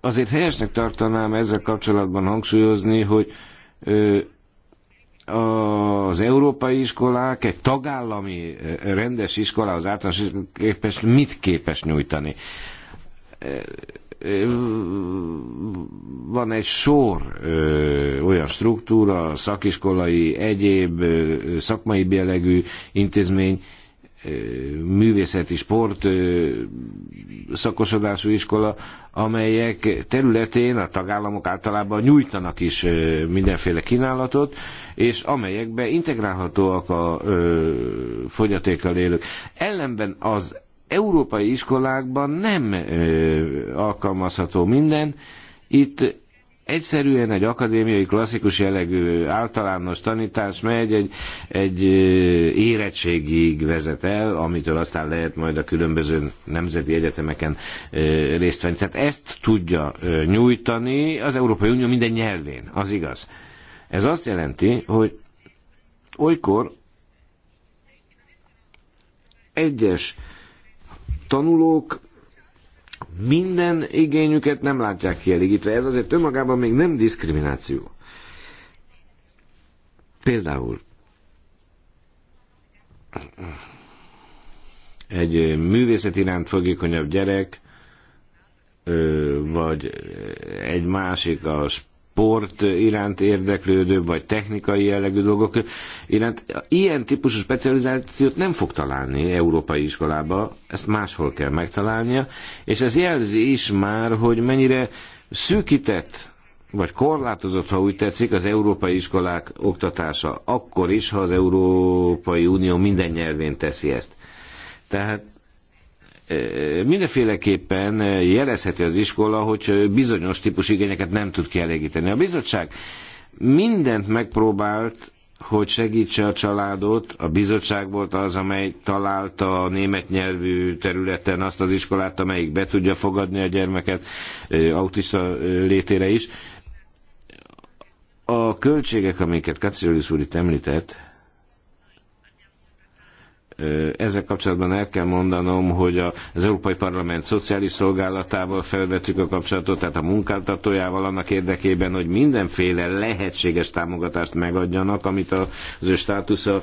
Azért helyesnek tartanám ezzel kapcsolatban hangsúlyozni, hogy az európai iskolák egy tagállami rendes iskola az általános képest mit képes nyújtani van egy sor ö, olyan struktúra, szakiskolai, egyéb ö, szakmai jellegű intézmény, ö, művészeti sport ö, szakosodású iskola, amelyek területén a tagállamok általában nyújtanak is ö, mindenféle kínálatot, és amelyekbe integrálhatóak a ö, fogyatékkal élők. Ellenben az európai iskolákban nem ö, alkalmazható minden. Itt egyszerűen egy akadémiai klasszikus jellegű általános tanítás megy, egy, egy érettségig vezet el, amitől aztán lehet majd a különböző nemzeti egyetemeken részt venni. Tehát ezt tudja nyújtani az Európai Unió minden nyelvén, az igaz. Ez azt jelenti, hogy olykor egyes tanulók minden igényüket nem látják kielégítve. Ez azért önmagában még nem diszkrimináció. Például egy művészet iránt fogékonyabb gyerek, vagy egy másik a sport iránt érdeklődő, vagy technikai jellegű dolgok iránt. Ilyen típusú specializációt nem fog találni európai iskolába, ezt máshol kell megtalálnia, és ez jelzi is már, hogy mennyire szűkített vagy korlátozott, ha úgy tetszik, az európai iskolák oktatása, akkor is, ha az Európai Unió minden nyelvén teszi ezt. Tehát mindenféleképpen jelezheti az iskola, hogy bizonyos típus igényeket nem tud kielégíteni. A bizottság mindent megpróbált, hogy segítse a családot. A bizottság volt az, amely találta a német nyelvű területen azt az iskolát, amelyik be tudja fogadni a gyermeket autista létére is. A költségek, amiket Kacilis úr itt említett, ezzel kapcsolatban el kell mondanom, hogy az Európai Parlament Szociális Szolgálatával felvettük a kapcsolatot, tehát a munkáltatójával annak érdekében, hogy mindenféle lehetséges támogatást megadjanak, amit az ő státusza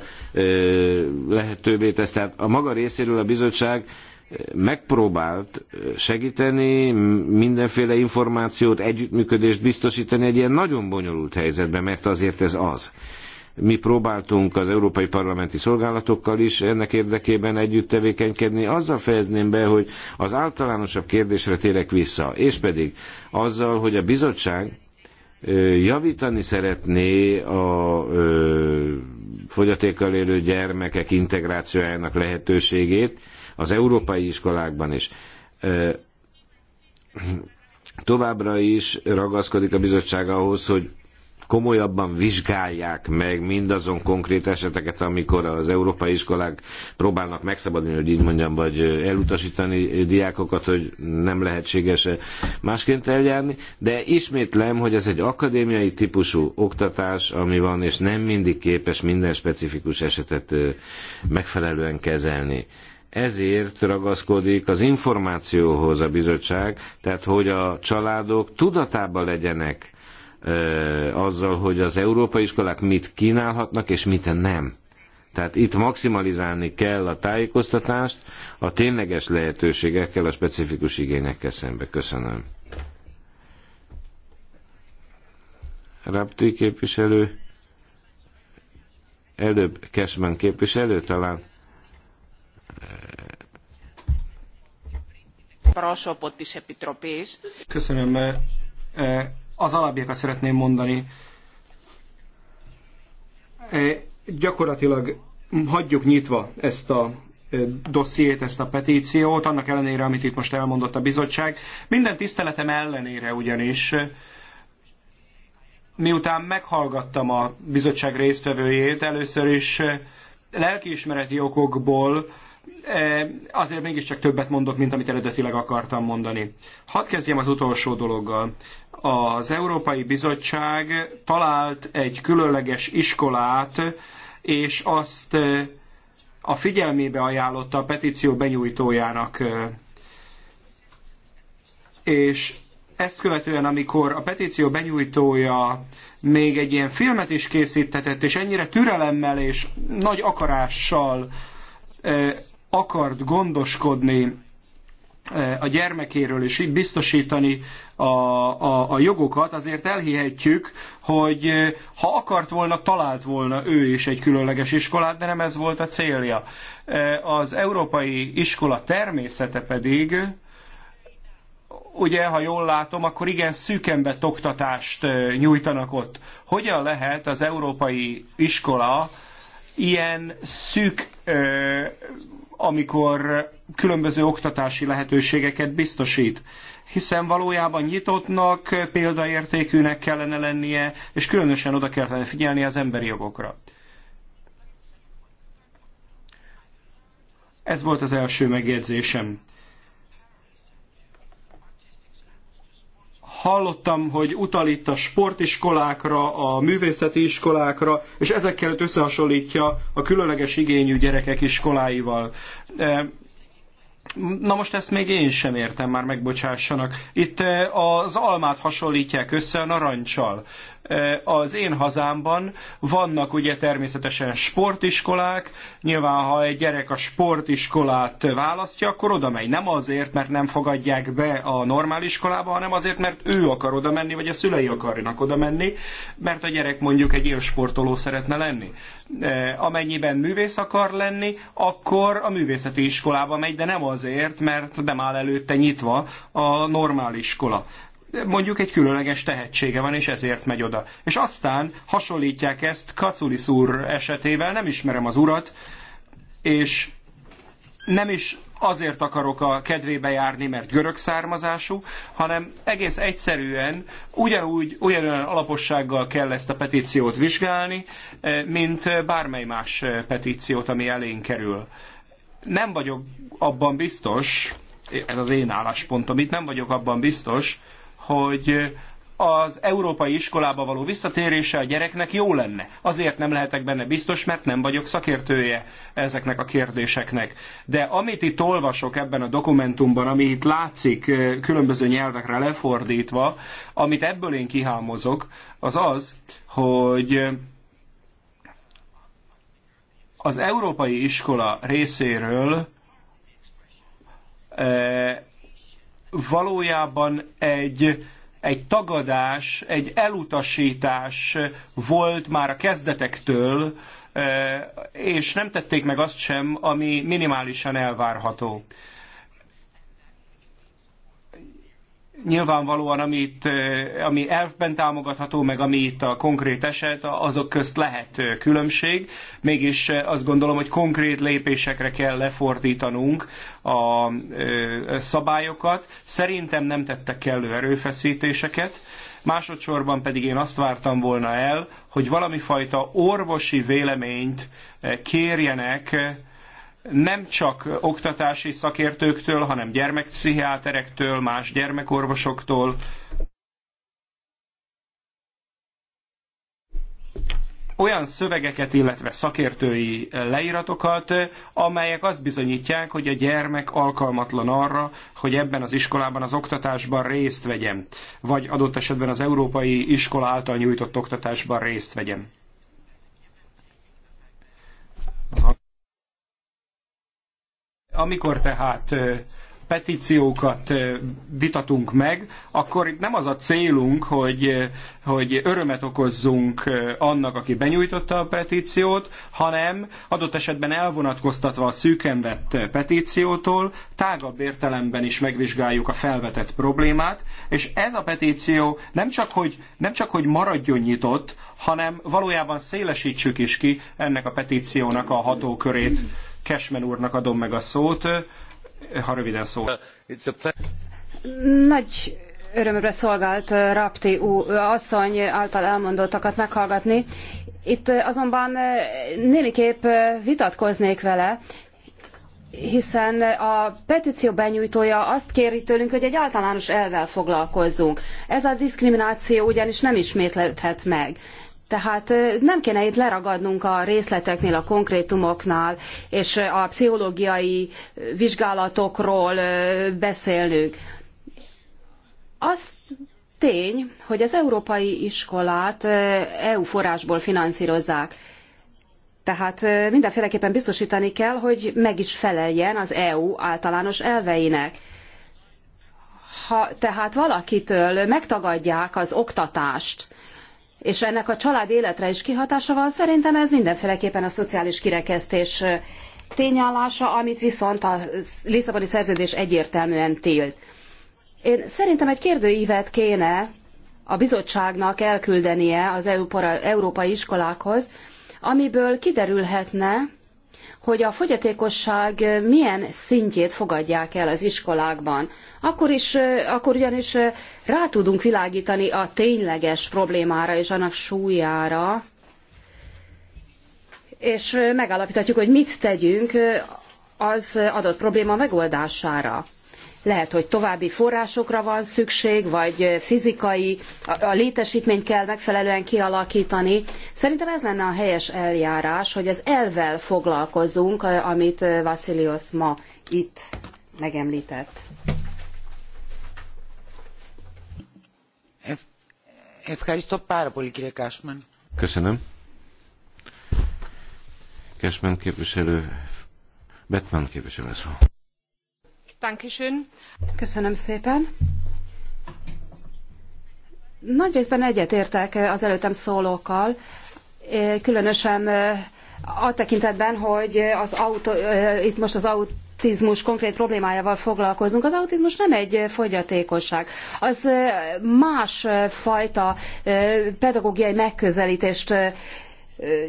lehetővé tesz. Tehát a maga részéről a bizottság megpróbált segíteni, mindenféle információt, együttműködést biztosítani egy ilyen nagyon bonyolult helyzetben, mert azért ez az. Mi próbáltunk az európai parlamenti szolgálatokkal is ennek érdekében együtt tevékenykedni. Azzal fejezném be, hogy az általánosabb kérdésre térek vissza, és pedig azzal, hogy a bizottság javítani szeretné a fogyatékkal élő gyermekek integrációjának lehetőségét az európai iskolákban is. Továbbra is ragaszkodik a bizottság ahhoz, hogy komolyabban vizsgálják meg mindazon konkrét eseteket, amikor az európai iskolák próbálnak megszabadulni, hogy így mondjam, vagy elutasítani diákokat, hogy nem lehetséges -e másként eljárni, de ismétlem, hogy ez egy akadémiai típusú oktatás, ami van, és nem mindig képes minden specifikus esetet megfelelően kezelni. Ezért ragaszkodik az információhoz a bizottság, tehát hogy a családok tudatában legyenek azzal, hogy az európai iskolák mit kínálhatnak és mit nem. Tehát itt maximalizálni kell a tájékoztatást a tényleges lehetőségekkel, a specifikus igényekkel szembe. Köszönöm. Rapti képviselő, előbb Kesmen képviselő talán. Köszönöm, eh, az alábbiakat szeretném mondani. E, gyakorlatilag hagyjuk nyitva ezt a e, dossziét, ezt a petíciót, annak ellenére, amit itt most elmondott a bizottság. Minden tiszteletem ellenére ugyanis, e, miután meghallgattam a bizottság résztvevőjét, először is lelkiismereti okokból E, azért mégiscsak többet mondok, mint amit eredetileg akartam mondani. Hadd kezdjem az utolsó dologgal. Az Európai Bizottság talált egy különleges iskolát, és azt e, a figyelmébe ajánlotta a petíció benyújtójának. E, és ezt követően, amikor a petíció benyújtója még egy ilyen filmet is készítetett, és ennyire türelemmel és nagy akarással akart gondoskodni e, a gyermekéről és így biztosítani a, a, a jogokat, azért elhihetjük, hogy e, ha akart volna, talált volna ő is egy különleges iskolát, de nem ez volt a célja. E, az európai iskola természete pedig, ugye, ha jól látom, akkor igen szűkembet oktatást nyújtanak ott. Hogyan lehet az európai iskola ilyen szűk amikor különböző oktatási lehetőségeket biztosít. Hiszen valójában nyitottnak, példaértékűnek kellene lennie, és különösen oda kellene figyelni az emberi jogokra. Ez volt az első megjegyzésem. Hallottam, hogy utal itt a sportiskolákra, a művészeti iskolákra, és ezekkel összehasonlítja a különleges igényű gyerekek iskoláival. E, na most ezt még én sem értem, már megbocsássanak. Itt e, az almát hasonlítják össze a narancsal. Eh, az én hazámban vannak ugye természetesen sportiskolák, nyilván ha egy gyerek a sportiskolát választja, akkor oda megy. Nem azért, mert nem fogadják be a normál iskolába, hanem azért, mert ő akar oda menni, vagy a szülei akarnak oda menni, mert a gyerek mondjuk egy élsportoló szeretne lenni. Eh, amennyiben művész akar lenni, akkor a művészeti iskolába megy, de nem azért, mert nem áll előtte nyitva a normál iskola mondjuk egy különleges tehetsége van, és ezért megy oda. És aztán hasonlítják ezt Kaculis úr esetével, nem ismerem az urat, és nem is azért akarok a kedvébe járni, mert görög származású, hanem egész egyszerűen ugyanúgy, ugyanolyan alapossággal kell ezt a petíciót vizsgálni, eh, mint eh, bármely más eh, petíciót, ami elén kerül. Nem vagyok abban biztos, ez az én álláspontom itt, nem vagyok abban biztos, hogy az európai iskolába való visszatérése a gyereknek jó lenne. Azért nem lehetek benne biztos, mert nem vagyok szakértője ezeknek a kérdéseknek. De amit itt olvasok ebben a dokumentumban, ami itt látszik eh, különböző nyelvekre lefordítva, amit ebből én kihámozok, az az, hogy az európai iskola részéről eh, valójában egy, egy tagadás, egy elutasítás volt már a kezdetektől, eh, és nem tették meg azt sem, ami minimálisan elvárható. nyilvánvalóan ami, itt, ami elfben támogatható, meg ami itt a konkrét eset, azok közt lehet különbség. Mégis azt gondolom, hogy konkrét lépésekre kell lefordítanunk a szabályokat. Szerintem nem tettek kellő erőfeszítéseket. Másodszorban pedig én azt vártam volna el, hogy valami fajta orvosi véleményt kérjenek nem csak oktatási szakértőktől, hanem gyermekpszichiáterektől, más gyermekorvosoktól, olyan szövegeket, illetve szakértői leíratokat, amelyek azt bizonyítják, hogy a gyermek alkalmatlan arra, hogy ebben az iskolában, az oktatásban részt vegyen, vagy adott esetben az európai iskola által nyújtott oktatásban részt vegyen. Amikor tehát petíciókat vitatunk meg, akkor itt nem az a célunk, hogy, hogy örömet okozzunk annak, aki benyújtotta a petíciót, hanem adott esetben elvonatkoztatva a szűken vett petíciótól, tágabb értelemben is megvizsgáljuk a felvetett problémát, és ez a petíció nem csak, hogy, nem csak, hogy maradjon nyitott, hanem valójában szélesítsük is ki ennek a petíciónak a hatókörét. Cashman úrnak adom meg a szót ha röviden szól. Nagy örömömre szolgált uh, Rapti ú, asszony által elmondottakat meghallgatni. Itt uh, azonban uh, némiképp vitatkoznék vele, hiszen a petíció benyújtója azt kéri tőlünk, hogy egy általános elvvel foglalkozzunk. Ez a diszkrimináció ugyanis nem ismétlődhet meg. Tehát nem kéne itt leragadnunk a részleteknél, a konkrétumoknál, és a pszichológiai vizsgálatokról beszélnünk. Az tény, hogy az európai iskolát EU forrásból finanszírozzák. Tehát mindenféleképpen biztosítani kell, hogy meg is feleljen az EU általános elveinek. Ha tehát valakitől megtagadják az oktatást, és ennek a család életre is kihatása van, szerintem ez mindenféleképpen a szociális kirekesztés tényállása, amit viszont a Lisszaboni szerződés egyértelműen tilt. Én szerintem egy kérdőívet kéne a bizottságnak elküldenie az Európa iskolákhoz, amiből kiderülhetne, hogy a fogyatékosság milyen szintjét fogadják el az iskolákban. Akkor, is, akkor ugyanis rá tudunk világítani a tényleges problémára és annak súlyára, és megállapíthatjuk, hogy mit tegyünk az adott probléma megoldására lehet, hogy további forrásokra van szükség, vagy fizikai, a, létesítményt kell megfelelően kialakítani. Szerintem ez lenne a helyes eljárás, hogy az elvel foglalkozzunk, eh, amit eh, Vasilios ma itt megemlített. Köszönöm. Cashman képviselő, Batman képviselő szó. Köszönöm szépen. Nagy részben egyetértek az előttem szólókkal, eh, különösen eh, a tekintetben, hogy az autó, eh, itt most az autó autizmus konkrét problémájával foglalkozunk. Az autizmus nem egy fogyatékosság. Az más fajta pedagógiai megközelítést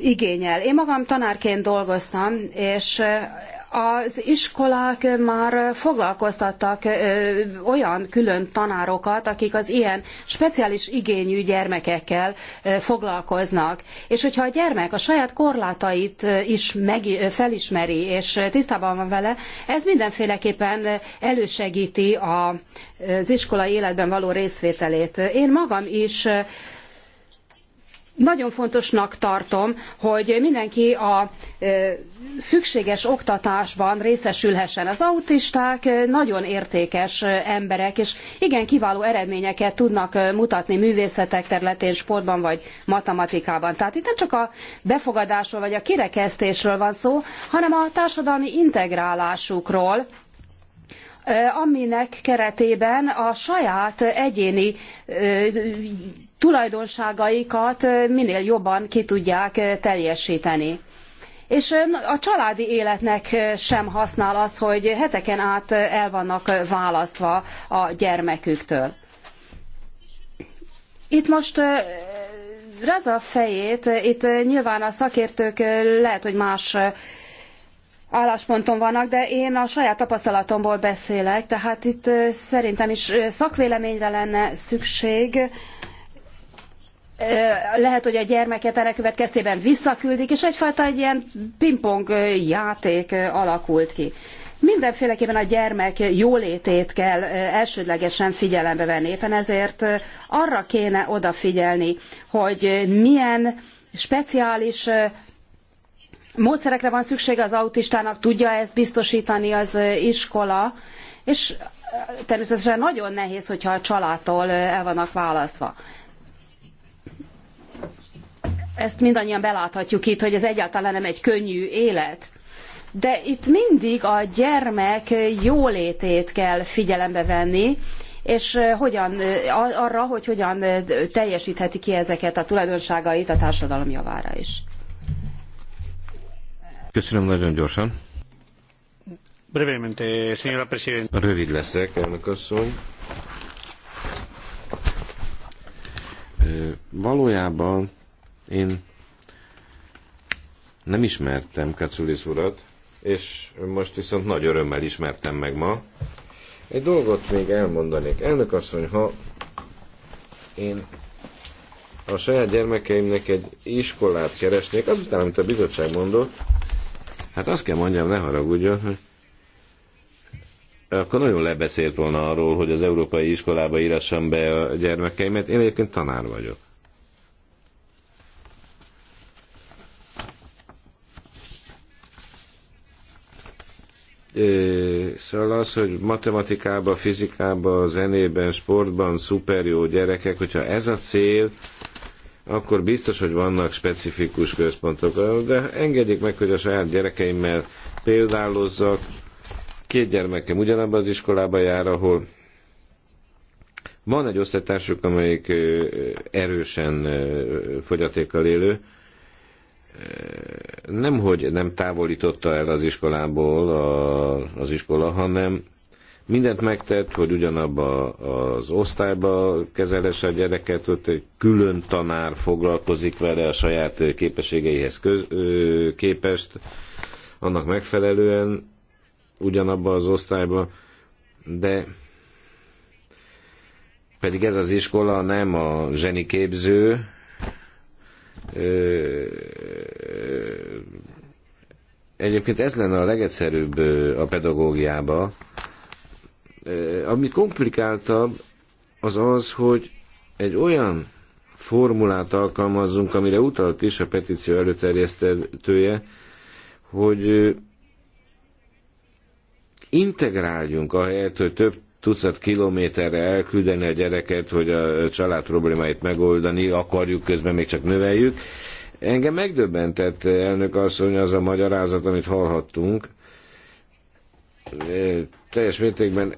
igényel. Én magam tanárként dolgoztam, és az iskolák már foglalkoztattak olyan külön tanárokat, akik az ilyen speciális igényű gyermekekkel foglalkoznak. És hogyha a gyermek a saját korlátait is meg, felismeri és tisztában van vele, ez mindenféleképpen elősegíti az iskolai életben való részvételét. Én magam is nagyon fontosnak tartom, hogy mindenki a e, szükséges oktatásban részesülhessen. Az autisták nagyon értékes emberek, és igen kiváló eredményeket tudnak mutatni művészetek területén, sportban vagy matematikában. Tehát itt nem csak a befogadásról vagy a kirekesztésről van szó, hanem a társadalmi integrálásukról, e, aminek keretében a saját egyéni e, tulajdonságaikat minél jobban ki tudják teljesíteni. És a családi életnek sem használ az, hogy heteken át el vannak választva a gyermeküktől. Itt most rázza a fejét, itt nyilván a szakértők lehet, hogy más állásponton vannak, de én a saját tapasztalatomból beszélek, tehát itt szerintem is szakvéleményre lenne szükség, lehet, hogy a gyermeket ennek következtében visszaküldik, és egyfajta egy ilyen pingpong játék alakult ki. Mindenféleképpen a gyermek jólétét kell elsődlegesen figyelembe venni. Éppen ezért arra kéne odafigyelni, hogy milyen speciális módszerekre van szüksége az autistának, tudja ezt biztosítani az iskola, és természetesen nagyon nehéz, hogyha a családtól el vannak választva ezt mindannyian beláthatjuk itt, hogy ez egyáltalán nem egy könnyű élet. De itt mindig a gyermek jólétét kell figyelembe venni, és hogyan, arra, hogy hogyan teljesítheti ki ezeket a tulajdonságait a társadalom javára is. Köszönöm nagyon gyorsan. Brevemente, señora presidenta. Rövid leszek, elnök asszony. Valójában én nem ismertem Kaculis urat, és most viszont nagy örömmel ismertem meg ma. Egy dolgot még elmondanék. Elnök asszony, ha én a saját gyermekeimnek egy iskolát keresnék, azután, amit a bizottság mondott, hát azt kell mondjam, ne haragudjon, hogy akkor nagyon lebeszélt volna arról, hogy az európai iskolába írassam be a gyermekeimet. Én egyébként tanár vagyok. Szóval az, hogy matematikában, fizikában, zenében, sportban szuper jó gyerekek, hogyha ez a cél, akkor biztos, hogy vannak specifikus központok. De engedjék meg, hogy a saját gyerekeimmel példálozzak. Két gyermekem ugyanabban az iskolában jár, ahol van egy osztálytársuk, amelyik erősen fogyatékkal élő, nem, hogy nem távolította el az iskolából a, az iskola, hanem mindent megtett, hogy ugyanabba az osztályba kezelesse a gyereket, ott egy külön tanár foglalkozik vele a saját képességeihez köz, ö, képest, annak megfelelően ugyanabba az osztályba, de pedig ez az iskola nem a zseniképző, Egyébként ez lenne a legegyszerűbb a pedagógiába. Ami komplikáltabb, az az, hogy egy olyan formulát alkalmazzunk, amire utalt is a petíció előterjesztője, hogy integráljunk ahelyett, hogy több tucat kilométerre elküldeni a gyereket, hogy a család problémáit megoldani akarjuk, közben még csak növeljük. Engem megdöbbentett elnök asszony az a magyarázat, amit hallhattunk. Teljes mértékben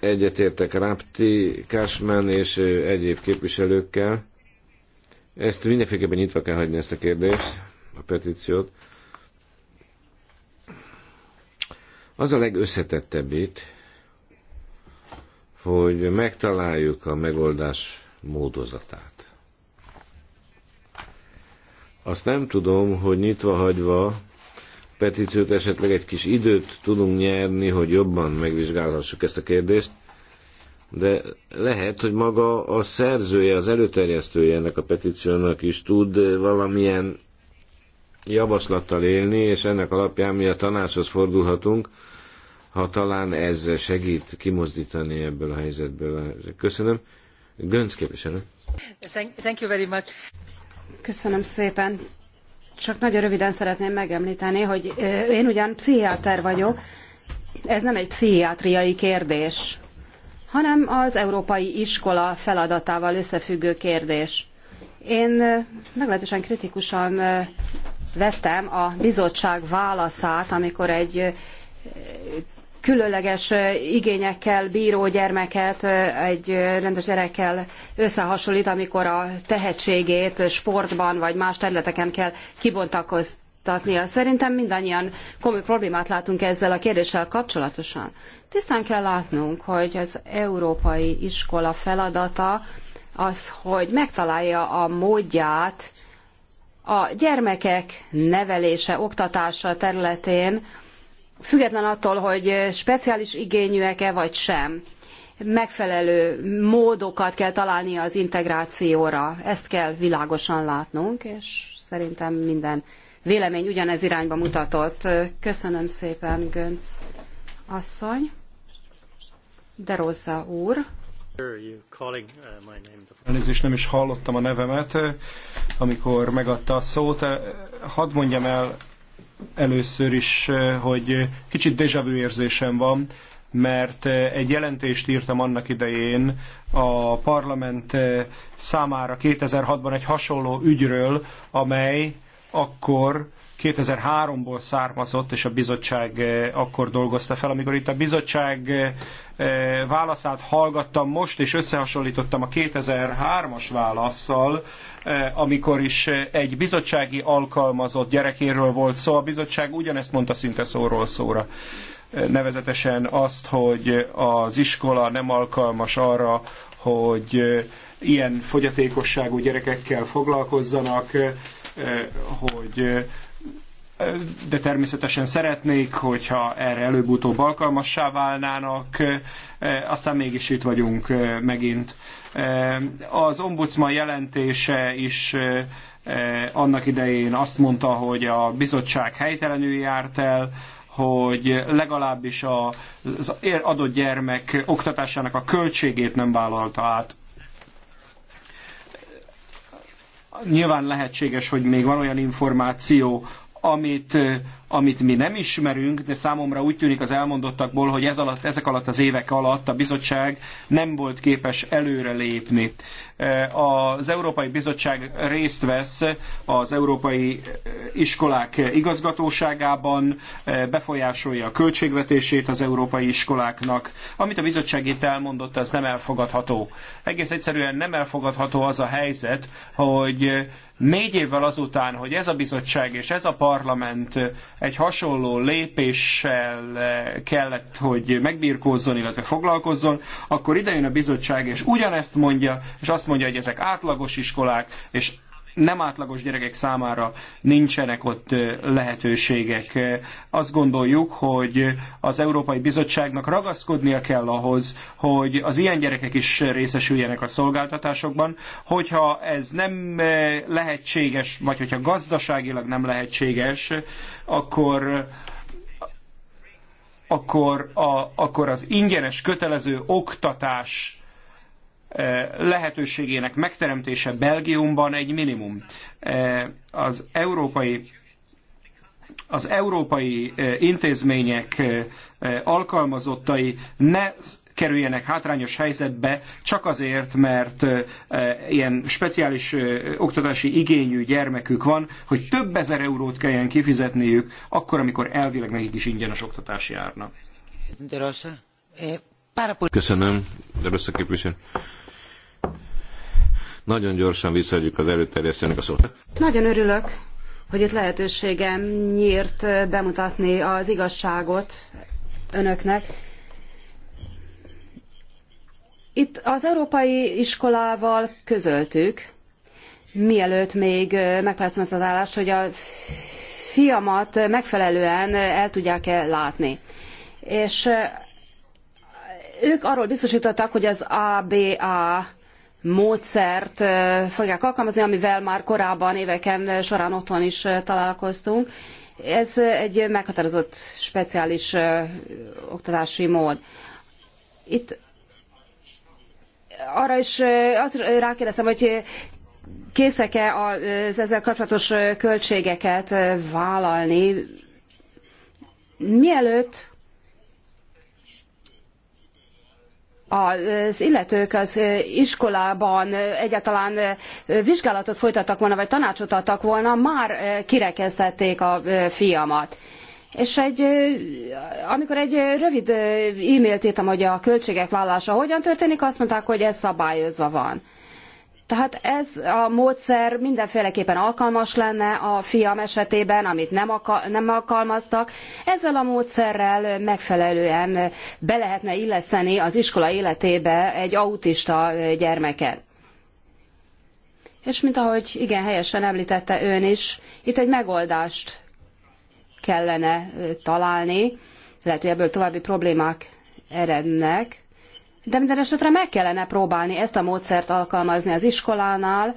egyetértek Rápti, Kásmán és egyéb képviselőkkel. Ezt mindenféleképpen nyitva kell hagyni ezt a kérdést, a petíciót. Az a legösszetettebb itt, hogy megtaláljuk a megoldás módozatát. Azt nem tudom, hogy nyitva hagyva petíciót esetleg egy kis időt tudunk nyerni, hogy jobban megvizsgálhassuk ezt a kérdést, de lehet, hogy maga a szerzője, az előterjesztője ennek a petíciónak is tud valamilyen javaslattal élni, és ennek alapján mi a tanácshoz fordulhatunk, ha talán ez segít kimozdítani ebből a helyzetből. Köszönöm. Gönc képviselő. Thank you very much. Köszönöm szépen. Csak nagyon röviden szeretném megemlíteni, hogy én ugyan pszichiáter vagyok, ez nem egy pszichiátriai kérdés, hanem az európai iskola feladatával összefüggő kérdés. Én meglehetősen kritikusan vettem a bizottság válaszát, amikor egy különleges igényekkel bíró gyermeket egy rendes gyerekkel összehasonlít, amikor a tehetségét sportban vagy más területeken kell kibontakoztatnia. Szerintem mindannyian komoly problémát látunk ezzel a kérdéssel kapcsolatosan. Tisztán kell látnunk, hogy az európai iskola feladata az, hogy megtalálja a módját a gyermekek nevelése, oktatása területén, független attól, hogy speciális igényűek-e vagy sem, megfelelő módokat kell találni az integrációra. Ezt kell világosan látnunk, és szerintem minden vélemény ugyanez irányba mutatott. Köszönöm szépen, Gönc asszony. De Rosa úr. Elnézést, nem is hallottam a nevemet, amikor megadta a szót. Hadd mondjam el először is, eh, hogy kicsit vu érzésem van, mert eh, egy jelentést írtam annak idején a parlament eh, számára 2006-ban egy hasonló ügyről, amely akkor 2003-ból származott, és a bizottság eh, akkor dolgozta fel. Amikor itt a bizottság eh, eh, válaszát hallgattam most, és összehasonlítottam a 2003-as válaszsal, amikor is egy bizottsági alkalmazott gyerekéről volt szó, a bizottság ugyanezt mondta szinte szóról szóra nevezetesen azt, hogy az iskola nem alkalmas arra, hogy ilyen fogyatékosságú gyerekekkel foglalkozzanak, hogy de természetesen szeretnék, hogyha erre előbb-utóbb alkalmassá válnának, e, aztán mégis itt vagyunk e, megint. E, az ombudsman jelentése is annak idején azt mondta, hogy a bizottság helytelenül járt el, hogy legalábbis az adott gyermek oktatásának a költségét nem vállalta át. Nyilván lehetséges, hogy még van olyan információ, amit, amit mi nem ismerünk, de számomra úgy tűnik az elmondottakból, hogy ez alatt, ezek alatt az évek alatt a bizottság nem volt képes előrelépni. Az Európai Bizottság részt vesz az Európai Iskolák igazgatóságában, befolyásolja a költségvetését az európai iskoláknak. Amit a bizottság itt elmondott, ez nem elfogadható. Egész egyszerűen nem elfogadható az a helyzet, hogy Négy évvel azután, hogy ez a bizottság és ez a parlament egy hasonló lépéssel kellett, hogy megbírkózzon, illetve foglalkozzon, akkor idejön a bizottság és ugyanezt mondja, és azt mondja, hogy ezek átlagos iskolák, és nem átlagos gyerekek számára nincsenek ott lehetőségek. Azt gondoljuk, hogy az Európai Bizottságnak ragaszkodnia kell ahhoz, hogy az ilyen gyerekek is részesüljenek a szolgáltatásokban, hogyha ez nem lehetséges, vagy hogyha gazdaságilag nem lehetséges, akkor akkor, a, akkor az ingyenes kötelező oktatás Eh, lehetőségének megteremtése Belgiumban egy minimum. Eh, az európai az európai eh, intézmények alkalmazottai ne kerüljenek hátrányos helyzetbe csak azért, mert ilyen speciális oktatási igényű gyermekük van, hogy több ezer eurót kelljen kifizetniük, akkor, amikor elvileg nekik is ingyenes oktatás járna. Köszönöm, de rossz a képviselő. Nagyon gyorsan visszaadjuk az előterjesztőnek a szót. Nagyon örülök, hogy itt lehetőségem nyírt bemutatni az igazságot önöknek. Itt az európai iskolával közöltük, mielőtt még megpáztam ezt az állást, hogy a fiamat megfelelően el tudják-e látni. És ők arról biztosítottak, hogy az ABA módszert fogják alkalmazni, amivel már korábban éveken során otthon is találkoztunk. Ez egy meghatározott speciális oktatási mód. Itt arra is azt rákérdeztem, hogy készek-e az ezzel kapcsolatos költségeket vállalni, mielőtt az illetők az iskolában egyáltalán vizsgálatot folytattak volna, vagy tanácsot adtak volna, már kirekesztették a fiamat. És egy, amikor egy rövid e-mailt írtam, hogy a költségek vállalása hogyan történik, azt mondták, hogy ez szabályozva van. Tehát ez a módszer mindenféleképpen alkalmas lenne a fiam esetében, amit nem, nem alkalmaztak. Ezzel a módszerrel megfelelően be lehetne illeszteni az iskola életébe egy autista gyermeket. És mint ahogy igen helyesen említette ön is, itt egy megoldást kellene találni, lehet, hogy ebből további problémák erednek de minden esetre meg kellene próbálni ezt a módszert alkalmazni az iskolánál.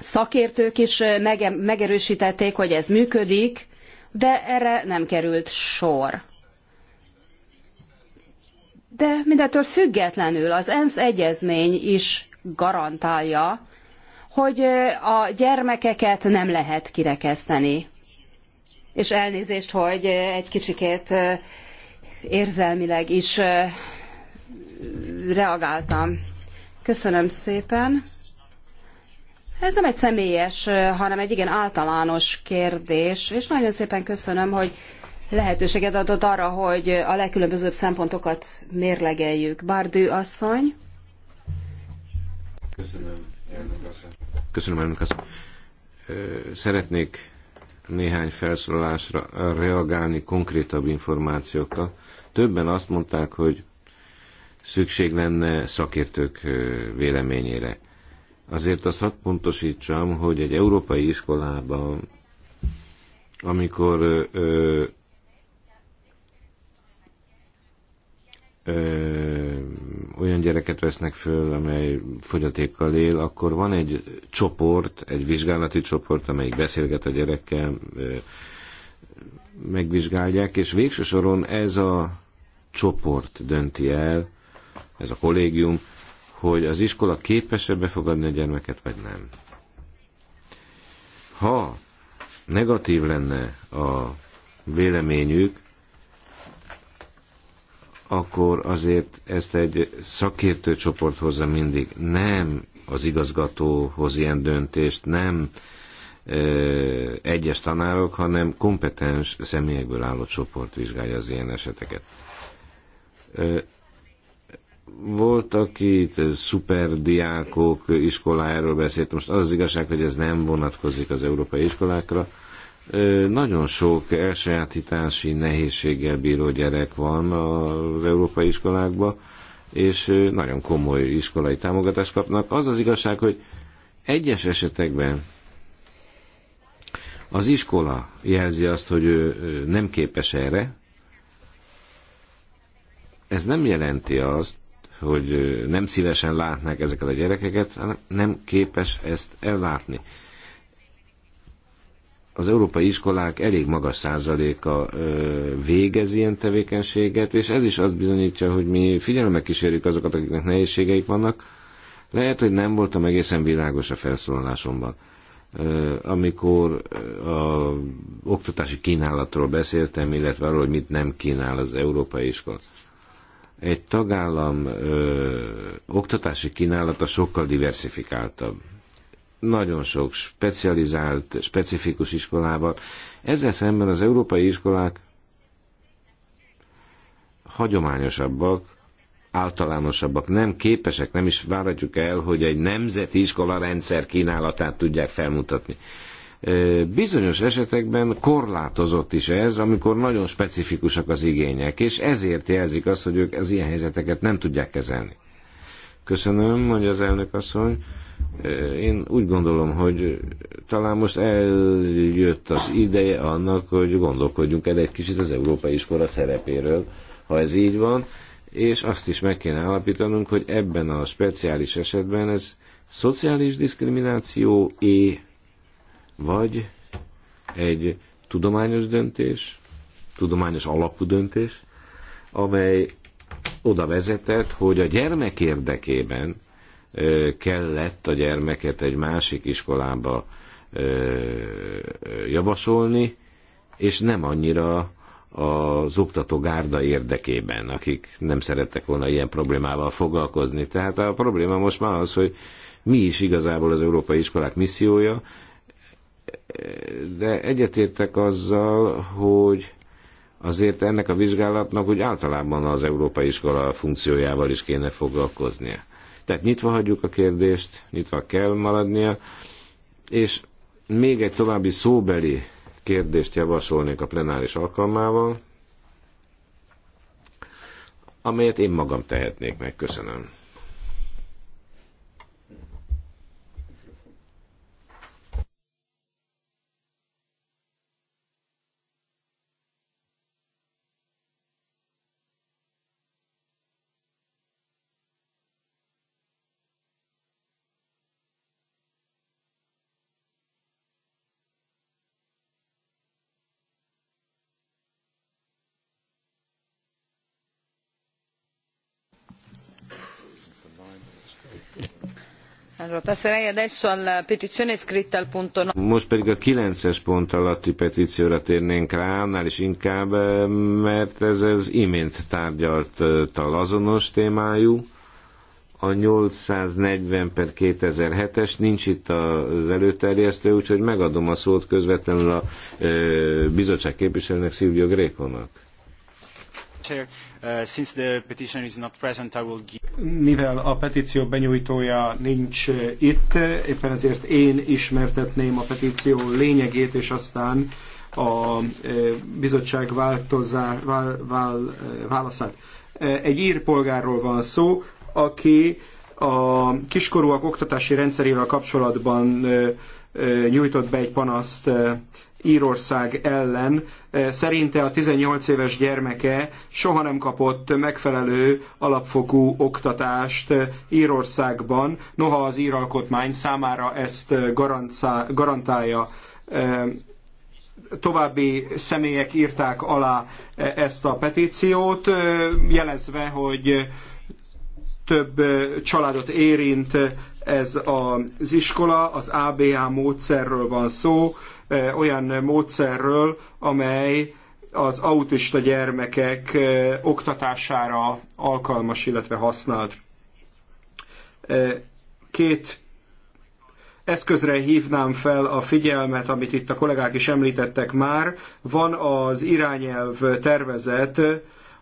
Szakértők is mege- megerősítették, hogy ez működik, de erre nem került sor. De mindettől függetlenül az ENSZ egyezmény is garantálja, hogy a gyermekeket nem lehet kirekeszteni. És elnézést, hogy egy kicsikét érzelmileg is reagáltam. Köszönöm szépen. Ez nem egy személyes, hanem egy igen általános kérdés, és nagyon szépen köszönöm, hogy lehetőséget adott arra, hogy a legkülönbözőbb szempontokat mérlegeljük. Bárdő asszony. Köszönöm, elnök asszony. Köszönöm, asszony. Szeretnék néhány felszólalásra reagálni konkrétabb információkkal. Többen azt mondták, hogy szükség lenne szakértők véleményére. Azért azt hadd pontosítsam, hogy egy európai iskolában, amikor ö, ö, olyan gyereket vesznek föl, amely fogyatékkal él, akkor van egy csoport, egy vizsgálati csoport, amelyik beszélget a gyerekkel, ö, megvizsgálják, és végső soron ez a csoport dönti el, ez a kollégium, hogy az iskola képes-e befogadni a gyermeket, vagy nem. Ha negatív lenne a véleményük, akkor azért ezt egy szakértő hozza mindig. Nem az igazgatóhoz ilyen döntést, nem ö, egyes tanárok, hanem kompetens személyekből álló csoport vizsgálja az ilyen eseteket. Ö, voltak itt szuperdiákok iskolájáról beszélt, most az, az igazság, hogy ez nem vonatkozik az európai iskolákra. Nagyon sok elsajátítási nehézséggel bíró gyerek van az európai iskolákban, és nagyon komoly iskolai támogatást kapnak. Az az igazság, hogy egyes esetekben az iskola jelzi azt, hogy ő nem képes erre, ez nem jelenti azt, hogy nem szívesen látnák ezeket a gyerekeket, hanem nem képes ezt ellátni. Az európai iskolák elég magas százaléka végez ilyen tevékenységet, és ez is azt bizonyítja, hogy mi figyelemmel kísérjük azokat, akiknek nehézségeik vannak. Lehet, hogy nem voltam egészen világos a felszólalásomban amikor a oktatási kínálatról beszéltem, illetve arról, hogy mit nem kínál az európai iskola egy tagállam ö, oktatási kínálata sokkal diversifikáltabb. Nagyon sok specializált, specifikus iskolával. Ezzel szemben az európai iskolák hagyományosabbak, általánosabbak, nem képesek, nem is váratjuk el, hogy egy nemzeti iskola rendszer kínálatát tudják felmutatni. Bizonyos esetekben korlátozott is ez, amikor nagyon specifikusak az igények, és ezért jelzik azt, hogy ők az ilyen helyzeteket nem tudják kezelni. Köszönöm, mondja az elnök asszony. Én úgy gondolom, hogy talán most eljött az ideje annak, hogy gondolkodjunk el egy kicsit az európai iskola szerepéről, ha ez így van, és azt is meg kéne állapítanunk, hogy ebben a speciális esetben ez szociális diszkrimináció é vagy egy tudományos döntés, tudományos alapú döntés, amely oda vezetett, hogy a gyermek érdekében kellett a gyermeket egy másik iskolába javasolni, és nem annyira az oktató gárda érdekében, akik nem szerettek volna ilyen problémával foglalkozni. Tehát a probléma most már az, hogy mi is igazából az európai iskolák missziója, de egyetértek azzal, hogy azért ennek a vizsgálatnak úgy általában az európai iskola funkciójával is kéne foglalkoznia. Tehát nyitva hagyjuk a kérdést, nyitva kell maradnia, és még egy további szóbeli kérdést javasolnék a plenáris alkalmával, amelyet én magam tehetnék meg. Köszönöm. Most pedig a 9-es pont alatti petícióra térnénk rá, annál is inkább, eh, mert ez az imént tárgyalttal eh, azonos témájú. A 840 per 2007-es nincs itt az előterjesztő, úgyhogy megadom a szót közvetlenül a eh, bizottság képviselőnek, Szilvio Grékonak. Since the petition is not present, I will give mivel a petíció benyújtója nincs itt, éppen ezért én ismertetném a petíció lényegét, és aztán a e, bizottság változá, vál, vál, e, válaszát. E, egy ír polgárról van szó, aki a kiskorúak oktatási rendszerével kapcsolatban nyújtott be egy panaszt Írország ellen. E, szerinte a 18 éves gyermeke soha nem kapott megfelelő alapfokú oktatást e, Írországban, noha az íralkotmány számára ezt e, garantálja további személyek írták alá ezt a petíciót, jelezve, hogy több családot érint ez az iskola, az ABA módszerről van szó, olyan módszerről, amely az autista gyermekek oktatására alkalmas, illetve használt. Két eszközre hívnám fel a figyelmet, amit itt a kollégák is említettek már. Van az irányelv tervezet,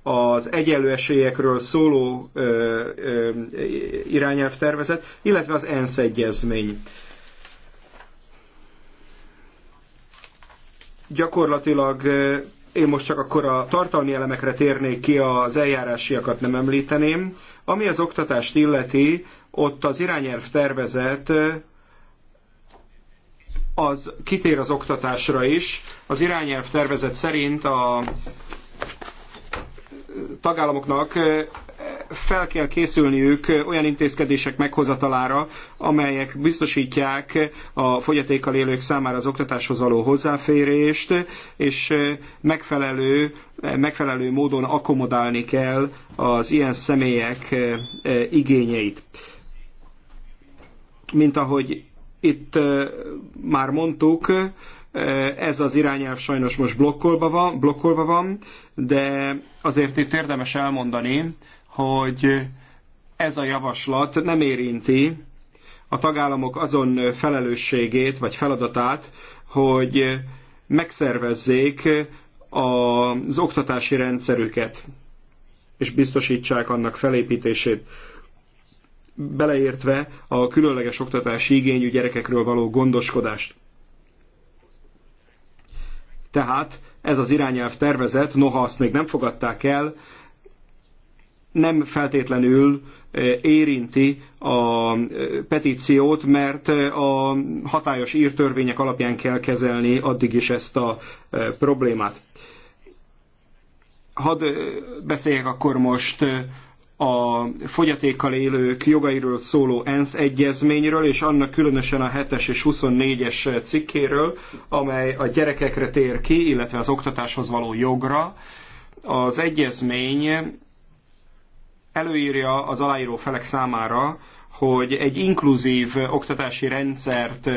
az egyenlő esélyekről szóló ö, ö, irányelvtervezet, illetve az ENSZ egyezmény. Gyakorlatilag én most csak akkor a tartalmi elemekre térnék ki, az eljárásiakat nem említeném. Ami az oktatást illeti, ott az irányelv tervezet az kitér az oktatásra is. Az irányelv tervezet szerint a tagállamoknak fel kell készülniük olyan intézkedések meghozatalára, amelyek biztosítják a fogyatékkal élők számára az oktatáshoz való hozzáférést, és megfelelő, megfelelő módon akkomodálni kell az ilyen személyek eh, igényeit. Mint ahogy itt eh, már mondtuk, eh, ez az irányelv sajnos most blokkolva van, blokkolva van, de azért itt érdemes elmondani, hogy ez a javaslat nem érinti a tagállamok azon felelősségét vagy feladatát, hogy megszervezzék az oktatási rendszerüket, és biztosítsák annak felépítését, beleértve a különleges oktatási igényű gyerekekről való gondoskodást. Tehát ez az irányelv tervezet, noha azt még nem fogadták el, nem feltétlenül eh, érinti a eh, petíciót, mert eh, a hatályos írtörvények alapján kell kezelni addig is ezt a problémát. Hadd beszéljek akkor most a fogyatékkal élők jogairól szóló ENSZ egyezményről, és annak különösen a 7-es és 24-es cikkéről, amely a gyerekekre tér ki, illetve az oktatáshoz való jogra. Az egyezmény előírja az aláíró felek számára, hogy egy inkluzív oktatási rendszert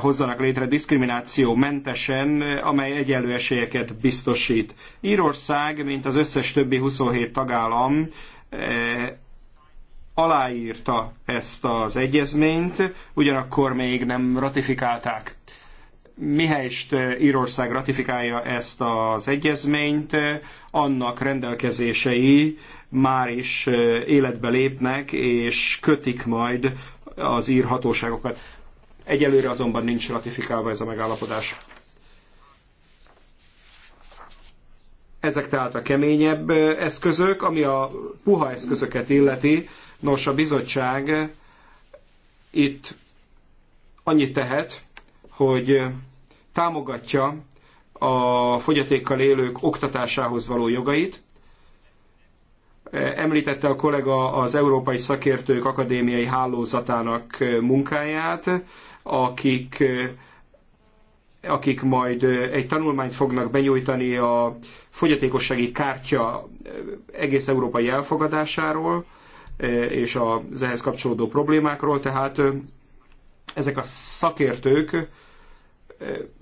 hozzanak létre diszkrimináció mentesen, amely egyenlő esélyeket biztosít. Írország, mint az összes többi 27 tagállam aláírta ezt az egyezményt, ugyanakkor még nem ratifikálták. Mihelyst Írország ratifikálja ezt az egyezményt, annak rendelkezései már is életbe lépnek, és kötik majd az ír hatóságokat. Egyelőre azonban nincs ratifikálva ez a megállapodás. Ezek tehát a keményebb eszközök, ami a puha eszközöket illeti. Nos, a bizottság itt annyit tehet, hogy támogatja a fogyatékkal élők oktatásához való jogait, Említette a kollega az Európai Szakértők Akadémiai Hálózatának munkáját, akik, akik majd egy tanulmányt fognak benyújtani a fogyatékossági kártya egész európai elfogadásáról és az ehhez kapcsolódó problémákról, tehát ezek a szakértők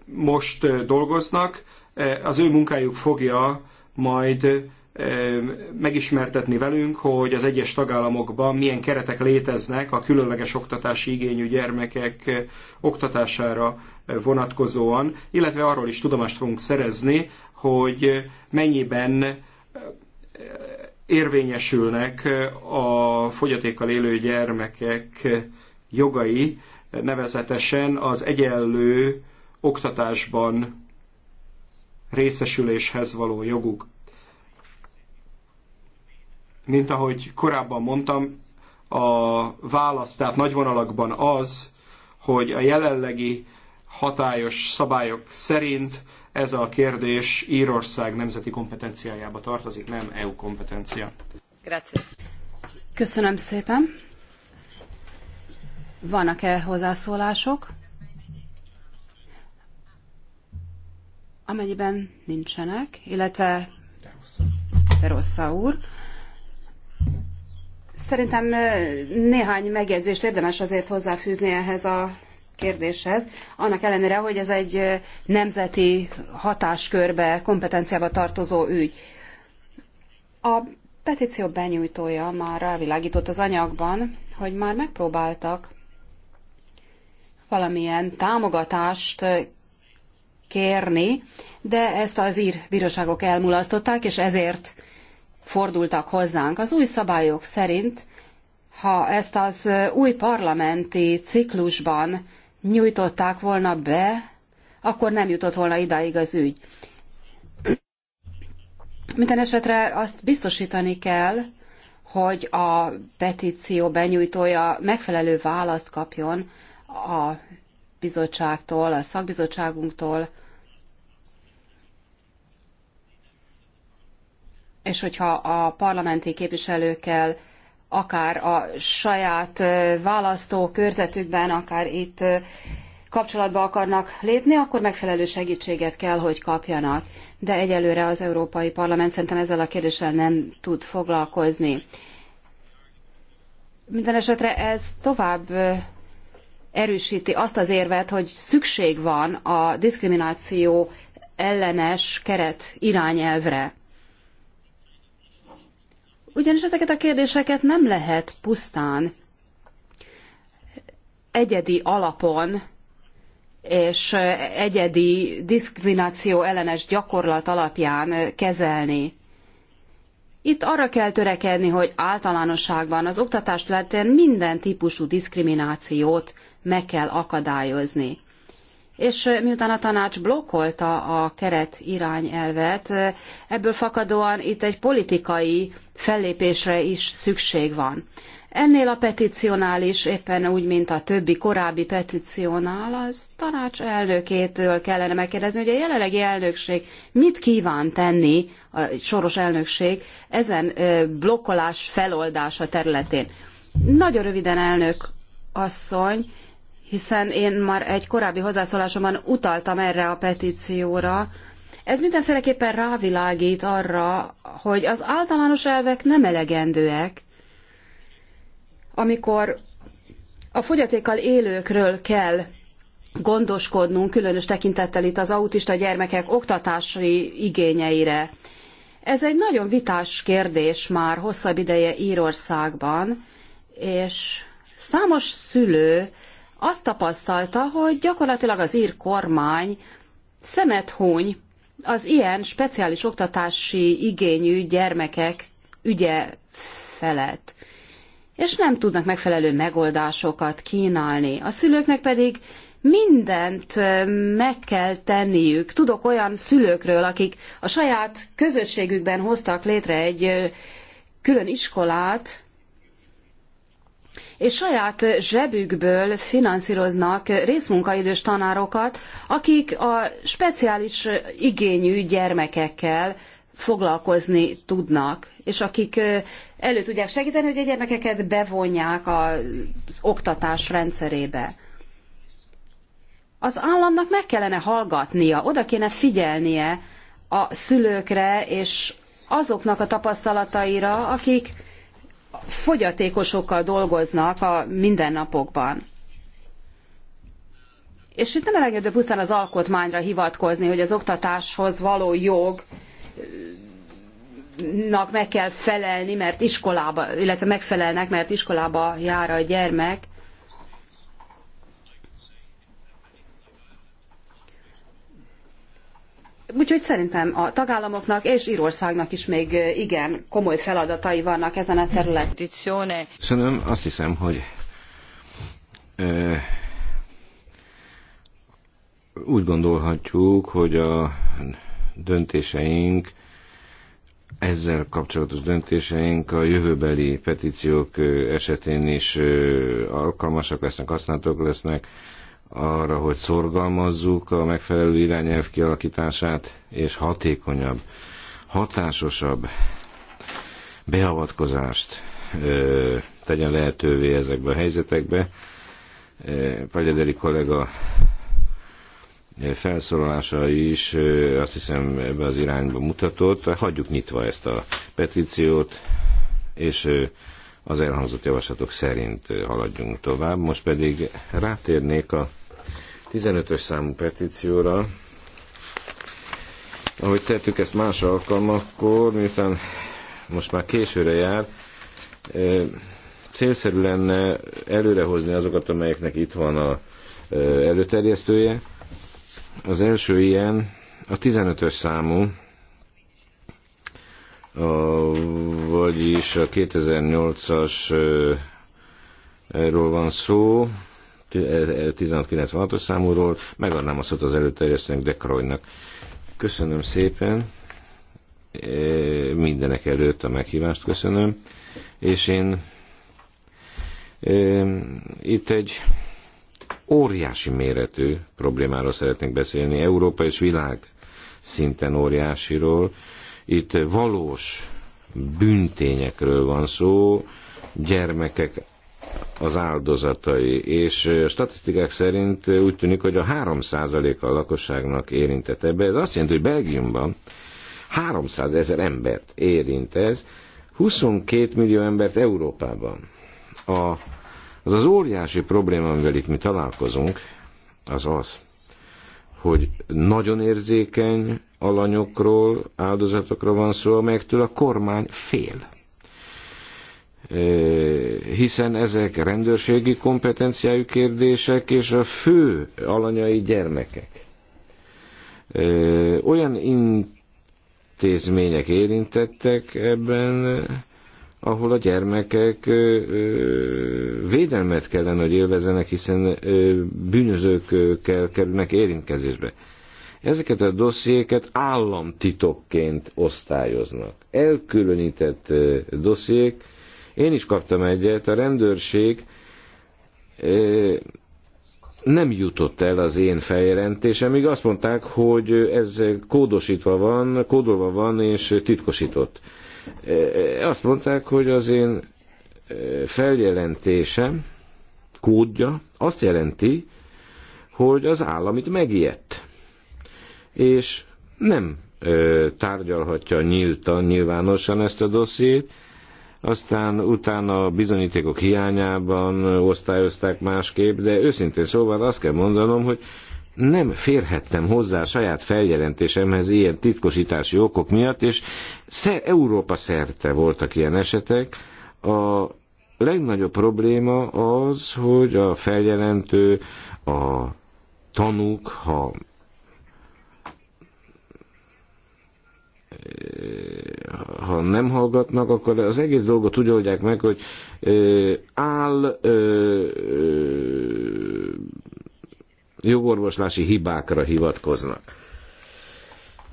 most dolgoznak, az ő munkájuk fogja majd megismertetni velünk, hogy az egyes tagállamokban milyen keretek léteznek a különleges oktatási igényű gyermekek oktatására vonatkozóan, illetve arról is tudomást fogunk szerezni, hogy mennyiben érvényesülnek a fogyatékkal élő gyermekek jogai, nevezetesen az egyenlő oktatásban részesüléshez való joguk mint ahogy korábban mondtam, a válasz, tehát nagy vonalakban az, hogy a jelenlegi hatályos szabályok szerint ez a kérdés Írország nemzeti kompetenciájába tartozik, nem EU kompetencia. Grazie. Köszönöm szépen. Vannak-e hozzászólások? Amennyiben nincsenek, illetve Perossa úr, Szerintem néhány megjegyzést érdemes azért hozzáfűzni ehhez a kérdéshez, annak ellenére, hogy ez egy nemzeti hatáskörbe, kompetenciába tartozó ügy. A petíció benyújtója már rávilágított az anyagban, hogy már megpróbáltak valamilyen támogatást kérni, de ezt az ír bíróságok elmulasztották, és ezért fordultak hozzánk. Az új szabályok szerint, ha ezt az új parlamenti ciklusban nyújtották volna be, akkor nem jutott volna idáig az ügy. Minden esetre azt biztosítani kell, hogy a petíció benyújtója megfelelő választ kapjon a bizottságtól, a szakbizottságunktól, és hogyha a parlamenti képviselőkkel akár a saját választó körzetükben, akár itt kapcsolatba akarnak lépni, akkor megfelelő segítséget kell, hogy kapjanak. De egyelőre az Európai Parlament szerintem ezzel a kérdéssel nem tud foglalkozni. Mindenesetre ez tovább erősíti azt az érvet, hogy szükség van a diszkrimináció ellenes keret irányelvre. Ugyanis ezeket a kérdéseket nem lehet pusztán egyedi alapon és egyedi diszkrimináció ellenes gyakorlat alapján kezelni. Itt arra kell törekedni, hogy általánosságban az oktatás területén minden típusú diszkriminációt meg kell akadályozni. És miután a tanács blokkolta a keret irányelvet, ebből fakadóan itt egy politikai fellépésre is szükség van. Ennél a petíciónál is, éppen úgy, mint a többi korábbi petíciónál, az tanács elnökétől kellene megkérdezni, hogy a jelenlegi elnökség mit kíván tenni, a soros elnökség, ezen blokkolás feloldása területén. Nagyon röviden, elnök asszony, hiszen én már egy korábbi hozzászólásomban utaltam erre a petícióra, ez mindenféleképpen rávilágít arra, hogy az általános elvek nem elegendőek, amikor a fogyatékkal élőkről kell gondoskodnunk, különös tekintettel itt az autista gyermekek oktatási igényeire. Ez egy nagyon vitás kérdés már hosszabb ideje Írországban, és számos szülő azt tapasztalta, hogy gyakorlatilag az ír kormány szemet huny az ilyen speciális oktatási igényű gyermekek ügye felett, és nem tudnak megfelelő megoldásokat kínálni. A szülőknek pedig mindent meg kell tenniük. Tudok olyan szülőkről, akik a saját közösségükben hoztak létre egy külön iskolát, és saját zsebükből finanszíroznak részmunkaidős tanárokat, akik a speciális igényű gyermekekkel foglalkozni tudnak, és akik elő tudják segíteni, hogy a gyermekeket bevonják az oktatás rendszerébe. Az államnak meg kellene hallgatnia, oda kéne figyelnie a szülőkre és azoknak a tapasztalataira, akik fogyatékosokkal dolgoznak a mindennapokban. És itt nem elengedő pusztán az alkotmányra hivatkozni, hogy az oktatáshoz való jog meg kell felelni, mert iskolába, illetve megfelelnek, mert iskolába jár a gyermek. Úgyhogy szerintem a tagállamoknak és Írországnak is még igen komoly feladatai vannak ezen a területen. Köszönöm, azt hiszem, hogy úgy gondolhatjuk, hogy a döntéseink ezzel kapcsolatos döntéseink a jövőbeli petíciók esetén is alkalmasak lesznek, használhatók lesznek, arra, hogy szorgalmazzuk a megfelelő irányelv kialakítását, és hatékonyabb, hatásosabb beavatkozást ö, tegyen lehetővé ezekbe a helyzetekbe. Pagyadeli kollega felszólalása is azt hiszem ebbe az irányba mutatott. Hagyjuk nyitva ezt a petíciót, és az elhangzott javaslatok szerint haladjunk tovább. Most pedig rátérnék a 15-ös számú petícióra. Ahogy tettük ezt más alkalmakkor, miután most már későre jár, célszerű lenne előrehozni azokat, amelyeknek itt van a előterjesztője. Az első ilyen a 15-ös számú vagyis a 2008-as erről van szó, 1696-os e, e, számúról, megadnám a szót az De Dekroynak. Köszönöm szépen, mindenek előtt a meghívást köszönöm, és én itt egy óriási méretű problémáról szeretnék beszélni, Európa és világ szinten óriásiról, itt valós büntényekről van szó, gyermekek az áldozatai, és a statisztikák szerint úgy tűnik, hogy a 3%-a a lakosságnak érintett ebbe. Ez azt jelenti, hogy Belgiumban 300 ezer embert érint ez, 22 millió embert Európában. A, az az óriási probléma, amivel itt mi találkozunk, az az, hogy nagyon érzékeny, alanyokról, áldozatokról van szó, amelyektől a kormány fél. E, hiszen ezek rendőrségi kompetenciájú kérdések, és a fő alanyai gyermekek. E, olyan intézmények érintettek ebben, ahol a gyermekek védelmet kellene, hogy élvezenek, hiszen bűnözőkkel kerülnek érintkezésbe. Ezeket a dossziéket államtitokként osztályoznak. Elkülönített dossziék, én is kaptam egyet, a rendőrség nem jutott el az én feljelentésem, azt mondták, hogy ez kódosítva van, kódolva van és titkosított. Azt mondták, hogy az én feljelentésem, kódja azt jelenti, hogy az állam itt megijedt és nem ö, tárgyalhatja nyíltan, nyilvánosan ezt a dossziét, aztán utána a bizonyítékok hiányában osztályozták másképp, de őszintén szóval azt kell mondanom, hogy nem férhettem hozzá a saját feljelentésemhez ilyen titkosítási okok miatt, és szer, Európa szerte voltak ilyen esetek. A legnagyobb probléma az, hogy a feljelentő, a tanúk, ha ha nem hallgatnak, akkor az egész dolgot úgy oldják meg, hogy áll jogorvoslási hibákra hivatkoznak.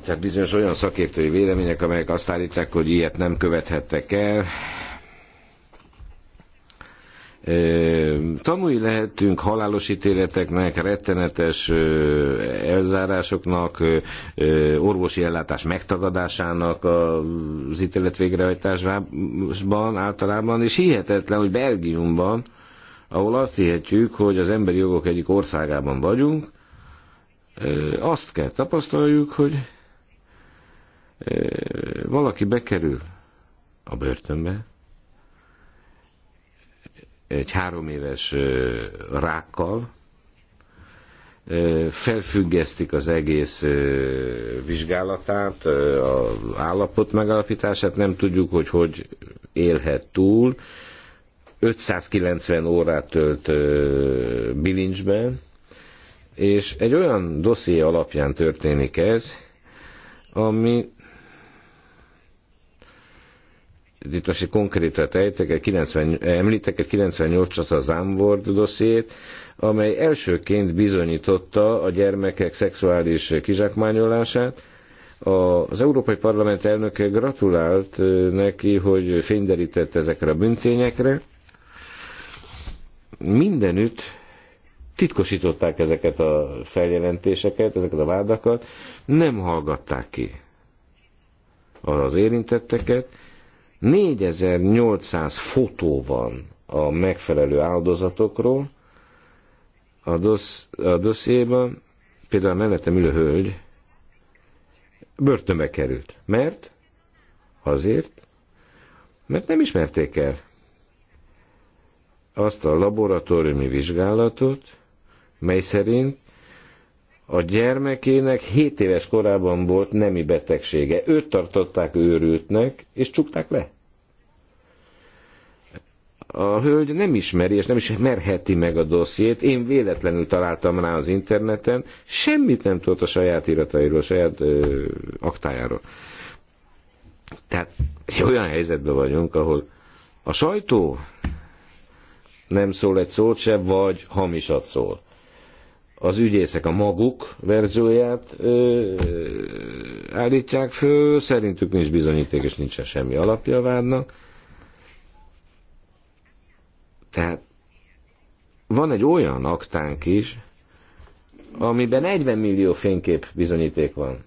Tehát bizonyos olyan szakértői vélemények, amelyek azt állítják, hogy ilyet nem követhettek el, Tanulni lehetünk halálos ítéleteknek, rettenetes elzárásoknak, orvosi ellátás megtagadásának az ítélet végrehajtásban általában, és hihetetlen, hogy Belgiumban, ahol azt hihetjük, hogy az emberi jogok egyik országában vagyunk, azt kell tapasztaljuk, hogy valaki bekerül a börtönbe, egy három éves rákkal, felfüggesztik az egész vizsgálatát, az állapot megalapítását, nem tudjuk, hogy hogy élhet túl. 590 órát tölt bilincsben, és egy olyan dosszié alapján történik ez, ami egy konkrétra tejtek egy 90, említek egy 98 as a Zámvord dossziét, amely elsőként bizonyította a gyermekek szexuális kizsákmányolását. Az Európai Parlament elnöke gratulált neki, hogy fényderített ezekre a büntényekre. Mindenütt titkosították ezeket a feljelentéseket, ezeket a vádakat, nem hallgatták ki az érintetteket, 4800 fotó van a megfelelő áldozatokról a, dosz, a dossziéban, például a mellettem ülő hölgy börtönbe került. Mert? Azért, mert nem ismerték el azt a laboratóriumi vizsgálatot, mely szerint a gyermekének 7 éves korában volt nemi betegsége. Őt tartották őrültnek, és csukták le. A hölgy nem ismeri, és nem is merheti meg a dossziét. Én véletlenül találtam rá az interneten, semmit nem tudott a saját iratairól, a saját ö, aktájáról. Tehát egy olyan helyzetben vagyunk, ahol a sajtó nem szól egy szót se, vagy hamisat szól az ügyészek a maguk verzióját ö, állítják föl, szerintük nincs bizonyíték, és nincsen semmi alapja a vádnak. Tehát van egy olyan aktánk is, amiben 40 millió fénykép bizonyíték van.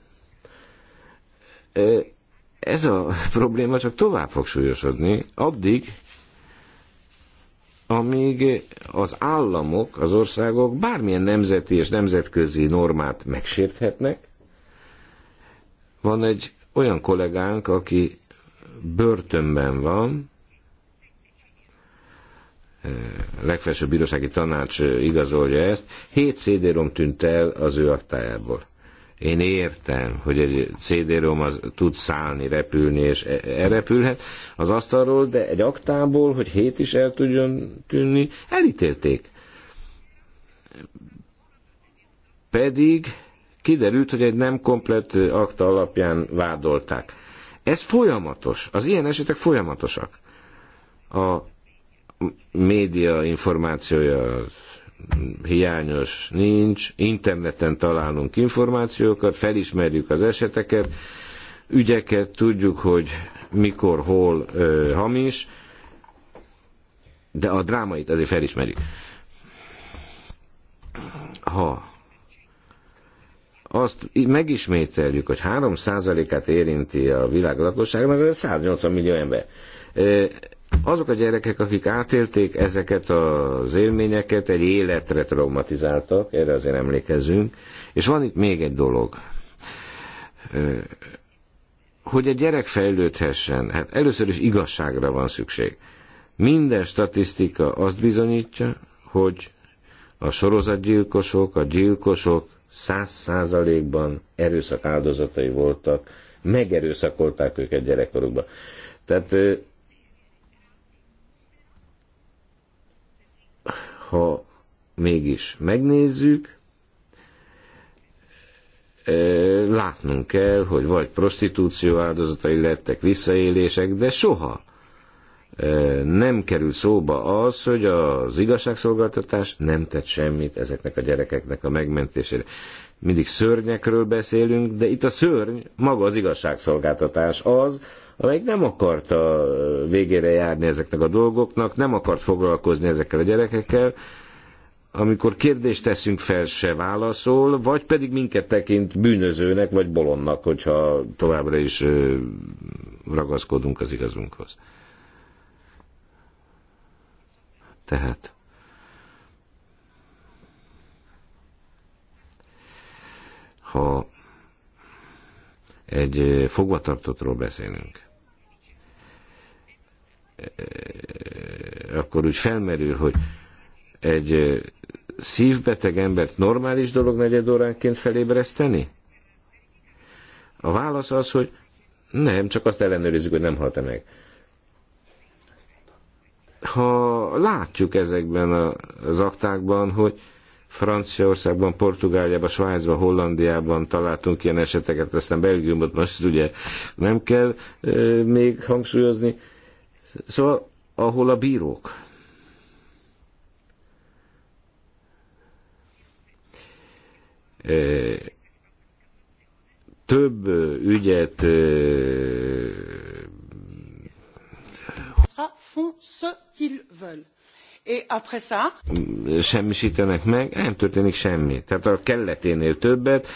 Ez a probléma csak tovább fog súlyosodni, addig, amíg az államok, az országok bármilyen nemzeti és nemzetközi normát megsérthetnek. Van egy olyan kollégánk, aki börtönben van, legfelsőbb bírósági tanács igazolja ezt, 7 cd tűnt el az ő aktájából. Én értem, hogy egy CD-rom az tud szállni, repülni és e- elrepülhet az asztalról, de egy aktából, hogy hét is el tudjon tűnni, elítélték. Pedig kiderült, hogy egy nem komplet akta alapján vádolták. Ez folyamatos, az ilyen esetek folyamatosak. A média információja az hiányos nincs, interneten találunk információkat, felismerjük az eseteket, ügyeket, tudjuk, hogy mikor, hol ö, hamis, de a drámait azért felismerjük. Ha azt megismételjük, hogy 3%-át érinti a világ lakosságnak, 180 millió ember azok a gyerekek, akik átélték ezeket az élményeket, egy életre traumatizáltak, erre azért emlékezünk. És van itt még egy dolog, hogy egy gyerek fejlődhessen, hát először is igazságra van szükség. Minden statisztika azt bizonyítja, hogy a sorozatgyilkosok, a gyilkosok száz százalékban erőszak áldozatai voltak, megerőszakolták őket gyerekkorukban. Tehát ha mégis megnézzük, látnunk kell, hogy vagy prostitúció áldozatai lettek visszaélések, de soha nem kerül szóba az, hogy az igazságszolgáltatás nem tett semmit ezeknek a gyerekeknek a megmentésére. Mindig szörnyekről beszélünk, de itt a szörny maga az igazságszolgáltatás az, amelyik nem akarta végére járni ezeknek a dolgoknak, nem akart foglalkozni ezekkel a gyerekekkel, amikor kérdést teszünk fel, se válaszol, vagy pedig minket tekint bűnözőnek, vagy bolondnak, hogyha továbbra is ragaszkodunk az igazunkhoz. Tehát. Ha egy fogvatartottról beszélünk, akkor úgy felmerül, hogy egy szívbeteg embert normális dolog negyed óránként felébreszteni? A válasz az, hogy nem, csak azt ellenőrizzük, hogy nem halt -e meg. Ha látjuk ezekben az aktákban, hogy Franciaországban, Portugáliában, Svájcban, Hollandiában találtunk ilyen eseteket, aztán Belgiumot most ugye nem kell euh, még hangsúlyozni, Szóval, ahol a bírók több ügyet Semmisítenek meg, nem történik semmi. Tehát a kelleténél többet,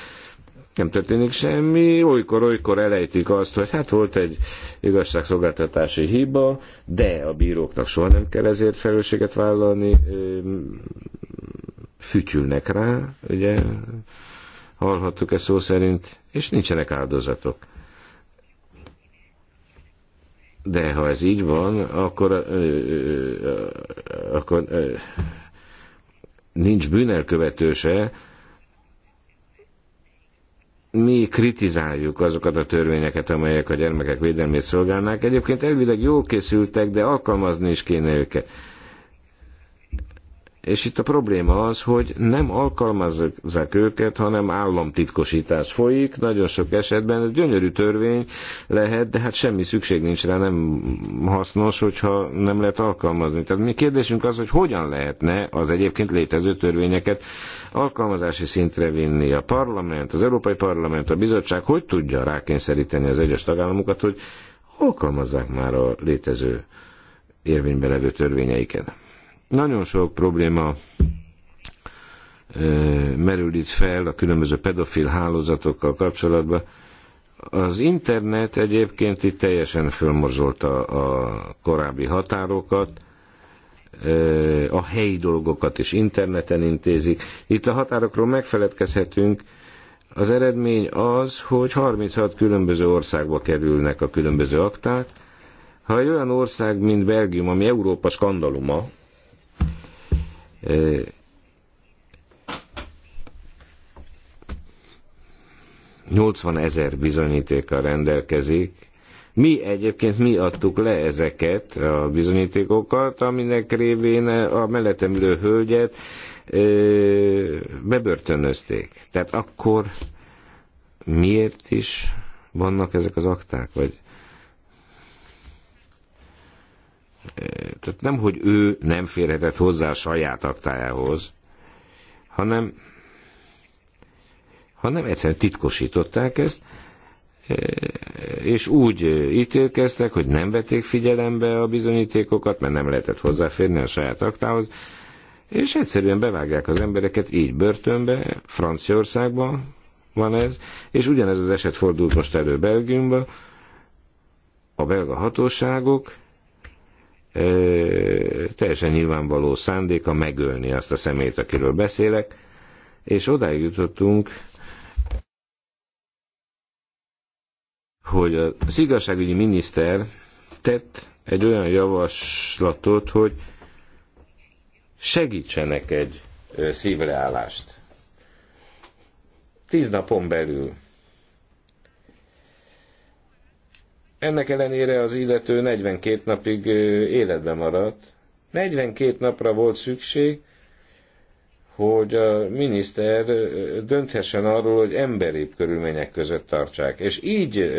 nem történik semmi, olykor-olykor elejtik azt, hogy hát volt egy igazságszolgáltatási hiba, de a bíróknak soha nem kell ezért felelősséget vállalni, fütyülnek rá, ugye, hallhattuk ezt szó szerint, és nincsenek áldozatok. De ha ez így van, akkor, akkor nincs bűnelkövető se, mi kritizáljuk azokat a törvényeket, amelyek a gyermekek védelmét szolgálnák. Egyébként elvileg jól készültek, de alkalmazni is kéne őket és itt a probléma az, hogy nem alkalmazzák őket, hanem államtitkosítás folyik. Nagyon sok esetben ez gyönyörű törvény lehet, de hát semmi szükség nincs rá, nem hasznos, hogyha nem lehet alkalmazni. Tehát mi kérdésünk az, hogy hogyan lehetne az egyébként létező törvényeket alkalmazási szintre vinni. A parlament, az Európai Parlament, a bizottság hogy tudja rákényszeríteni az egyes tagállamokat, hogy alkalmazzák már a létező érvényben levő törvényeiket. Nagyon sok probléma eh, merül itt fel a különböző pedofil hálózatokkal kapcsolatban. Az internet egyébként itt teljesen fölmorzsolta a korábbi határokat, eh, a helyi dolgokat is interneten intézik. Itt a határokról megfeledkezhetünk, az eredmény az, hogy 36 különböző országba kerülnek a különböző akták. Ha egy olyan ország, mint Belgium, ami Európa skandaluma, 80 ezer bizonyítéka rendelkezik. Mi egyébként mi adtuk le ezeket a bizonyítékokat, aminek révén a mellettem ülő hölgyet ö, bebörtönözték. Tehát akkor miért is vannak ezek az akták? Vagy tehát nem, hogy ő nem férhetett hozzá a saját aktájához, hanem, hanem egyszerűen titkosították ezt, e, és úgy ítélkeztek, hogy nem vették figyelembe a bizonyítékokat, mert nem lehetett hozzáférni a saját aktához, és egyszerűen bevágják az embereket így börtönbe, Franciaországban van ez, és ugyanez az eset fordult most elő Belgiumba, a belga hatóságok teljesen nyilvánvaló szándéka megölni azt a szemét, akiről beszélek, és odáig jutottunk, hogy az igazságügyi miniszter tett egy olyan javaslatot, hogy segítsenek egy szívreállást. Tíz napon belül Ennek ellenére az illető 42 napig életben maradt. 42 napra volt szükség, hogy a miniszter dönthessen arról, hogy emberi körülmények között tartsák. És így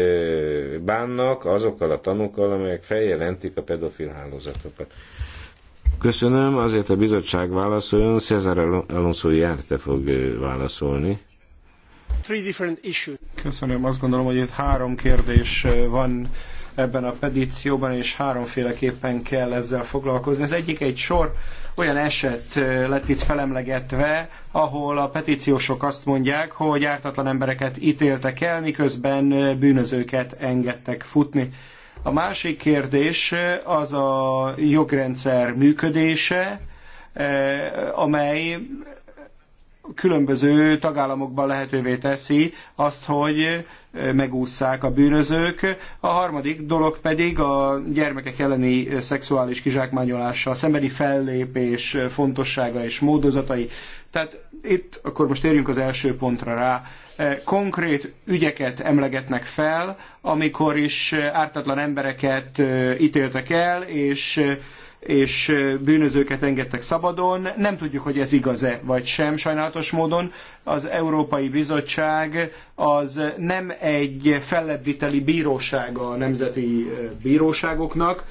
bánnak azokkal a tanúkkal, amelyek feljelentik a pedofil hálózatokat. Köszönöm, azért a bizottság válaszoljon, Cezár Alonso Járte fog válaszolni. Köszönöm, azt gondolom, hogy itt három kérdés van ebben a petícióban, és háromféleképpen kell ezzel foglalkozni. Az egyik egy sor olyan eset lett itt felemlegetve, ahol a petíciósok azt mondják, hogy ártatlan embereket ítéltek el, miközben bűnözőket engedtek futni. A másik kérdés az a jogrendszer működése, amely különböző tagállamokban lehetővé teszi azt, hogy megússzák a bűnözők. A harmadik dolog pedig a gyermekek elleni szexuális kizsákmányolással szembeni fellépés fontossága és módozatai. Tehát itt akkor most térjünk az első pontra rá. Konkrét ügyeket emlegetnek fel, amikor is ártatlan embereket ítéltek el, és és bűnözőket engedtek szabadon. Nem tudjuk, hogy ez igaz-e vagy sem sajnálatos módon. Az Európai Bizottság az nem egy fellebbviteli bírósága a nemzeti bíróságoknak,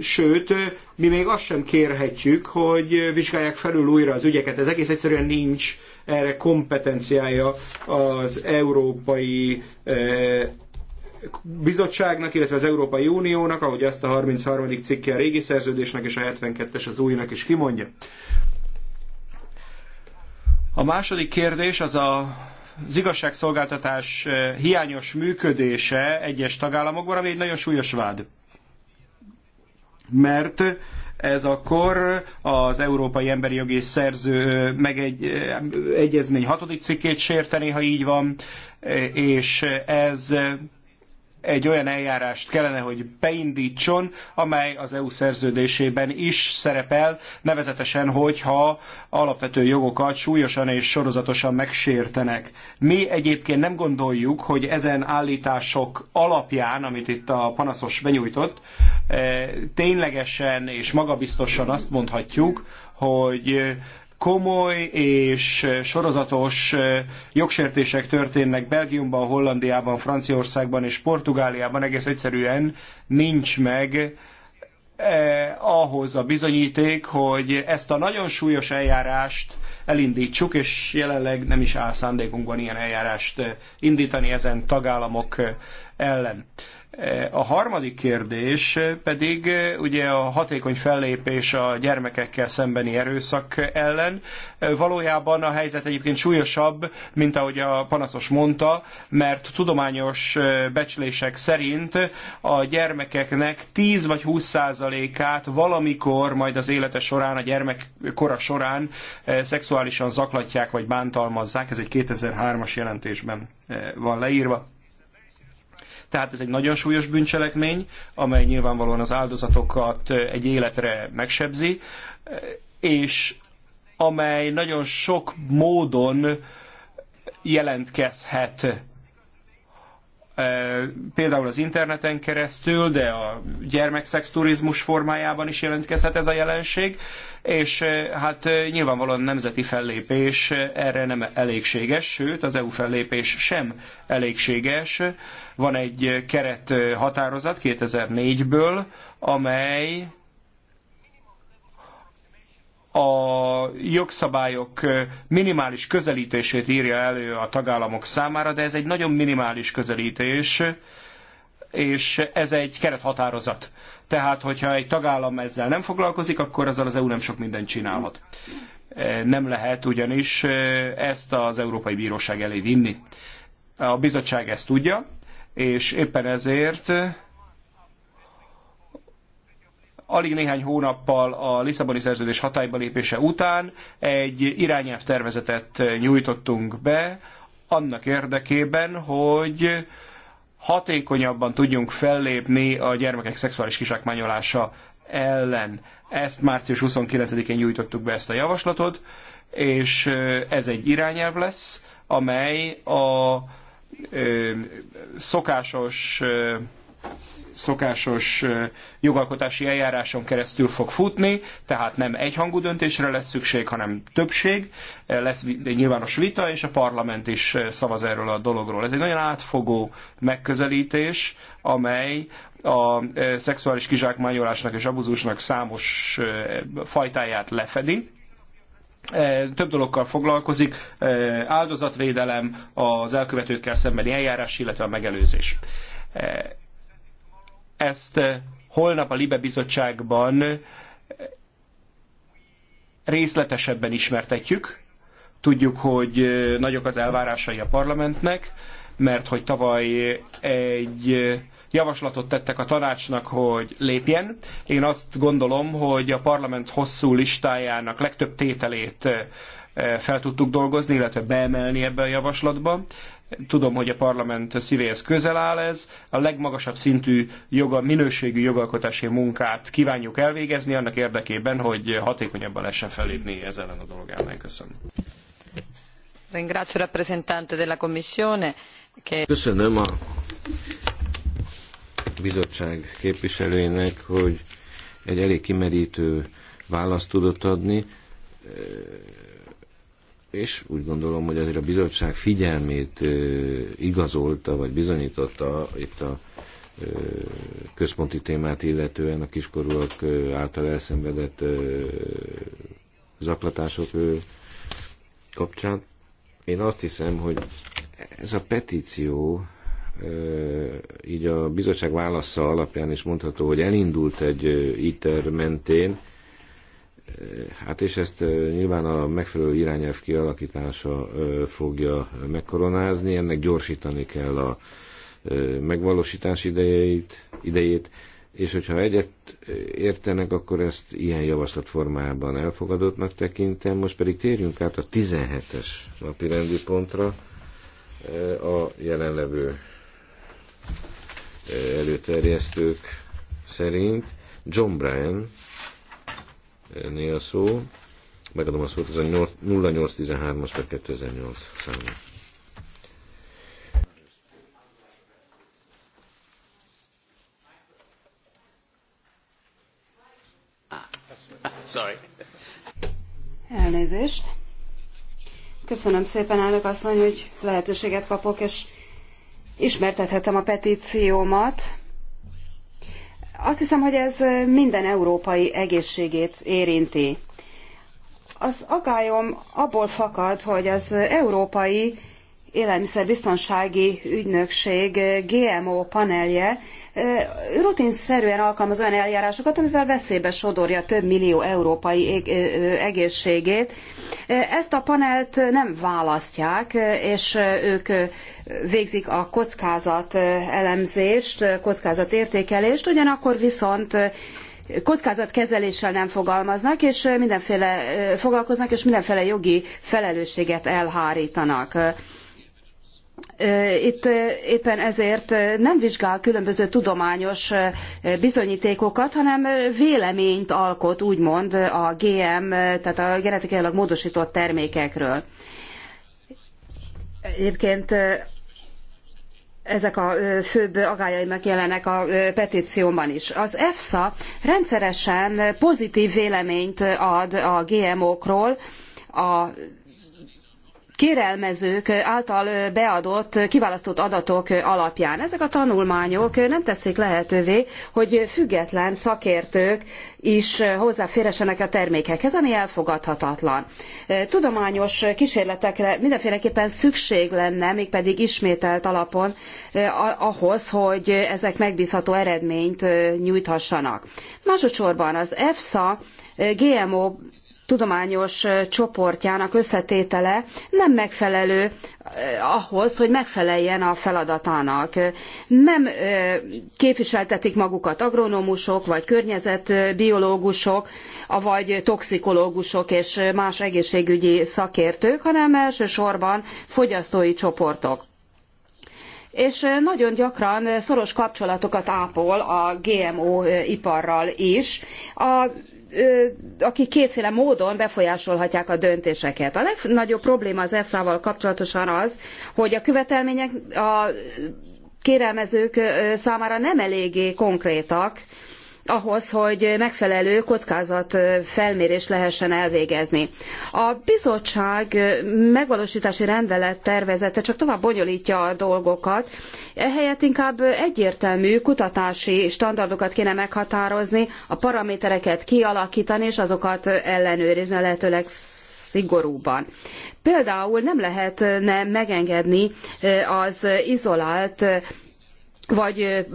sőt, mi még azt sem kérhetjük, hogy vizsgálják felül újra az ügyeket. Ez egész egyszerűen nincs erre kompetenciája az Európai bizottságnak, illetve az Európai Uniónak, ahogy ezt a 33. cikke a régi szerződésnek és a 72-es az újnak is kimondja. A második kérdés az a az igazságszolgáltatás eh, hiányos működése egyes tagállamokban, ami egy nagyon súlyos vád. Mert ez akkor az Európai Emberi Jogi Szerző eh, meg egy, eh, egyezmény hatodik cikkét sérteni, ha így van, és ez egy olyan eljárást kellene, hogy beindítson, amely az EU szerződésében is szerepel, nevezetesen, hogyha alapvető jogokat súlyosan és sorozatosan megsértenek. Mi egyébként nem gondoljuk, hogy ezen állítások alapján, amit itt a panaszos benyújtott, eh, ténylegesen és magabiztosan azt mondhatjuk, hogy komoly és sorozatos eh, jogsértések történnek Belgiumban, Hollandiában, Franciaországban és Portugáliában, egész egyszerűen nincs meg eh, ahhoz a bizonyíték, hogy ezt a nagyon súlyos eljárást elindítsuk, és jelenleg nem is áll szándékunkban ilyen eljárást eh, indítani ezen tagállamok eh, ellen. A harmadik kérdés pedig eh, ugye a hatékony fellépés a gyermekekkel szembeni erőszak ellen. Eh, valójában a helyzet egyébként súlyosabb, mint ahogy a panaszos mondta, mert tudományos eh, becslések szerint a gyermekeknek 10 vagy 20 százalékát valamikor majd az élete során, a kora során szexuálisan zaklatják vagy bántalmazzák. Ez egy 2003-as jelentésben van leírva tehát ez egy nagyon súlyos bűncselekmény, amely nyilvánvalóan az áldozatokat egy életre megsebzi, és amely nagyon sok módon jelentkezhet például az interneten keresztül, de a gyermekszex turizmus formájában is jelentkezhet ez a jelenség, és hát nyilvánvalóan nemzeti fellépés erre nem elégséges, sőt az EU fellépés sem elégséges. Van egy keret határozat 2004-ből, amely a jogszabályok minimális közelítését írja elő a tagállamok számára, de ez egy nagyon minimális közelítés, és ez egy kerethatározat. Tehát, hogyha egy tagállam ezzel nem foglalkozik, akkor azzal az EU nem sok mindent csinálhat. Nem lehet ugyanis ezt az Európai Bíróság elé vinni. A bizottság ezt tudja, és éppen ezért alig néhány hónappal a Lisszaboni szerződés hatályba lépése után egy irányelv tervezetet nyújtottunk be annak érdekében, hogy hatékonyabban tudjunk fellépni a gyermekek szexuális kizsákmányolása ellen. Ezt március 29-én nyújtottuk be ezt a javaslatot, és ez egy irányelv lesz, amely a ö, szokásos ö, szokásos jogalkotási eljáráson keresztül fog futni, tehát nem egyhangú döntésre lesz szükség, hanem többség, lesz egy nyilvános vita, és a parlament is szavaz erről a dologról. Ez egy nagyon átfogó megközelítés, amely a szexuális kizsákmányolásnak és abuzusnak számos fajtáját lefedi, több dologkal foglalkozik, áldozatvédelem, az elkövetőkkel szembeni eljárás, illetve a megelőzés ezt eh, holnap a Libe Bizottságban eh, részletesebben ismertetjük. Tudjuk, hogy eh, nagyok az elvárásai a parlamentnek, mert hogy tavaly egy javaslatot tettek a tanácsnak, hogy lépjen. Én azt gondolom, hogy a parlament hosszú listájának legtöbb tételét fel tudtuk dolgozni, illetve beemelni ebbe a javaslatba. Tudom, hogy a parlament szívéhez közel áll ez. A legmagasabb szintű joga, minőségű jogalkotási munkát kívánjuk elvégezni annak érdekében, hogy hatékonyabban lehessen fellépni ez ellen a dolog ellen. Köszönöm. Köszönöm a bizottság képviselőjének, hogy egy elég kimerítő választ tudott adni és úgy gondolom, hogy azért a bizottság figyelmét igazolta, vagy bizonyította itt a központi témát illetően a kiskorúak által elszenvedett zaklatások kapcsán. Én azt hiszem, hogy ez a petíció így a bizottság válasza alapján is mondható, hogy elindult egy ITER mentén, Hát és ezt nyilván a megfelelő irányelv kialakítása fogja megkoronázni, ennek gyorsítani kell a megvalósítás idejét, idejét, és hogyha egyet értenek, akkor ezt ilyen javaslat formájában elfogadottnak tekintem. Most pedig térjünk át a 17-es napi rendi pontra a jelenlevő előterjesztők szerint. John Bryan, nél szó. Megadom a szót, ez a 0813-as per 2008 számú. Sorry. Elnézést. Köszönöm szépen, elnök asszony, hogy lehetőséget kapok, és ismertethetem a petíciómat. Azt hiszem, hogy ez minden európai egészségét érinti. Az agályom abból fakad, hogy az európai élelmiszerbiztonsági ügynökség eh, GMO panelje eh, rutinszerűen alkalmaz olyan eljárásokat, amivel veszélybe sodorja több millió európai eh, egészségét. Ezt a panelt nem választják, és ők végzik a kockázat elemzést, kockázatértékelést, ugyanakkor viszont kockázatkezeléssel nem fogalmaznak, és mindenféle foglalkoznak, és mindenféle jogi felelősséget elhárítanak itt éppen ezért nem vizsgál különböző tudományos bizonyítékokat, hanem véleményt alkot úgymond a GM, tehát a genetikailag módosított termékekről. Egyébként ezek a főbb agályai megjelenek a petícióban is. Az EFSA rendszeresen pozitív véleményt ad a GMO-król, a kérelmezők által beadott, kiválasztott adatok alapján. Ezek a tanulmányok nem teszik lehetővé, hogy független szakértők is hozzáférhessenek a termékekhez, ami elfogadhatatlan. Tudományos kísérletekre mindenféleképpen szükség lenne, mégpedig ismételt alapon eh, ahhoz, hogy ezek megbízható eredményt eh, nyújthassanak. Másodszorban az EFSA eh, GMO tudományos csoportjának összetétele nem megfelelő ahhoz, hogy megfeleljen a feladatának. Nem képviseltetik magukat agronómusok, vagy környezetbiológusok, vagy toxikológusok és más egészségügyi szakértők, hanem elsősorban fogyasztói csoportok és nagyon gyakran szoros kapcsolatokat ápol a GMO iparral is. A akik kétféle módon befolyásolhatják a döntéseket. A legnagyobb probléma az EFSA-val kapcsolatosan az, hogy a követelmények a kérelmezők számára nem eléggé konkrétak, ahhoz, hogy megfelelő kockázat felmérés lehessen elvégezni. A bizottság megvalósítási rendelet tervezete csak tovább bonyolítja a dolgokat, ehelyett inkább egyértelmű kutatási standardokat kéne meghatározni, a paramétereket kialakítani és azokat ellenőrizni a lehetőleg szigorúban. Például nem lehetne megengedni az izolált vagy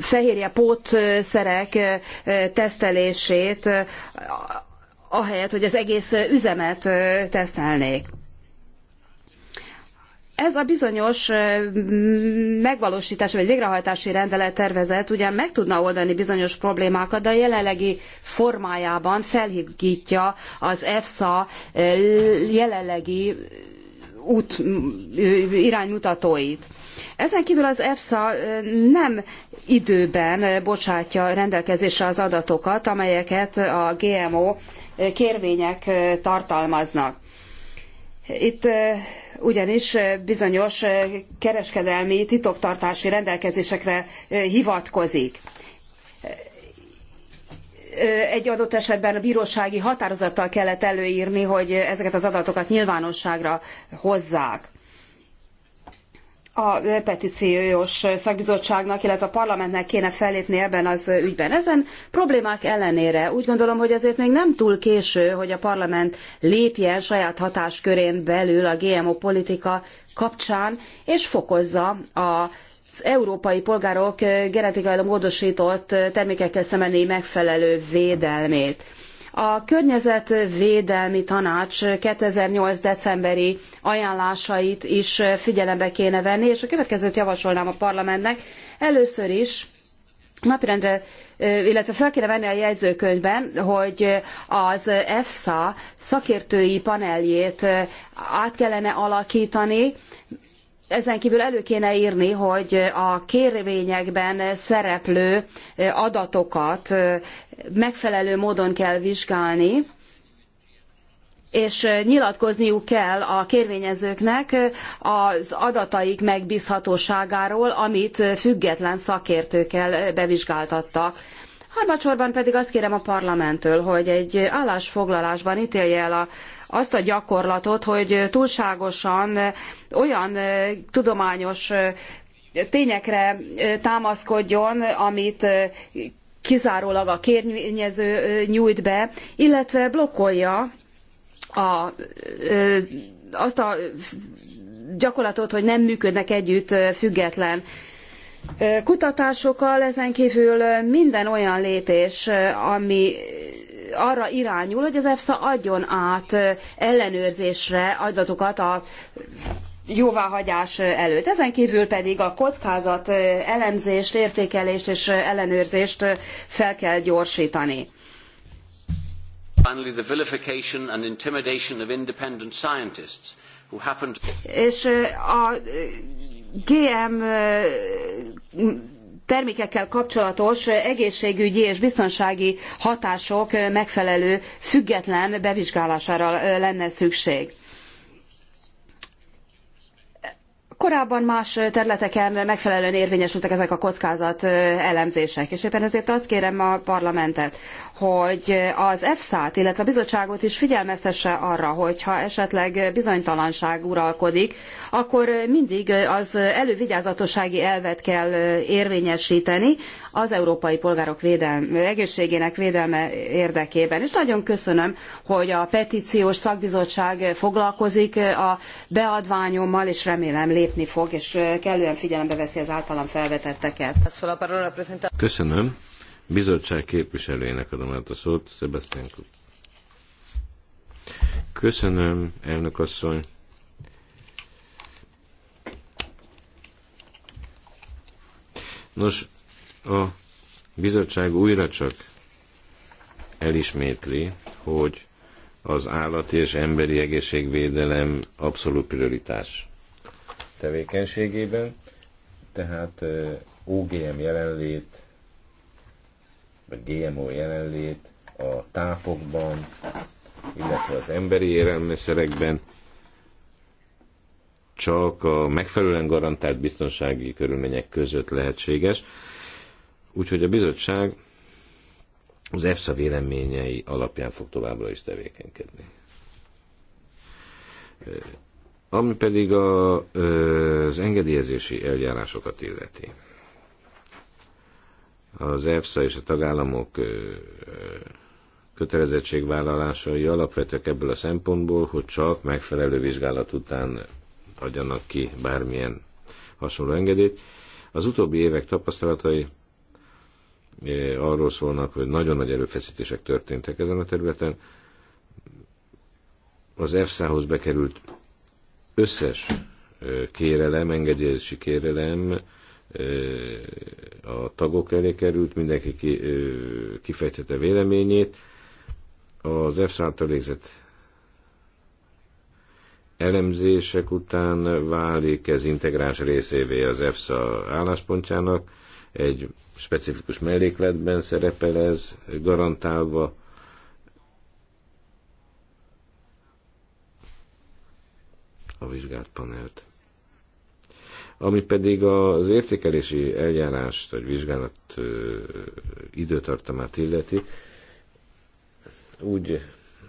fehérje pótszerek tesztelését, ahelyett, hogy az egész üzemet tesztelnék. Ez a bizonyos megvalósítási vagy végrehajtási rendelettervezet ugyan meg tudna oldani bizonyos problémákat, de a jelenlegi formájában felhigítja az EFSA jelenlegi út iránymutatóit. Ezen kívül az EFSA nem időben bocsátja rendelkezésre az adatokat, amelyeket a GMO kérvények tartalmaznak. Itt ugyanis bizonyos kereskedelmi titoktartási rendelkezésekre hivatkozik egy adott esetben a bírósági határozattal kellett előírni, hogy ezeket az adatokat nyilvánosságra hozzák. A petíciós szakbizottságnak, illetve a parlamentnek kéne fellépni ebben az ügyben. Ezen problémák ellenére úgy gondolom, hogy azért még nem túl késő, hogy a parlament lépjen saját hatáskörén belül a GMO politika kapcsán, és fokozza a az európai polgárok eh, genetikailag módosított eh, termékekkel szembeni megfelelő védelmét. A Környezetvédelmi Tanács 2008. Eh, decemberi ajánlásait is figyelembe kéne venni, és a következőt javasolnám a parlamentnek. Először is napirendre, illetve fel kéne venni a jegyzőkönyvben, hogy az EFSA szakértői paneljét át kellene alakítani, ezen kívül elő kéne írni, hogy a kérvényekben szereplő adatokat megfelelő módon kell vizsgálni, és nyilatkozniuk kell a kérvényezőknek az adataik megbízhatóságáról, amit független szakértőkkel bevizsgáltattak. Harmadsorban pedig azt kérem a parlamenttől, hogy egy állásfoglalásban ítélje el a, azt a gyakorlatot, hogy túlságosan eh, olyan eh, tudományos eh, tényekre támaszkodjon, amit kizárólag a kérnyező nyújt be, illetve blokkolja a, azt a gyakorlatot, hogy nem működnek együtt független kutatásokkal, ezen kívül minden olyan lépés, ami arra irányul, hogy az EFSA adjon át ellenőrzésre adatokat a jóváhagyás előtt. Ezen kívül pedig a kockázat elemzést, értékelést és ellenőrzést fel kell gyorsítani. Finally, the vilification and intimidation of independent scientists who happened... És a GM termékekkel kapcsolatos egészségügyi és biztonsági hatások megfelelő független bevizsgálására lenne szükség. Korábban más területeken megfelelően érvényesültek ezek a kockázat elemzések, és éppen ezért azt kérem a parlamentet, hogy az EFSA-t, illetve a bizottságot is figyelmeztesse arra, hogy ha esetleg bizonytalanság uralkodik, akkor mindig az elővigyázatossági elvet kell érvényesíteni az európai polgárok védelme, egészségének védelme érdekében. És nagyon köszönöm, hogy a petíciós szakbizottság foglalkozik a beadványommal, és remélem lépni fog, és kellően figyelembe veszi az általam felvetetteket. Köszönöm bizottság képviselőjének adom át a szót, Sebastian Kuk. Köszönöm, elnök asszony. Nos, a bizottság újra csak elismétli, hogy az állati és emberi egészségvédelem abszolút prioritás tevékenységében, tehát OGM jelenlét a GMO jelenlét a tápokban, illetve az emberi élelmiszerekben csak a megfelelően garantált biztonsági körülmények között lehetséges. Úgyhogy a bizottság az EFSA véleményei alapján fog továbbra is tevékenykedni. Ami pedig a, az engedélyezési eljárásokat illeti az EFSA és a tagállamok kötelezettségvállalásai alapvetőek ebből a szempontból, hogy csak megfelelő vizsgálat után adjanak ki bármilyen hasonló engedélyt. Az utóbbi évek tapasztalatai arról szólnak, hogy nagyon nagy erőfeszítések történtek ezen a területen. Az EFSA-hoz bekerült összes kérelem, engedélyezési kérelem a tagok elé került, mindenki ki, kifejtette véleményét. Az f végzett elemzések után válik ez integráns részévé az EFSA álláspontjának. Egy specifikus mellékletben szerepel ez, garantálva a vizsgált panelt. Ami pedig az értékelési eljárást, vagy vizsgálat időtartamát illeti, úgy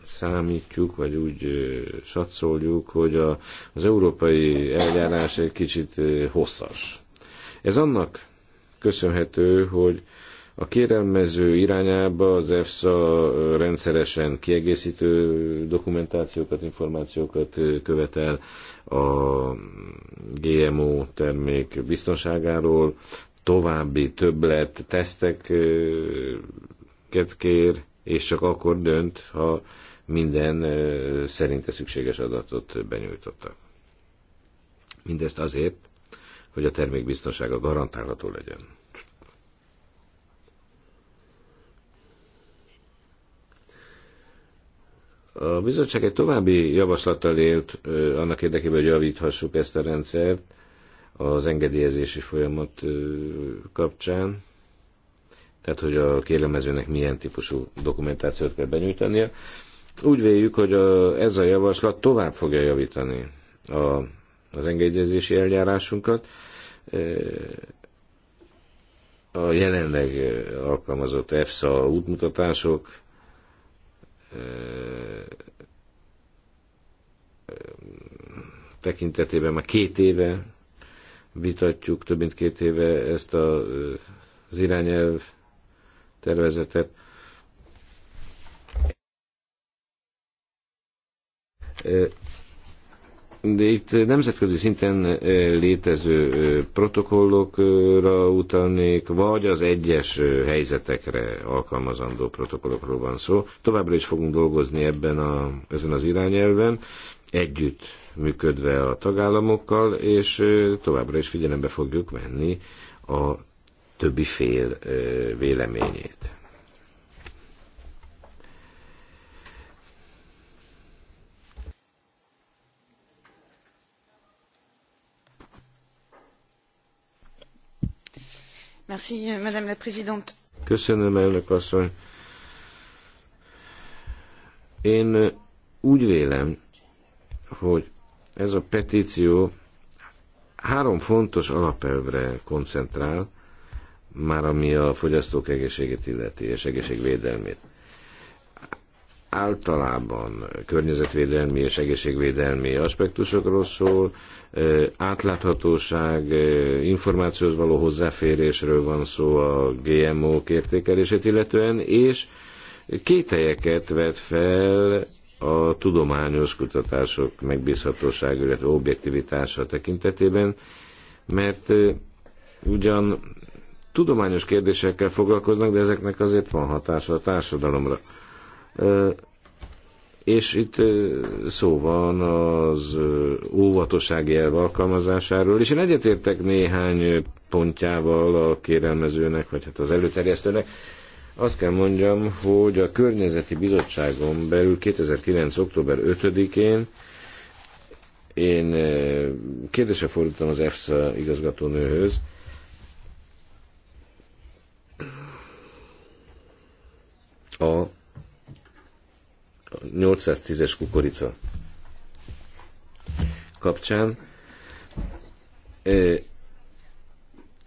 számítjuk, vagy úgy satszoljuk, hogy a, az európai eljárás egy kicsit hosszas. Ez annak köszönhető, hogy a kérelmező irányába az EFSA rendszeresen kiegészítő dokumentációkat, információkat követel a GMO termék biztonságáról, további többlet teszteket kér, és csak akkor dönt, ha minden szerinte szükséges adatot benyújtottak. Mindezt azért, hogy a termék biztonsága garantálható legyen. A bizottság egy további javaslattal élt annak érdekében, hogy javíthassuk ezt a rendszert az engedélyezési folyamat kapcsán, tehát hogy a kérelmezőnek milyen típusú dokumentációt kell benyújtania. Úgy véljük, hogy a, ez a javaslat tovább fogja javítani a, az engedélyezési eljárásunkat, a jelenleg alkalmazott EFSA útmutatások tekintetében már két éve vitatjuk, több mint két éve ezt a, az irányelv tervezetet de itt nemzetközi szinten létező protokollokra utalnék, vagy az egyes helyzetekre alkalmazandó protokollokról van szó. Továbbra is fogunk dolgozni ebben a, ezen az irányelven, együtt működve a tagállamokkal, és továbbra is figyelembe fogjuk venni a többi fél véleményét. Merci, Madame la Présidente. Köszönöm, elnök asszony. Én úgy vélem, hogy ez a petíció három fontos alapelvre koncentrál, már ami a fogyasztók egészségét illeti és egészségvédelmét. Általában környezetvédelmi és egészségvédelmi aspektusokról szól, átláthatóság, információhoz való hozzáférésről van szó a GMO értékelését illetően, és kételyeket vet fel a tudományos kutatások megbízhatóság, illetve objektivitása tekintetében, mert ugyan tudományos kérdésekkel foglalkoznak, de ezeknek azért van hatása a társadalomra és itt szó van az óvatossági elv alkalmazásáról, és én egyetértek néhány pontjával a kérelmezőnek, vagy hát az előterjesztőnek. Azt kell mondjam, hogy a Környezeti Bizottságon belül 2009. október 5-én én kérdése fordultam az EFSA igazgatónőhöz, a 810-es kukorica kapcsán.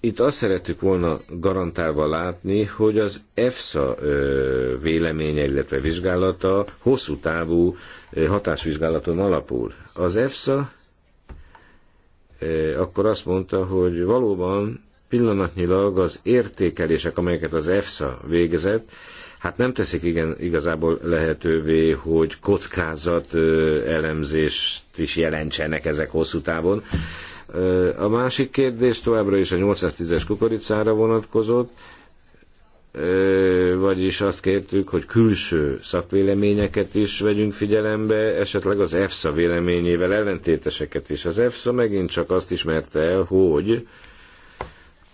Itt azt szerettük volna garantálva látni, hogy az EFSA véleménye, illetve vizsgálata hosszú távú hatásvizsgálaton alapul. Az EFSA akkor azt mondta, hogy valóban pillanatnyilag az értékelések, amelyeket az EFSA végezett, hát nem teszik igen, igazából lehetővé, hogy kockázat elemzést is jelentsenek ezek hosszú távon. A másik kérdés továbbra is a 810-es kukoricára vonatkozott, vagyis azt kértük, hogy külső szakvéleményeket is vegyünk figyelembe, esetleg az EFSA véleményével ellentéteseket is. Az EFSA megint csak azt ismerte el, hogy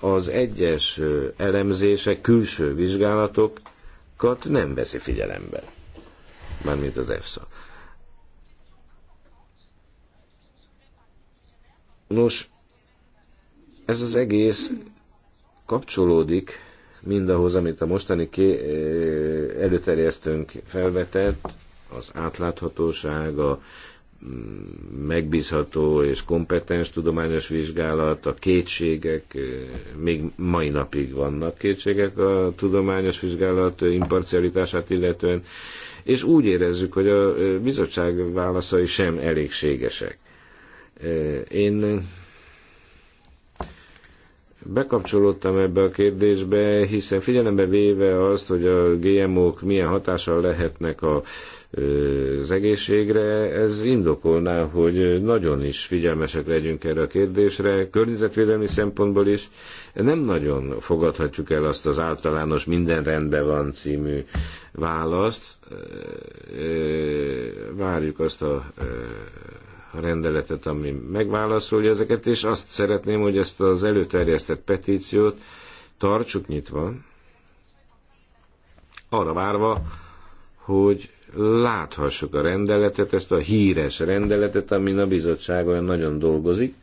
az egyes elemzések, külső vizsgálatok javaslatokat nem veszi figyelembe. Mármint az EFSA. Nos, ez az egész kapcsolódik mindahhoz, amit a mostani ké- eh, előterjesztőnk felvetett, az átláthatóság, a megbízható és kompetens tudományos vizsgálat, a kétségek, még mai napig vannak kétségek a tudományos vizsgálat imparcialitását illetően, és úgy érezzük, hogy a bizottság válaszai sem elégségesek. Én bekapcsolódtam ebbe a kérdésbe, hiszen figyelembe véve azt, hogy a GMO-k milyen hatással lehetnek a, az egészségre, ez indokolná, hogy nagyon is figyelmesek legyünk erre a kérdésre, környezetvédelmi szempontból is. Nem nagyon fogadhatjuk el azt az általános minden rendben van című választ. Várjuk azt a rendeletet, ami megválaszolja ezeket, és azt szeretném, hogy ezt az előterjesztett petíciót tartsuk nyitva, arra várva, hogy láthassuk a rendeletet, ezt a híres rendeletet, amin a bizottság olyan nagyon dolgozik,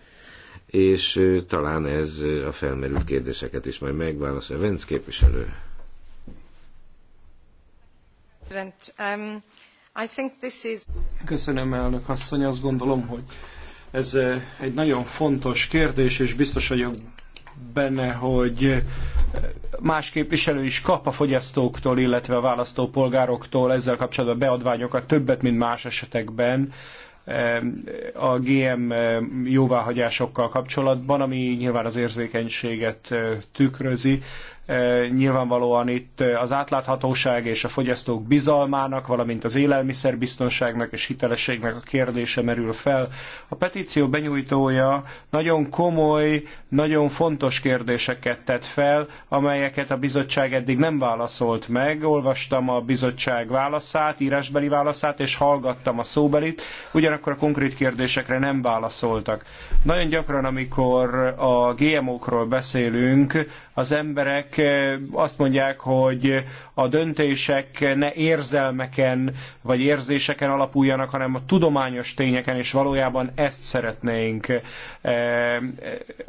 és talán ez a felmerült kérdéseket is majd megválaszolja. Vence képviselő. I think this is... Köszönöm, elnök asszony. Azt gondolom, hogy ez eh, egy nagyon fontos kérdés, és biztos vagyok benne, hogy eh, más képviselő is kap a fogyasztóktól, illetve a választópolgároktól ezzel kapcsolatban beadványokat többet, mint más esetekben eh, a GM jóváhagyásokkal kapcsolatban, ami nyilván az érzékenységet tükrözi. Eh, nyilvánvalóan itt eh, az átláthatóság és a fogyasztók bizalmának, valamint az élelmiszerbiztonságnak és hitelességnek a kérdése merül fel. A petíció benyújtója nagyon komoly, nagyon fontos kérdéseket tett fel, amelyeket a bizottság eddig nem válaszolt meg. Olvastam a bizottság válaszát, írásbeli válaszát, és hallgattam a szóbelit, ugyanakkor a konkrét kérdésekre nem válaszoltak. Nagyon gyakran, amikor a GMO-król beszélünk, az emberek azt mondják, hogy a döntések ne érzelmeken vagy érzéseken alapuljanak, hanem a tudományos tényeken, és valójában ezt szeretnénk.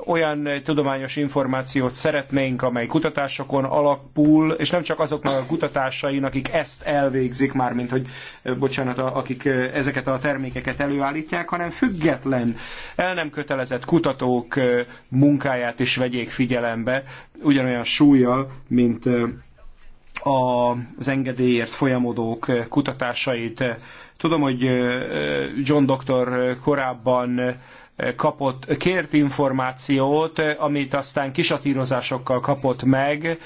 Olyan tudományos információt szeretnénk, amely kutatásokon alapul, és nem csak azoknak a kutatásain, akik ezt elvégzik már, mint hogy, bocsánat, akik ezeket a termékeket előállítják, hanem független, el nem kötelezett kutatók munkáját is vegyék figyelembe, ugyanolyan súlyjal, mint az engedélyért folyamodók kutatásait. Tudom, hogy John Doktor korábban kapott, kért információt, amit aztán kisatírozásokkal kapott meg.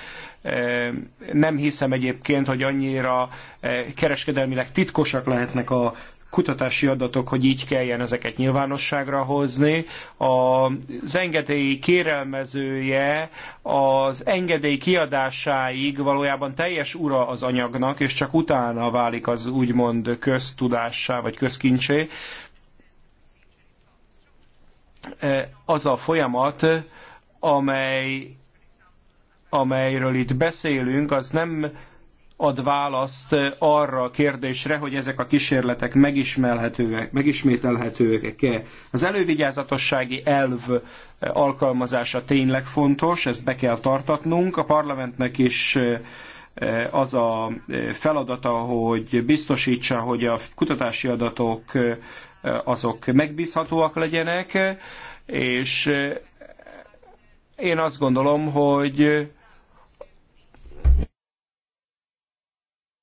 Nem hiszem egyébként, hogy annyira kereskedelmileg titkosak lehetnek a kutatási adatok, hogy így kelljen ezeket nyilvánosságra hozni. Az engedély kérelmezője az engedély kiadásáig valójában teljes ura az anyagnak, és csak utána válik az úgymond köztudássá vagy közkincsé. E, az a folyamat, amely, amelyről itt beszélünk, az nem ad választ arra a kérdésre, hogy ezek a kísérletek megismerhetőek, megismételhetőek-e. Az elővigyázatossági elv alkalmazása tényleg fontos, ezt be kell tartatnunk. A parlamentnek is az a feladata, hogy biztosítsa, hogy a kutatási adatok azok megbízhatóak legyenek, és én azt gondolom, hogy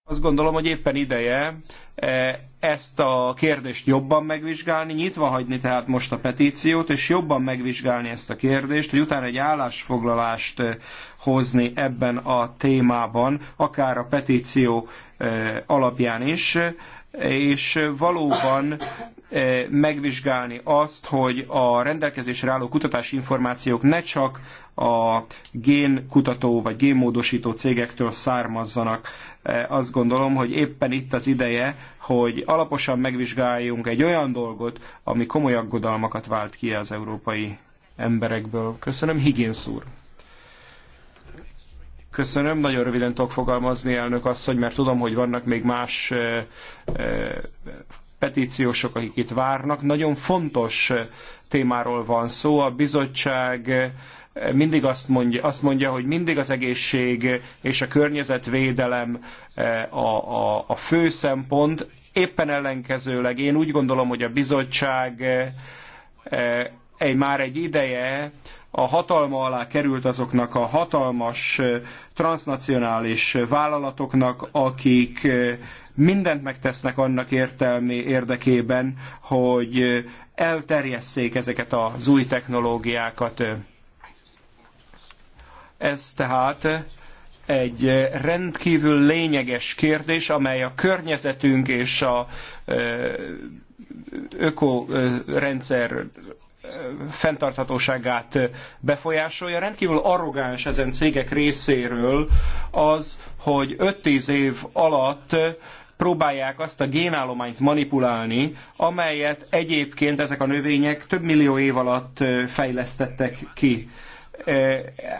azt gondolom, hogy éppen ideje eh, ezt a kérdést jobban megvizsgálni, nyitva hagyni tehát most a petíciót, és jobban megvizsgálni ezt a kérdést, hogy utána egy állásfoglalást eh, hozni ebben a témában, akár a petíció eh, alapján is, és valóban megvizsgálni azt, hogy a rendelkezésre álló kutatási információk ne csak a génkutató vagy génmódosító cégektől származzanak. E, azt gondolom, hogy éppen itt az ideje, hogy alaposan megvizsgáljunk egy olyan dolgot, ami komoly aggodalmakat vált ki az európai emberekből. Köszönöm, Higgins úr. Köszönöm, nagyon röviden tudok fogalmazni, elnök asszony, mert tudom, hogy vannak még más e, e, petíciósok, akik itt várnak. Nagyon fontos témáról van szó. A bizottság mindig azt mondja, azt mondja, hogy mindig az egészség és a környezetvédelem eh, a, a, a fő szempont. Éppen ellenkezőleg én úgy gondolom, hogy a bizottság eh, egy, már egy ideje a hatalma alá került azoknak a hatalmas eh, transnacionális vállalatoknak, akik mindent megtesznek annak értelmi érdekében, hogy elterjesszék ezeket az új technológiákat. Ez tehát egy rendkívül lényeges kérdés, amely a környezetünk és a ökorendszer fenntarthatóságát befolyásolja. Rendkívül arrogáns ezen cégek részéről az, hogy 5-10 év alatt próbálják azt a génállományt manipulálni, amelyet egyébként ezek a növények több millió év alatt fejlesztettek ki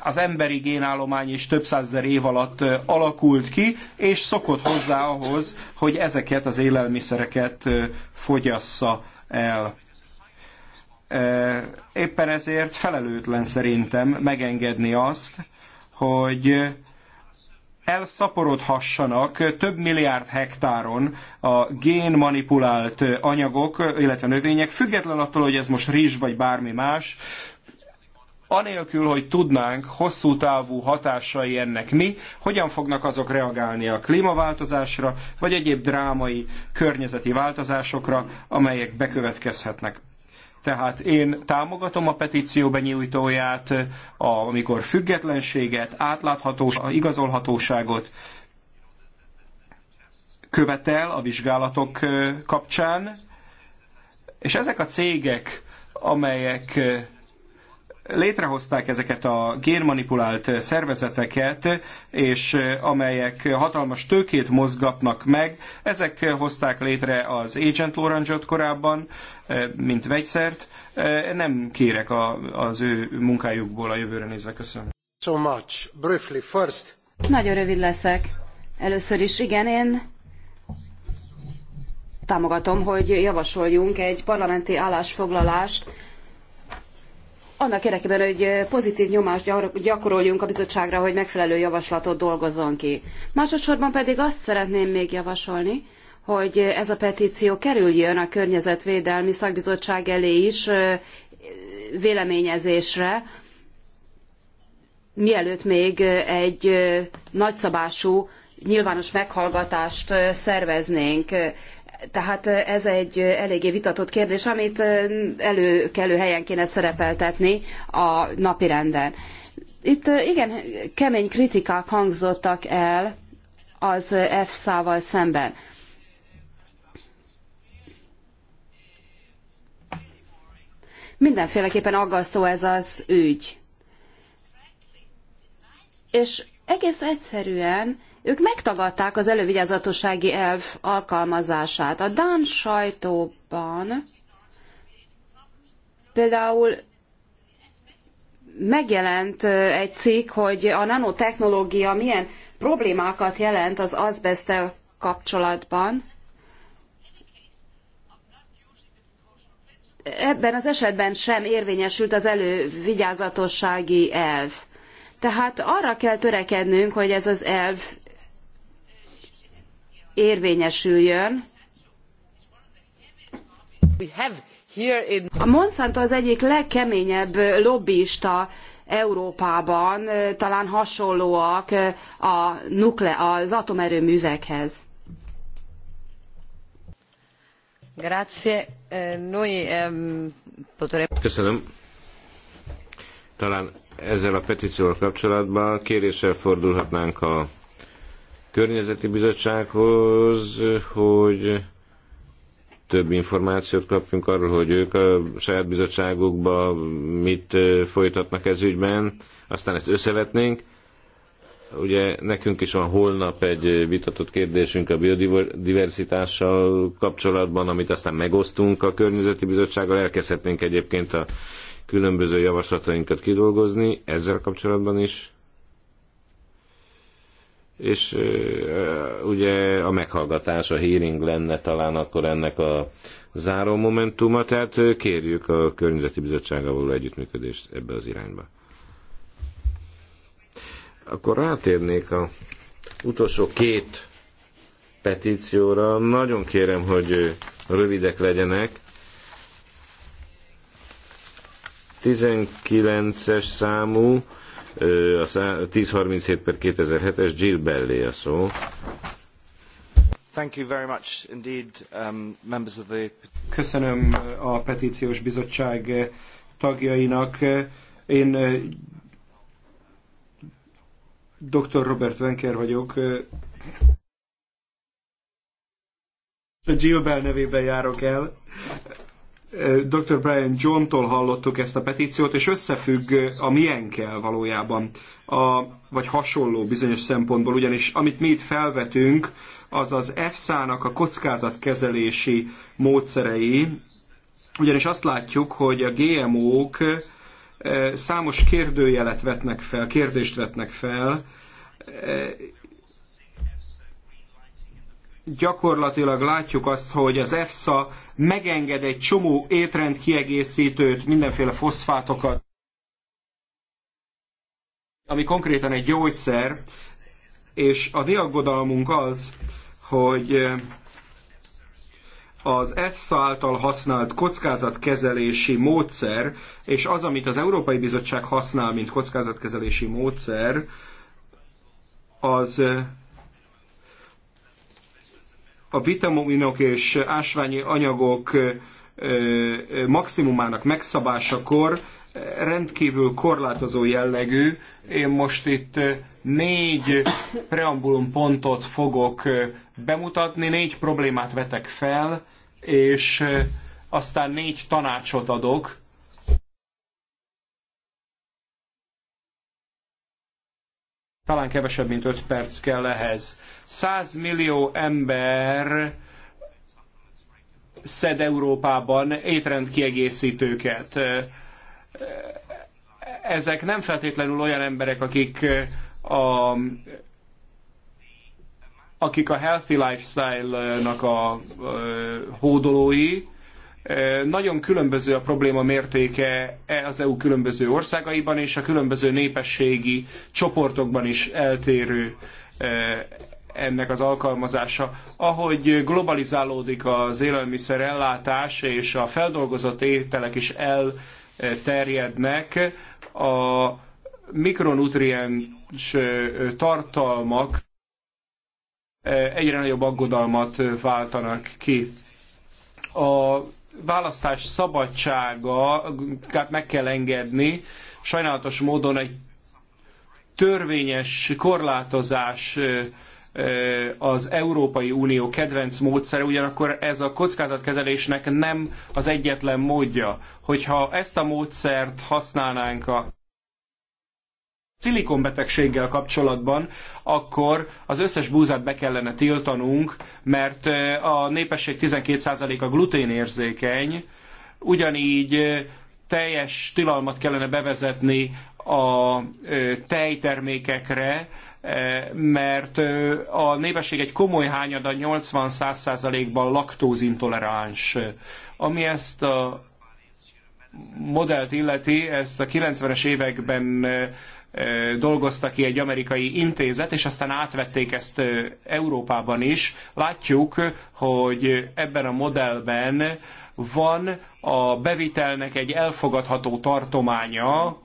az emberi génállomány is több százezer év alatt alakult ki, és szokott hozzá ahhoz, hogy ezeket az élelmiszereket fogyassza el. Éppen ezért felelőtlen szerintem megengedni azt, hogy elszaporodhassanak több milliárd hektáron a génmanipulált anyagok, illetve növények, független attól, hogy ez most rizs vagy bármi más, anélkül, hogy tudnánk hosszú távú hatásai ennek mi, hogyan fognak azok reagálni a klímaváltozásra, vagy egyéb drámai környezeti változásokra, amelyek bekövetkezhetnek. Tehát én támogatom a petíció benyújtóját, amikor függetlenséget, átláthatóságot igazolhatóságot követel a vizsgálatok kapcsán, és ezek a cégek, amelyek létrehozták ezeket a génmanipulált szervezeteket, és eh, amelyek hatalmas tőkét mozgatnak meg, ezek hozták létre az Agent Orange-ot korábban, eh, mint vegyszert. Eh, nem kérek az ő munkájukból a jövőre nézve, köszönöm. So much. Briefly, first. Nagyon rövid leszek. Először is igen, én támogatom, hogy javasoljunk egy parlamenti állásfoglalást, annak érdekében, hogy eh, pozitív nyomást gyakoroljunk a bizottságra, hogy megfelelő javaslatot dolgozzon ki. Másodszorban pedig azt szeretném még javasolni, hogy ez a petíció kerüljön a Környezetvédelmi Szakbizottság elé is eh, véleményezésre, mielőtt még eh, egy nagyszabású nyilvános meghallgatást szerveznénk. Tehát ez egy eléggé vitatott kérdés, amit előkelő helyen kéne szerepeltetni a napirenden. Itt igen kemény kritikák hangzottak el az EFSA-val szemben. Mindenféleképpen aggasztó ez az ügy. És egész egyszerűen ők megtagadták az elővigyázatossági elv alkalmazását. A Dán sajtóban például megjelent eh, egy cikk, hogy a nanotechnológia milyen problémákat jelent az azbesztel kapcsolatban. Ebben az esetben sem érvényesült az elővigyázatossági elv. Tehát arra kell törekednünk, hogy ez az elv érvényesüljön. A Monsanto az egyik legkeményebb lobbista Európában, talán hasonlóak a nukle, az atomerőművekhez. Grazie. Eh, noi, ehm, Köszönöm. Talán ezzel a petícióval kapcsolatban kéréssel fordulhatnánk a környezeti bizottsághoz, hogy több információt kapjunk arról, hogy ők a saját bizottságukba mit folytatnak ez ügyben, aztán ezt összevetnénk. Ugye nekünk is van holnap egy vitatott kérdésünk a biodiverzitással kapcsolatban, amit aztán megosztunk a környezeti bizottsággal, elkezdhetnénk egyébként a különböző javaslatainkat kidolgozni ezzel kapcsolatban is és ugye a meghallgatás, a hearing lenne talán akkor ennek a záró momentuma, tehát kérjük a Környezeti Bizottsággal való együttműködést ebbe az irányba. Akkor rátérnék a utolsó két petícióra. Nagyon kérem, hogy rövidek legyenek. 19-es számú a 1037 per 2007-es Jill Bellé a szó. Thank you very much indeed, um, members of the... Köszönöm a petíciós bizottság tagjainak. Én dr. Robert Wenker vagyok. A Jill Bell nevében járok el. Dr. Brian John-tól hallottuk ezt a petíciót, és összefügg a miénkkel valójában, a, vagy hasonló bizonyos szempontból, ugyanis amit mi itt felvetünk, az az EFSA-nak a kockázatkezelési módszerei, ugyanis azt látjuk, hogy a GMO-k eh, számos kérdőjelet vetnek fel, kérdést vetnek fel, eh, gyakorlatilag látjuk azt, hogy az EFSA megenged egy csomó étrendkiegészítőt, mindenféle foszfátokat, ami konkrétan egy gyógyszer, és a mi aggodalmunk az, hogy eh, az EFSA által használt kockázatkezelési módszer, és az, amit az Európai Bizottság használ, mint kockázatkezelési módszer, az eh, a vitaminok és ásványi anyagok maximumának megszabásakor rendkívül korlátozó jellegű. Én most itt négy preambulum pontot fogok bemutatni, négy problémát vetek fel, és aztán négy tanácsot adok, talán kevesebb, mint 5 perc kell ehhez. 100 millió ember szed Európában étrendkiegészítőket. Ezek nem feltétlenül olyan emberek, akik a, akik a healthy lifestyle-nak a, a, a hódolói, nagyon különböző a probléma mértéke e az EU különböző országaiban, és a különböző népességi csoportokban is eltérő ennek az alkalmazása. Ahogy globalizálódik az élelmiszerellátás, és a feldolgozott ételek is elterjednek, a mikronutriens tartalmak egyre nagyobb aggodalmat váltanak ki. A választás szabadsága meg kell engedni. Sajnálatos módon egy törvényes korlátozás az Európai Unió kedvenc módszere, ugyanakkor ez a kockázatkezelésnek nem az egyetlen módja. Hogyha ezt a módszert használnánk a szilikonbetegséggel kapcsolatban, akkor az összes búzát be kellene tiltanunk, mert a népesség 12%-a gluténérzékeny, ugyanígy teljes tilalmat kellene bevezetni a tejtermékekre, mert a népesség egy komoly hányada 80-100%-ban laktózintoleráns. Ami ezt a modellt illeti, ezt a 90-es években dolgozta ki egy amerikai intézet, és aztán átvették ezt Európában is. Látjuk, hogy ebben a modellben van a bevitelnek egy elfogadható tartománya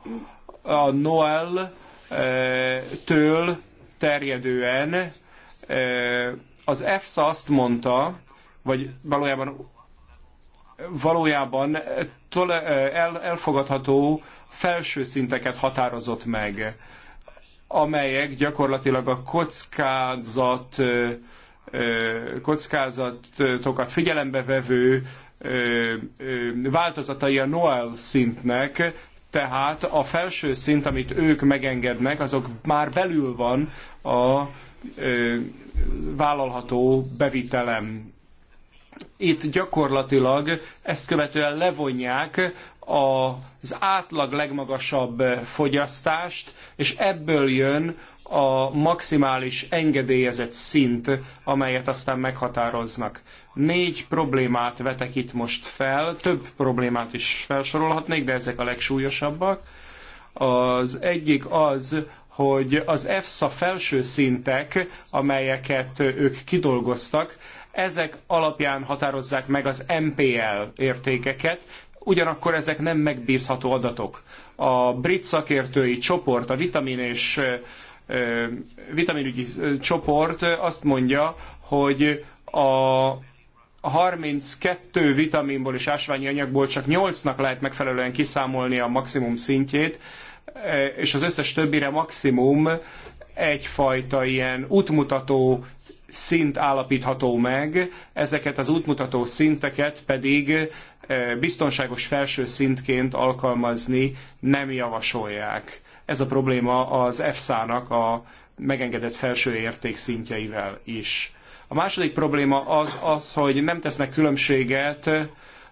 a Noel-től terjedően. Az EFSA azt mondta, vagy valójában valójában eh, eh, elfogadható felső szinteket határozott meg, amelyek gyakorlatilag a kockázat, eh, kockázatokat figyelembe vevő változatai a Noel szintnek, tehát a felső szint, amit ők megengednek, azok már belül van a vállalható bevitelem itt gyakorlatilag ezt követően levonják az átlag legmagasabb fogyasztást, és ebből jön a maximális engedélyezett szint, amelyet aztán meghatároznak. Négy problémát vetek itt most fel, több problémát is felsorolhatnék, de ezek a legsúlyosabbak. Az egyik az, hogy az EFSA felső szintek, amelyeket ők kidolgoztak, ezek alapján határozzák meg az MPL értékeket, ugyanakkor ezek nem megbízható adatok. A brit szakértői csoport, a vitamin és vitaminügyi csoport azt mondja, hogy a 32 vitaminból és ásványi anyagból csak 8-nak lehet megfelelően kiszámolni a maximum szintjét, és az összes többire maximum egyfajta ilyen útmutató szint állapítható meg, ezeket az útmutató szinteket pedig eh, biztonságos felső szintként alkalmazni nem javasolják. Ez a probléma az EFSA-nak a megengedett felső érték szintjeivel is. A második probléma az, az hogy nem tesznek különbséget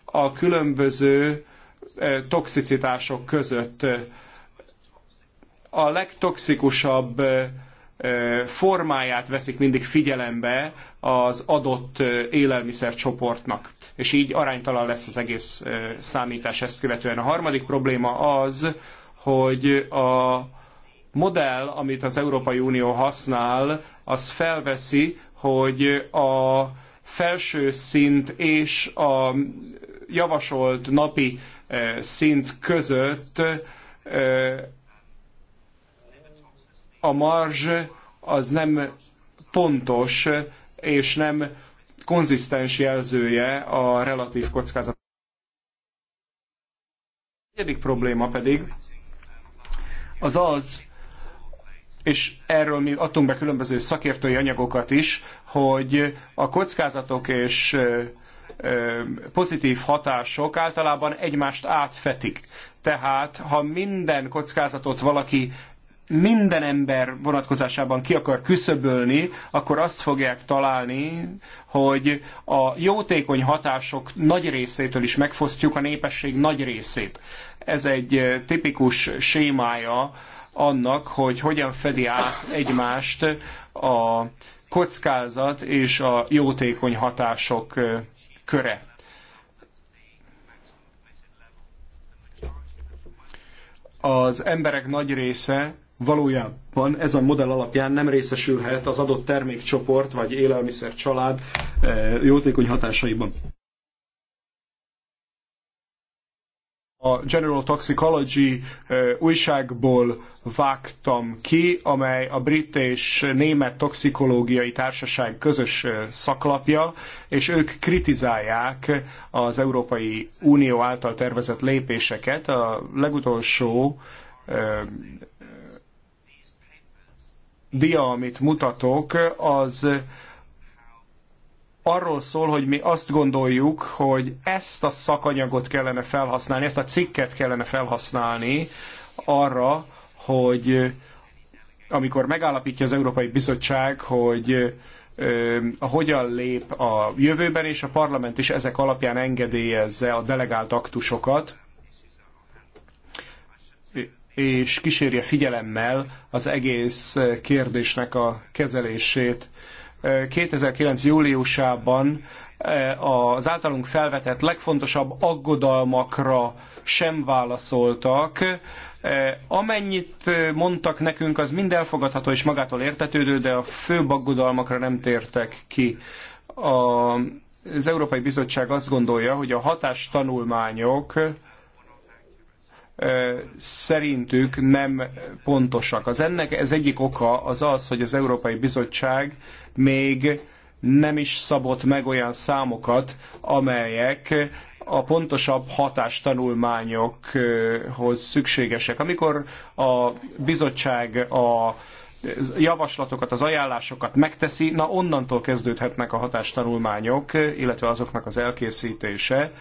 a különböző eh, toxicitások között. A legtoxikusabb eh, formáját veszik mindig figyelembe az adott élelmiszercsoportnak. És így aránytalan lesz az egész számítás ezt követően. A harmadik probléma az, hogy a modell, amit az Európai Unió használ, az felveszi, hogy a felső szint és a javasolt napi szint között a marzs az nem pontos és nem konzisztens jelzője a relatív kockázat. A negyedik probléma pedig az az, és erről mi adtunk be különböző szakértői anyagokat is, hogy a kockázatok és pozitív hatások általában egymást átfetik. Tehát, ha minden kockázatot valaki minden ember vonatkozásában ki akar küszöbölni, akkor azt fogják találni, hogy a jótékony hatások nagy részétől is megfosztjuk a népesség nagy részét. Ez egy eh, tipikus sémája annak, hogy hogyan fedi át egymást a kockázat és a jótékony hatások eh, köre. Az emberek nagy része valójában ez a modell alapján nem részesülhet az adott termékcsoport vagy élelmiszer család eh, jótékony hatásaiban. a General Toxicology eh, újságból vágtam ki, amely a brit és német toxikológiai társaság közös eh, szaklapja, és ők kritizálják az Európai Unió által tervezett lépéseket. A legutolsó dia, amit mutatok, az arról szól, hogy mi azt gondoljuk, hogy ezt a szakanyagot kellene felhasználni, ezt a cikket kellene felhasználni arra, hogy amikor megállapítja az Európai Bizottság, hogy hogyan lép a jövőben, és a parlament is ezek alapján engedélyezze a delegált aktusokat, és kísérje figyelemmel az egész kérdésnek a kezelését. 2009. júliusában eh, az általunk felvetett legfontosabb aggodalmakra sem válaszoltak. Eh, amennyit eh, mondtak nekünk, az mind elfogadható és magától értetődő, de a főbb aggodalmakra nem tértek ki. az Európai Bizottság azt gondolja, hogy a hatástanulmányok tanulmányok szerintük nem pontosak. Az ennek ez egyik oka az az, hogy az Európai Bizottság még nem is szabott meg olyan számokat, amelyek a pontosabb hatástanulmányokhoz szükségesek. Amikor a bizottság a javaslatokat, az ajánlásokat megteszi, na onnantól kezdődhetnek a hatástanulmányok, illetve azoknak az elkészítése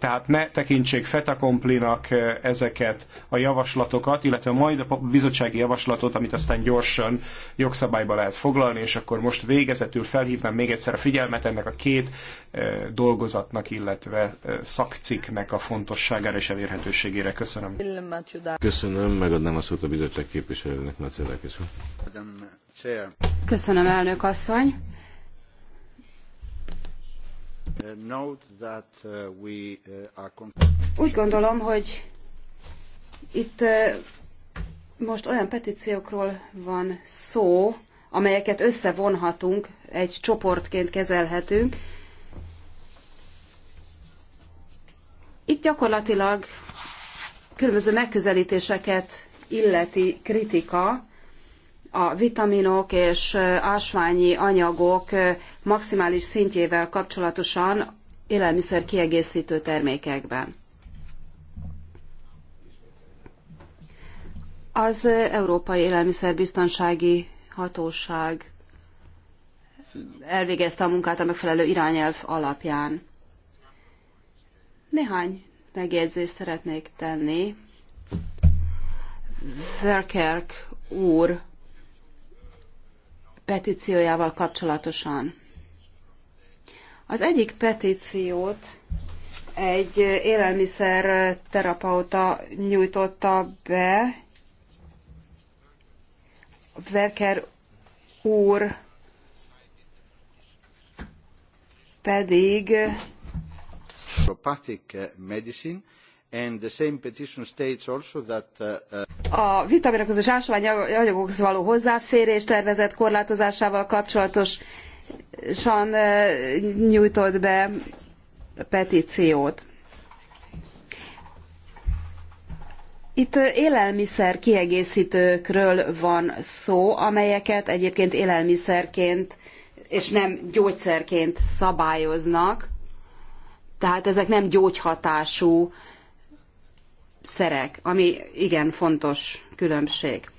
tehát ne tekintsék fetakomplinak eh, ezeket a javaslatokat, illetve majd a bizottsági javaslatot, amit aztán gyorsan jogszabályba lehet foglalni, és akkor most végezetül felhívnám még egyszer a figyelmet ennek a két eh, dolgozatnak, illetve eh, szakciknek a fontosságára és elérhetőségére. Köszönöm. Köszönöm, megadnám a szót a bizottság képviselőnek, Macedák Köszönöm, elnök asszony. Uh, uh, uh, Úgy gondolom, hogy itt most olyan petíciókról van szó, amelyeket összevonhatunk, egy csoportként kezelhetünk. Itt gyakorlatilag különböző megközelítéseket illeti kritika, a vitaminok és ásványi anyagok maximális szintjével kapcsolatosan élelmiszer kiegészítő termékekben. Az Európai Élelmiszerbiztonsági Hatóság elvégezte a munkát a megfelelő irányelv alapján. Néhány megjegyzést szeretnék tenni. Verkerk úr petíciójával kapcsolatosan. Az egyik petíciót egy élelmiszer terapeuta nyújtotta be, Verker úr pedig medicine Uh, uh, a vitaminokhoz és anyagokhoz való hozzáférés tervezett korlátozásával kapcsolatosan uh, nyújtott be petíciót. Itt élelmiszer kiegészítőkről van szó, amelyeket egyébként élelmiszerként és nem gyógyszerként szabályoznak. Tehát ezek nem gyógyhatású szerek, ami igen fontos különbség.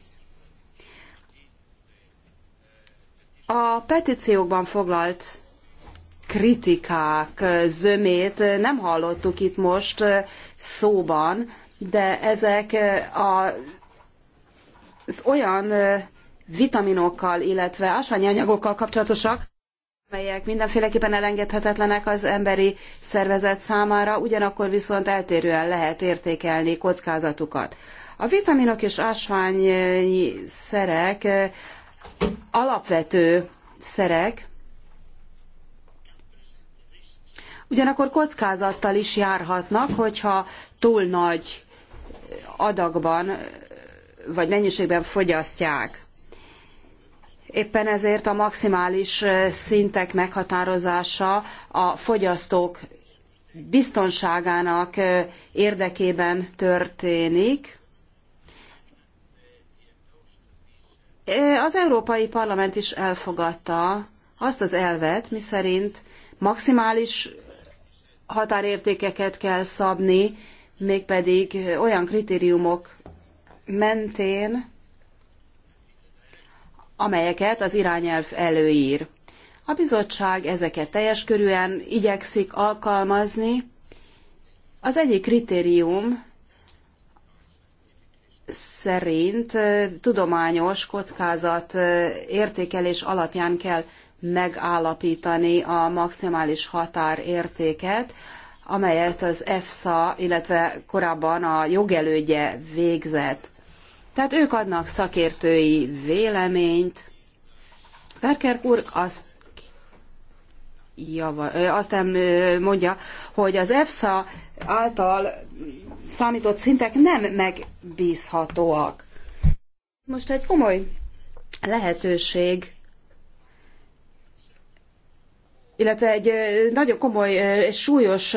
A petíciókban foglalt kritikák zömét nem hallottuk itt most szóban, de ezek a, az olyan vitaminokkal, illetve ásványi anyagokkal kapcsolatosak, amelyek mindenféleképpen elengedhetetlenek az emberi szervezet számára, ugyanakkor viszont eltérően lehet értékelni kockázatukat. A vitaminok és ásványi szerek alapvető szerek, ugyanakkor kockázattal is járhatnak, hogyha túl nagy adagban vagy mennyiségben fogyasztják. Éppen ezért a maximális szintek meghatározása a fogyasztók biztonságának érdekében történik. Az Európai Parlament is elfogadta azt az elvet, miszerint maximális határértékeket kell szabni, mégpedig olyan kritériumok mentén, amelyeket az irányelv előír. A bizottság ezeket teljes körűen igyekszik alkalmazni. Az egyik kritérium szerint tudományos kockázat értékelés alapján kell megállapítani a maximális határértéket, amelyet az EFSA, illetve korábban a jogelődje végzett. Tehát ők adnak szakértői véleményt. Perker úr azt Java, aztán mondja, hogy az EFSA által számított szintek nem megbízhatóak. Most egy komoly lehetőség, illetve egy nagyon komoly és súlyos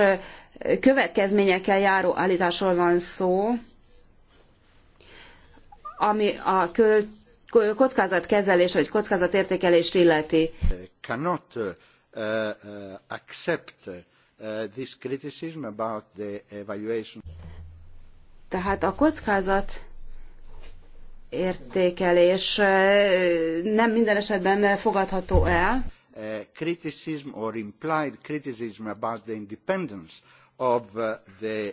következményekkel járó állításról van szó, ami a költ kockázatkezelés vagy kockázatértékelést illeti. Cannot uh, uh, accept uh, this criticism about the evaluation. Tehát a kockázat értékelés nem minden esetben fogadható el. criticism or implied criticism about the independence of the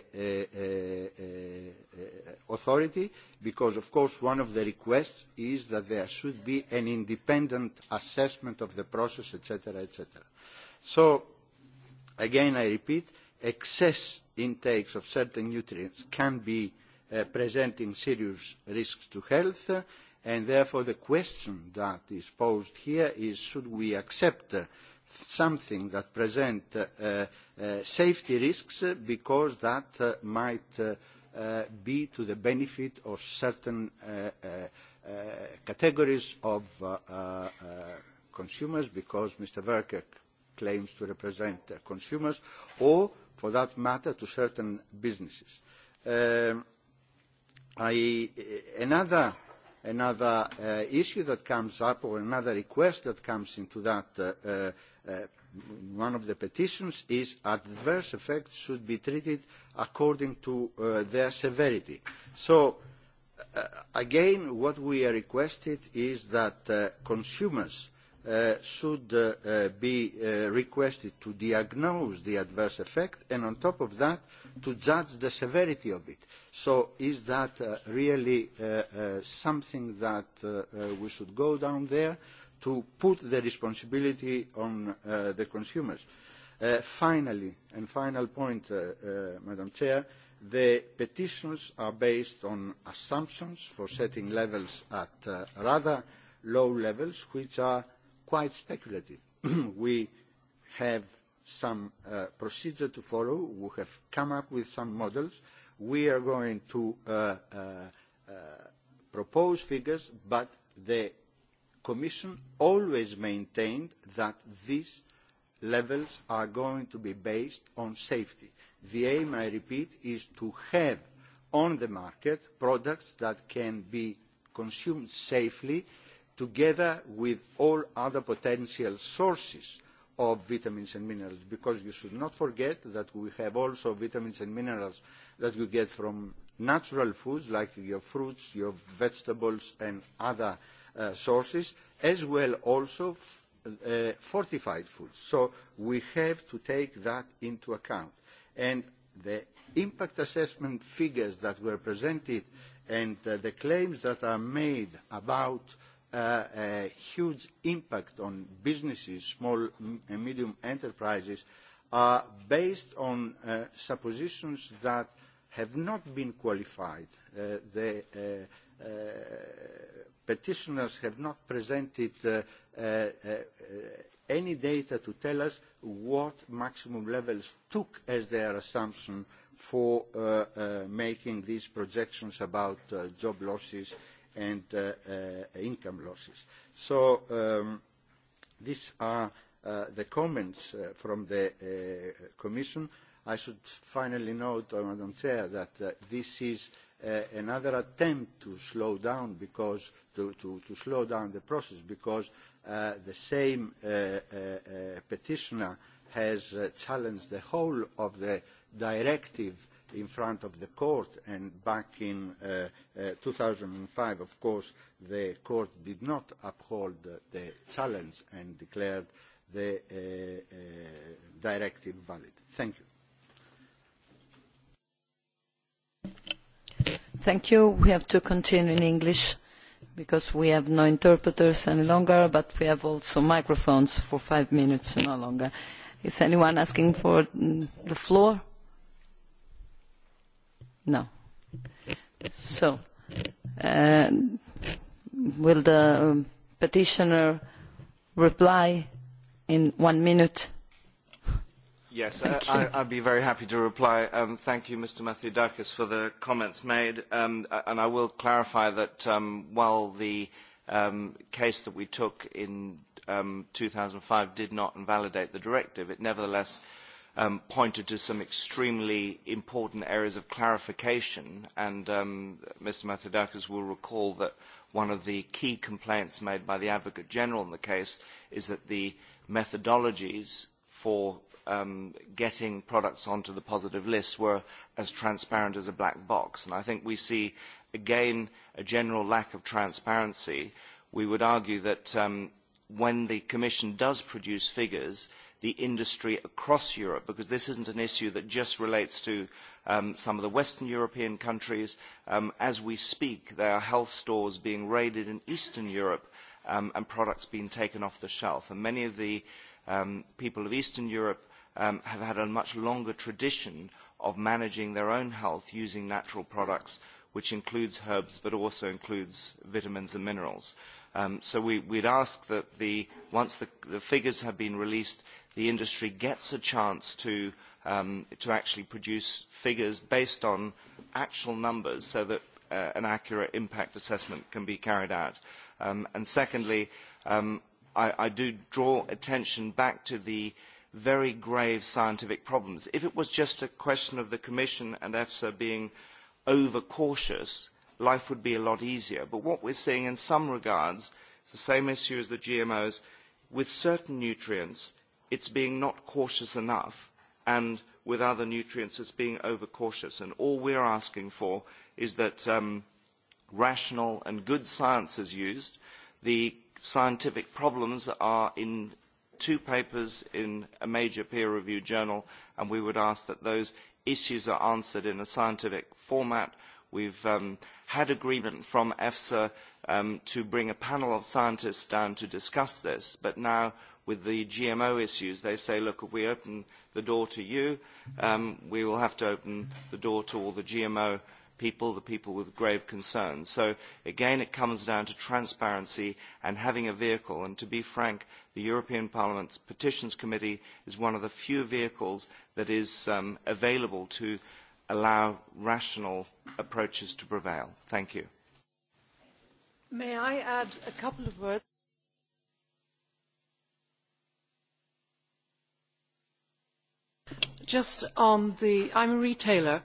authority because of course one of the requests is that there should be an independent assessment of the process etc. etc. so again i repeat excess intakes of certain nutrients can be uh, presenting serious risks to health uh, and therefore the question that is posed here is should we accept uh, something that presents uh, uh, safety risks because that uh, might Uh, be to the benefit of certain uh, uh, uh categories of uh, uh, uh consumers because Mr. Verker claims to represent uh, consumers or for that matter to certain businesses. Um, I, another another uh, issue that comes up or another request that comes into that uh, uh, one of the petitions is adverse effects should be treated according to uh, their severity. So uh, again, what we are requested is that uh, consumers uh, should uh, uh, be uh, requested to diagnose the adverse effect and on top of that to judge the severity of it. So is that uh, really uh, uh, something that uh, uh, we should go down there? Uh, to put the responsibility on uh, the consumers. Uh, finally, and final point, uh, uh, Madam Chair, the petitions are based on assumptions for setting levels at uh, rather low levels, which are quite speculative. we have some uh, procedure to follow. We have come up with some models. We are going to uh, uh, uh, propose figures, but the Commission always maintained that these levels are going to be based on safety. The aim, I repeat, is to have on the market products that can be consumed safely together with all other potential sources of vitamins and minerals because you should not forget that we have also vitamins and minerals that you get from natural foods like your fruits, your vegetables and other uh, Uh, sources, as well also uh, fortified foods. So we have to take that into account. And the impact assessment figures that were presented and uh, the claims that are made about uh, a uh, huge impact on businesses, small and medium enterprises, are based on uh, suppositions that have not been qualified. Uh, the uh, Uh, petitioners have not presented uh, uh, uh, any data to tell us what maximum levels took as their assumption for uh, making these projections about job losses and income losses. So um, these are the comments from the Commission. I should finally note, Madam Chair, that this is another attempt to slow down because to, to, to slow down the process because uh, the same uh, uh, uh petitioner has uh, challenged the whole of the directive in front of the court and back in uh, uh, 2005 of course the court did not uphold the challenge and declared the uh, directive valid. Thank you. Thank you. We have to continue in English because we have no interpreters any longer, but we have also microphones for five minutes no longer. Is anyone asking for mm, the floor? No. So, uh, will the um, petitioner reply in one minute? Yes, I, I'd be very happy to reply. Um, thank you, Mr. Mathiodakis, for the comments made. Um, and I will clarify that um, while the um, case that we took in um, 2005 did not invalidate the directive, it nevertheless um, pointed to some extremely important areas of clarification. And um, Mr. Mathiodakis will recall that one of the key complaints made by the Advocate General in the case is that the methodologies for um, getting products onto the positive list were as transparent as a black box. And I think we see, again, a general lack of transparency. We would argue that um, when the Commission does produce figures, the industry across Europe, because this isn't an issue that just relates to um, some of the Western European countries. Um, as we speak, there are health stores being raided in Eastern Europe um, and products being taken off the shelf. And many of the um, people of Eastern Europe um, have had a much longer tradition of managing their own health using natural products, which includes herbs but also includes vitamins and minerals. Um, so we, we'd ask that the, once the, the figures have been released, the industry gets a chance to, um, to actually produce figures based on actual numbers so that uh, an accurate impact assessment can be carried out. Um, and secondly, um, I, I do draw attention back to the uh, very grave scientific problems. If it was just a question of the Commission and EFSA being overcautious, life would be a lot easier. But what we're seeing in some regards, it's the same issue as the GMOs, with certain nutrients, it's being not cautious enough, and with other nutrients, it's being overcautious. And all we're asking for is that um, rational and good science is used, the scientific problems are in, two papers in a major peer-reviewed journal, and we would ask that those issues are answered in a scientific format. We've um, had agreement from EFSA um, to bring a panel of scientists down to discuss this, but now with the GMO issues, they say, look, if we open the door to you, um, we will have to open the door to all the GMO people, the people with grave concerns. So again, it comes down to transparency and having a vehicle. And to be frank, the European Parliament's Petitions Committee is one of the few vehicles that is um, available to allow rational approaches to prevail. Thank you. May I add a couple of words? Just on the, I'm a retailer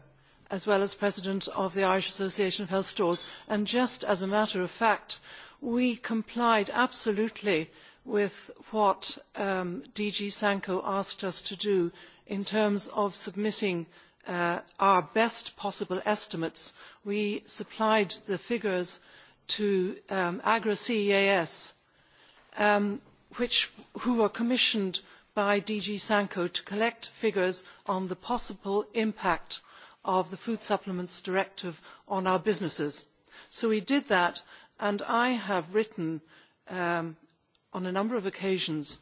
as well as president of the Irish Association of Health Stores, and just as a matter of fact, we complied absolutely uh, with what um, DG Sanko asked us to do in terms of submitting uh, our best possible estimates. We supplied the figures to um, ceas um, which, who were commissioned by DG Sanko to collect figures on the possible impact of the Food Supplements Directive on our businesses. So we did that, and I have written um, on a number of occasions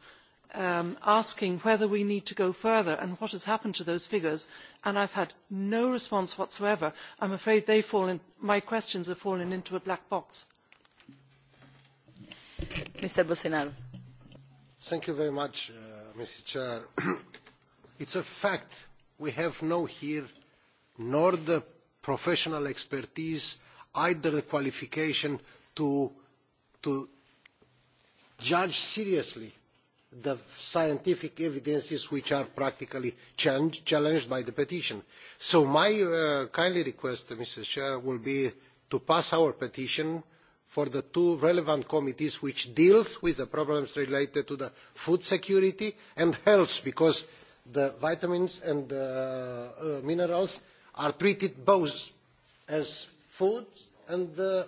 um, asking whether we need to go further and what has happened to those figures, and I've had no response whatsoever. I'm afraid they fall in, my questions have fallen into a black box. Mr. Bolsonaro. Thank you very much, uh, Mr. Chair. it's a fact we have no here, nor the professional expertise, either the qualification to, to, judge seriously the scientific evidences which are practically challenged by the petition. So my kind uh, kindly request, Mr. Chair, will be to pass our petition for the two relevant committees which deals with the problems related to the food security and health because the vitamins and the uh, minerals are treated both as food and uh,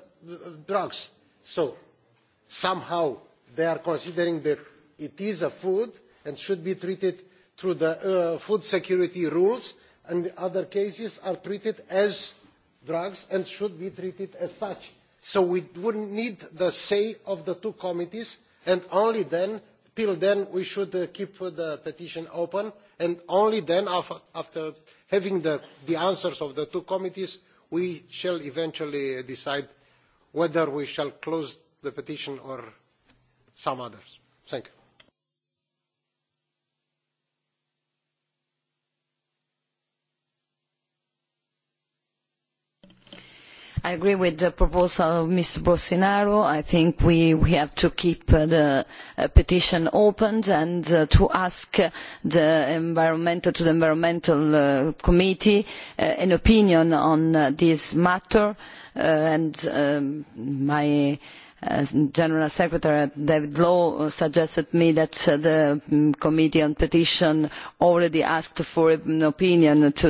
drugs. So somehow they are considering that it is a food and should be treated through the uh, food security rules and other cases are treated as drugs and should be treated as such. so we would not need the say of the two committees and only then until then we should uh, keep the petition open and only then after having the, the answers of the two committees we shall eventually decide whether we shall close the petition or some others. Thank you. I agree with the proposal of Mr. Bolsonaro. I think we, we have to keep uh, the uh, petition open and uh, to ask the environmental, to the environmental uh, committee uh, an opinion on this matter. and um, my General Secretary David Law suggested me that the Committee on Petitions already asked for an opinion to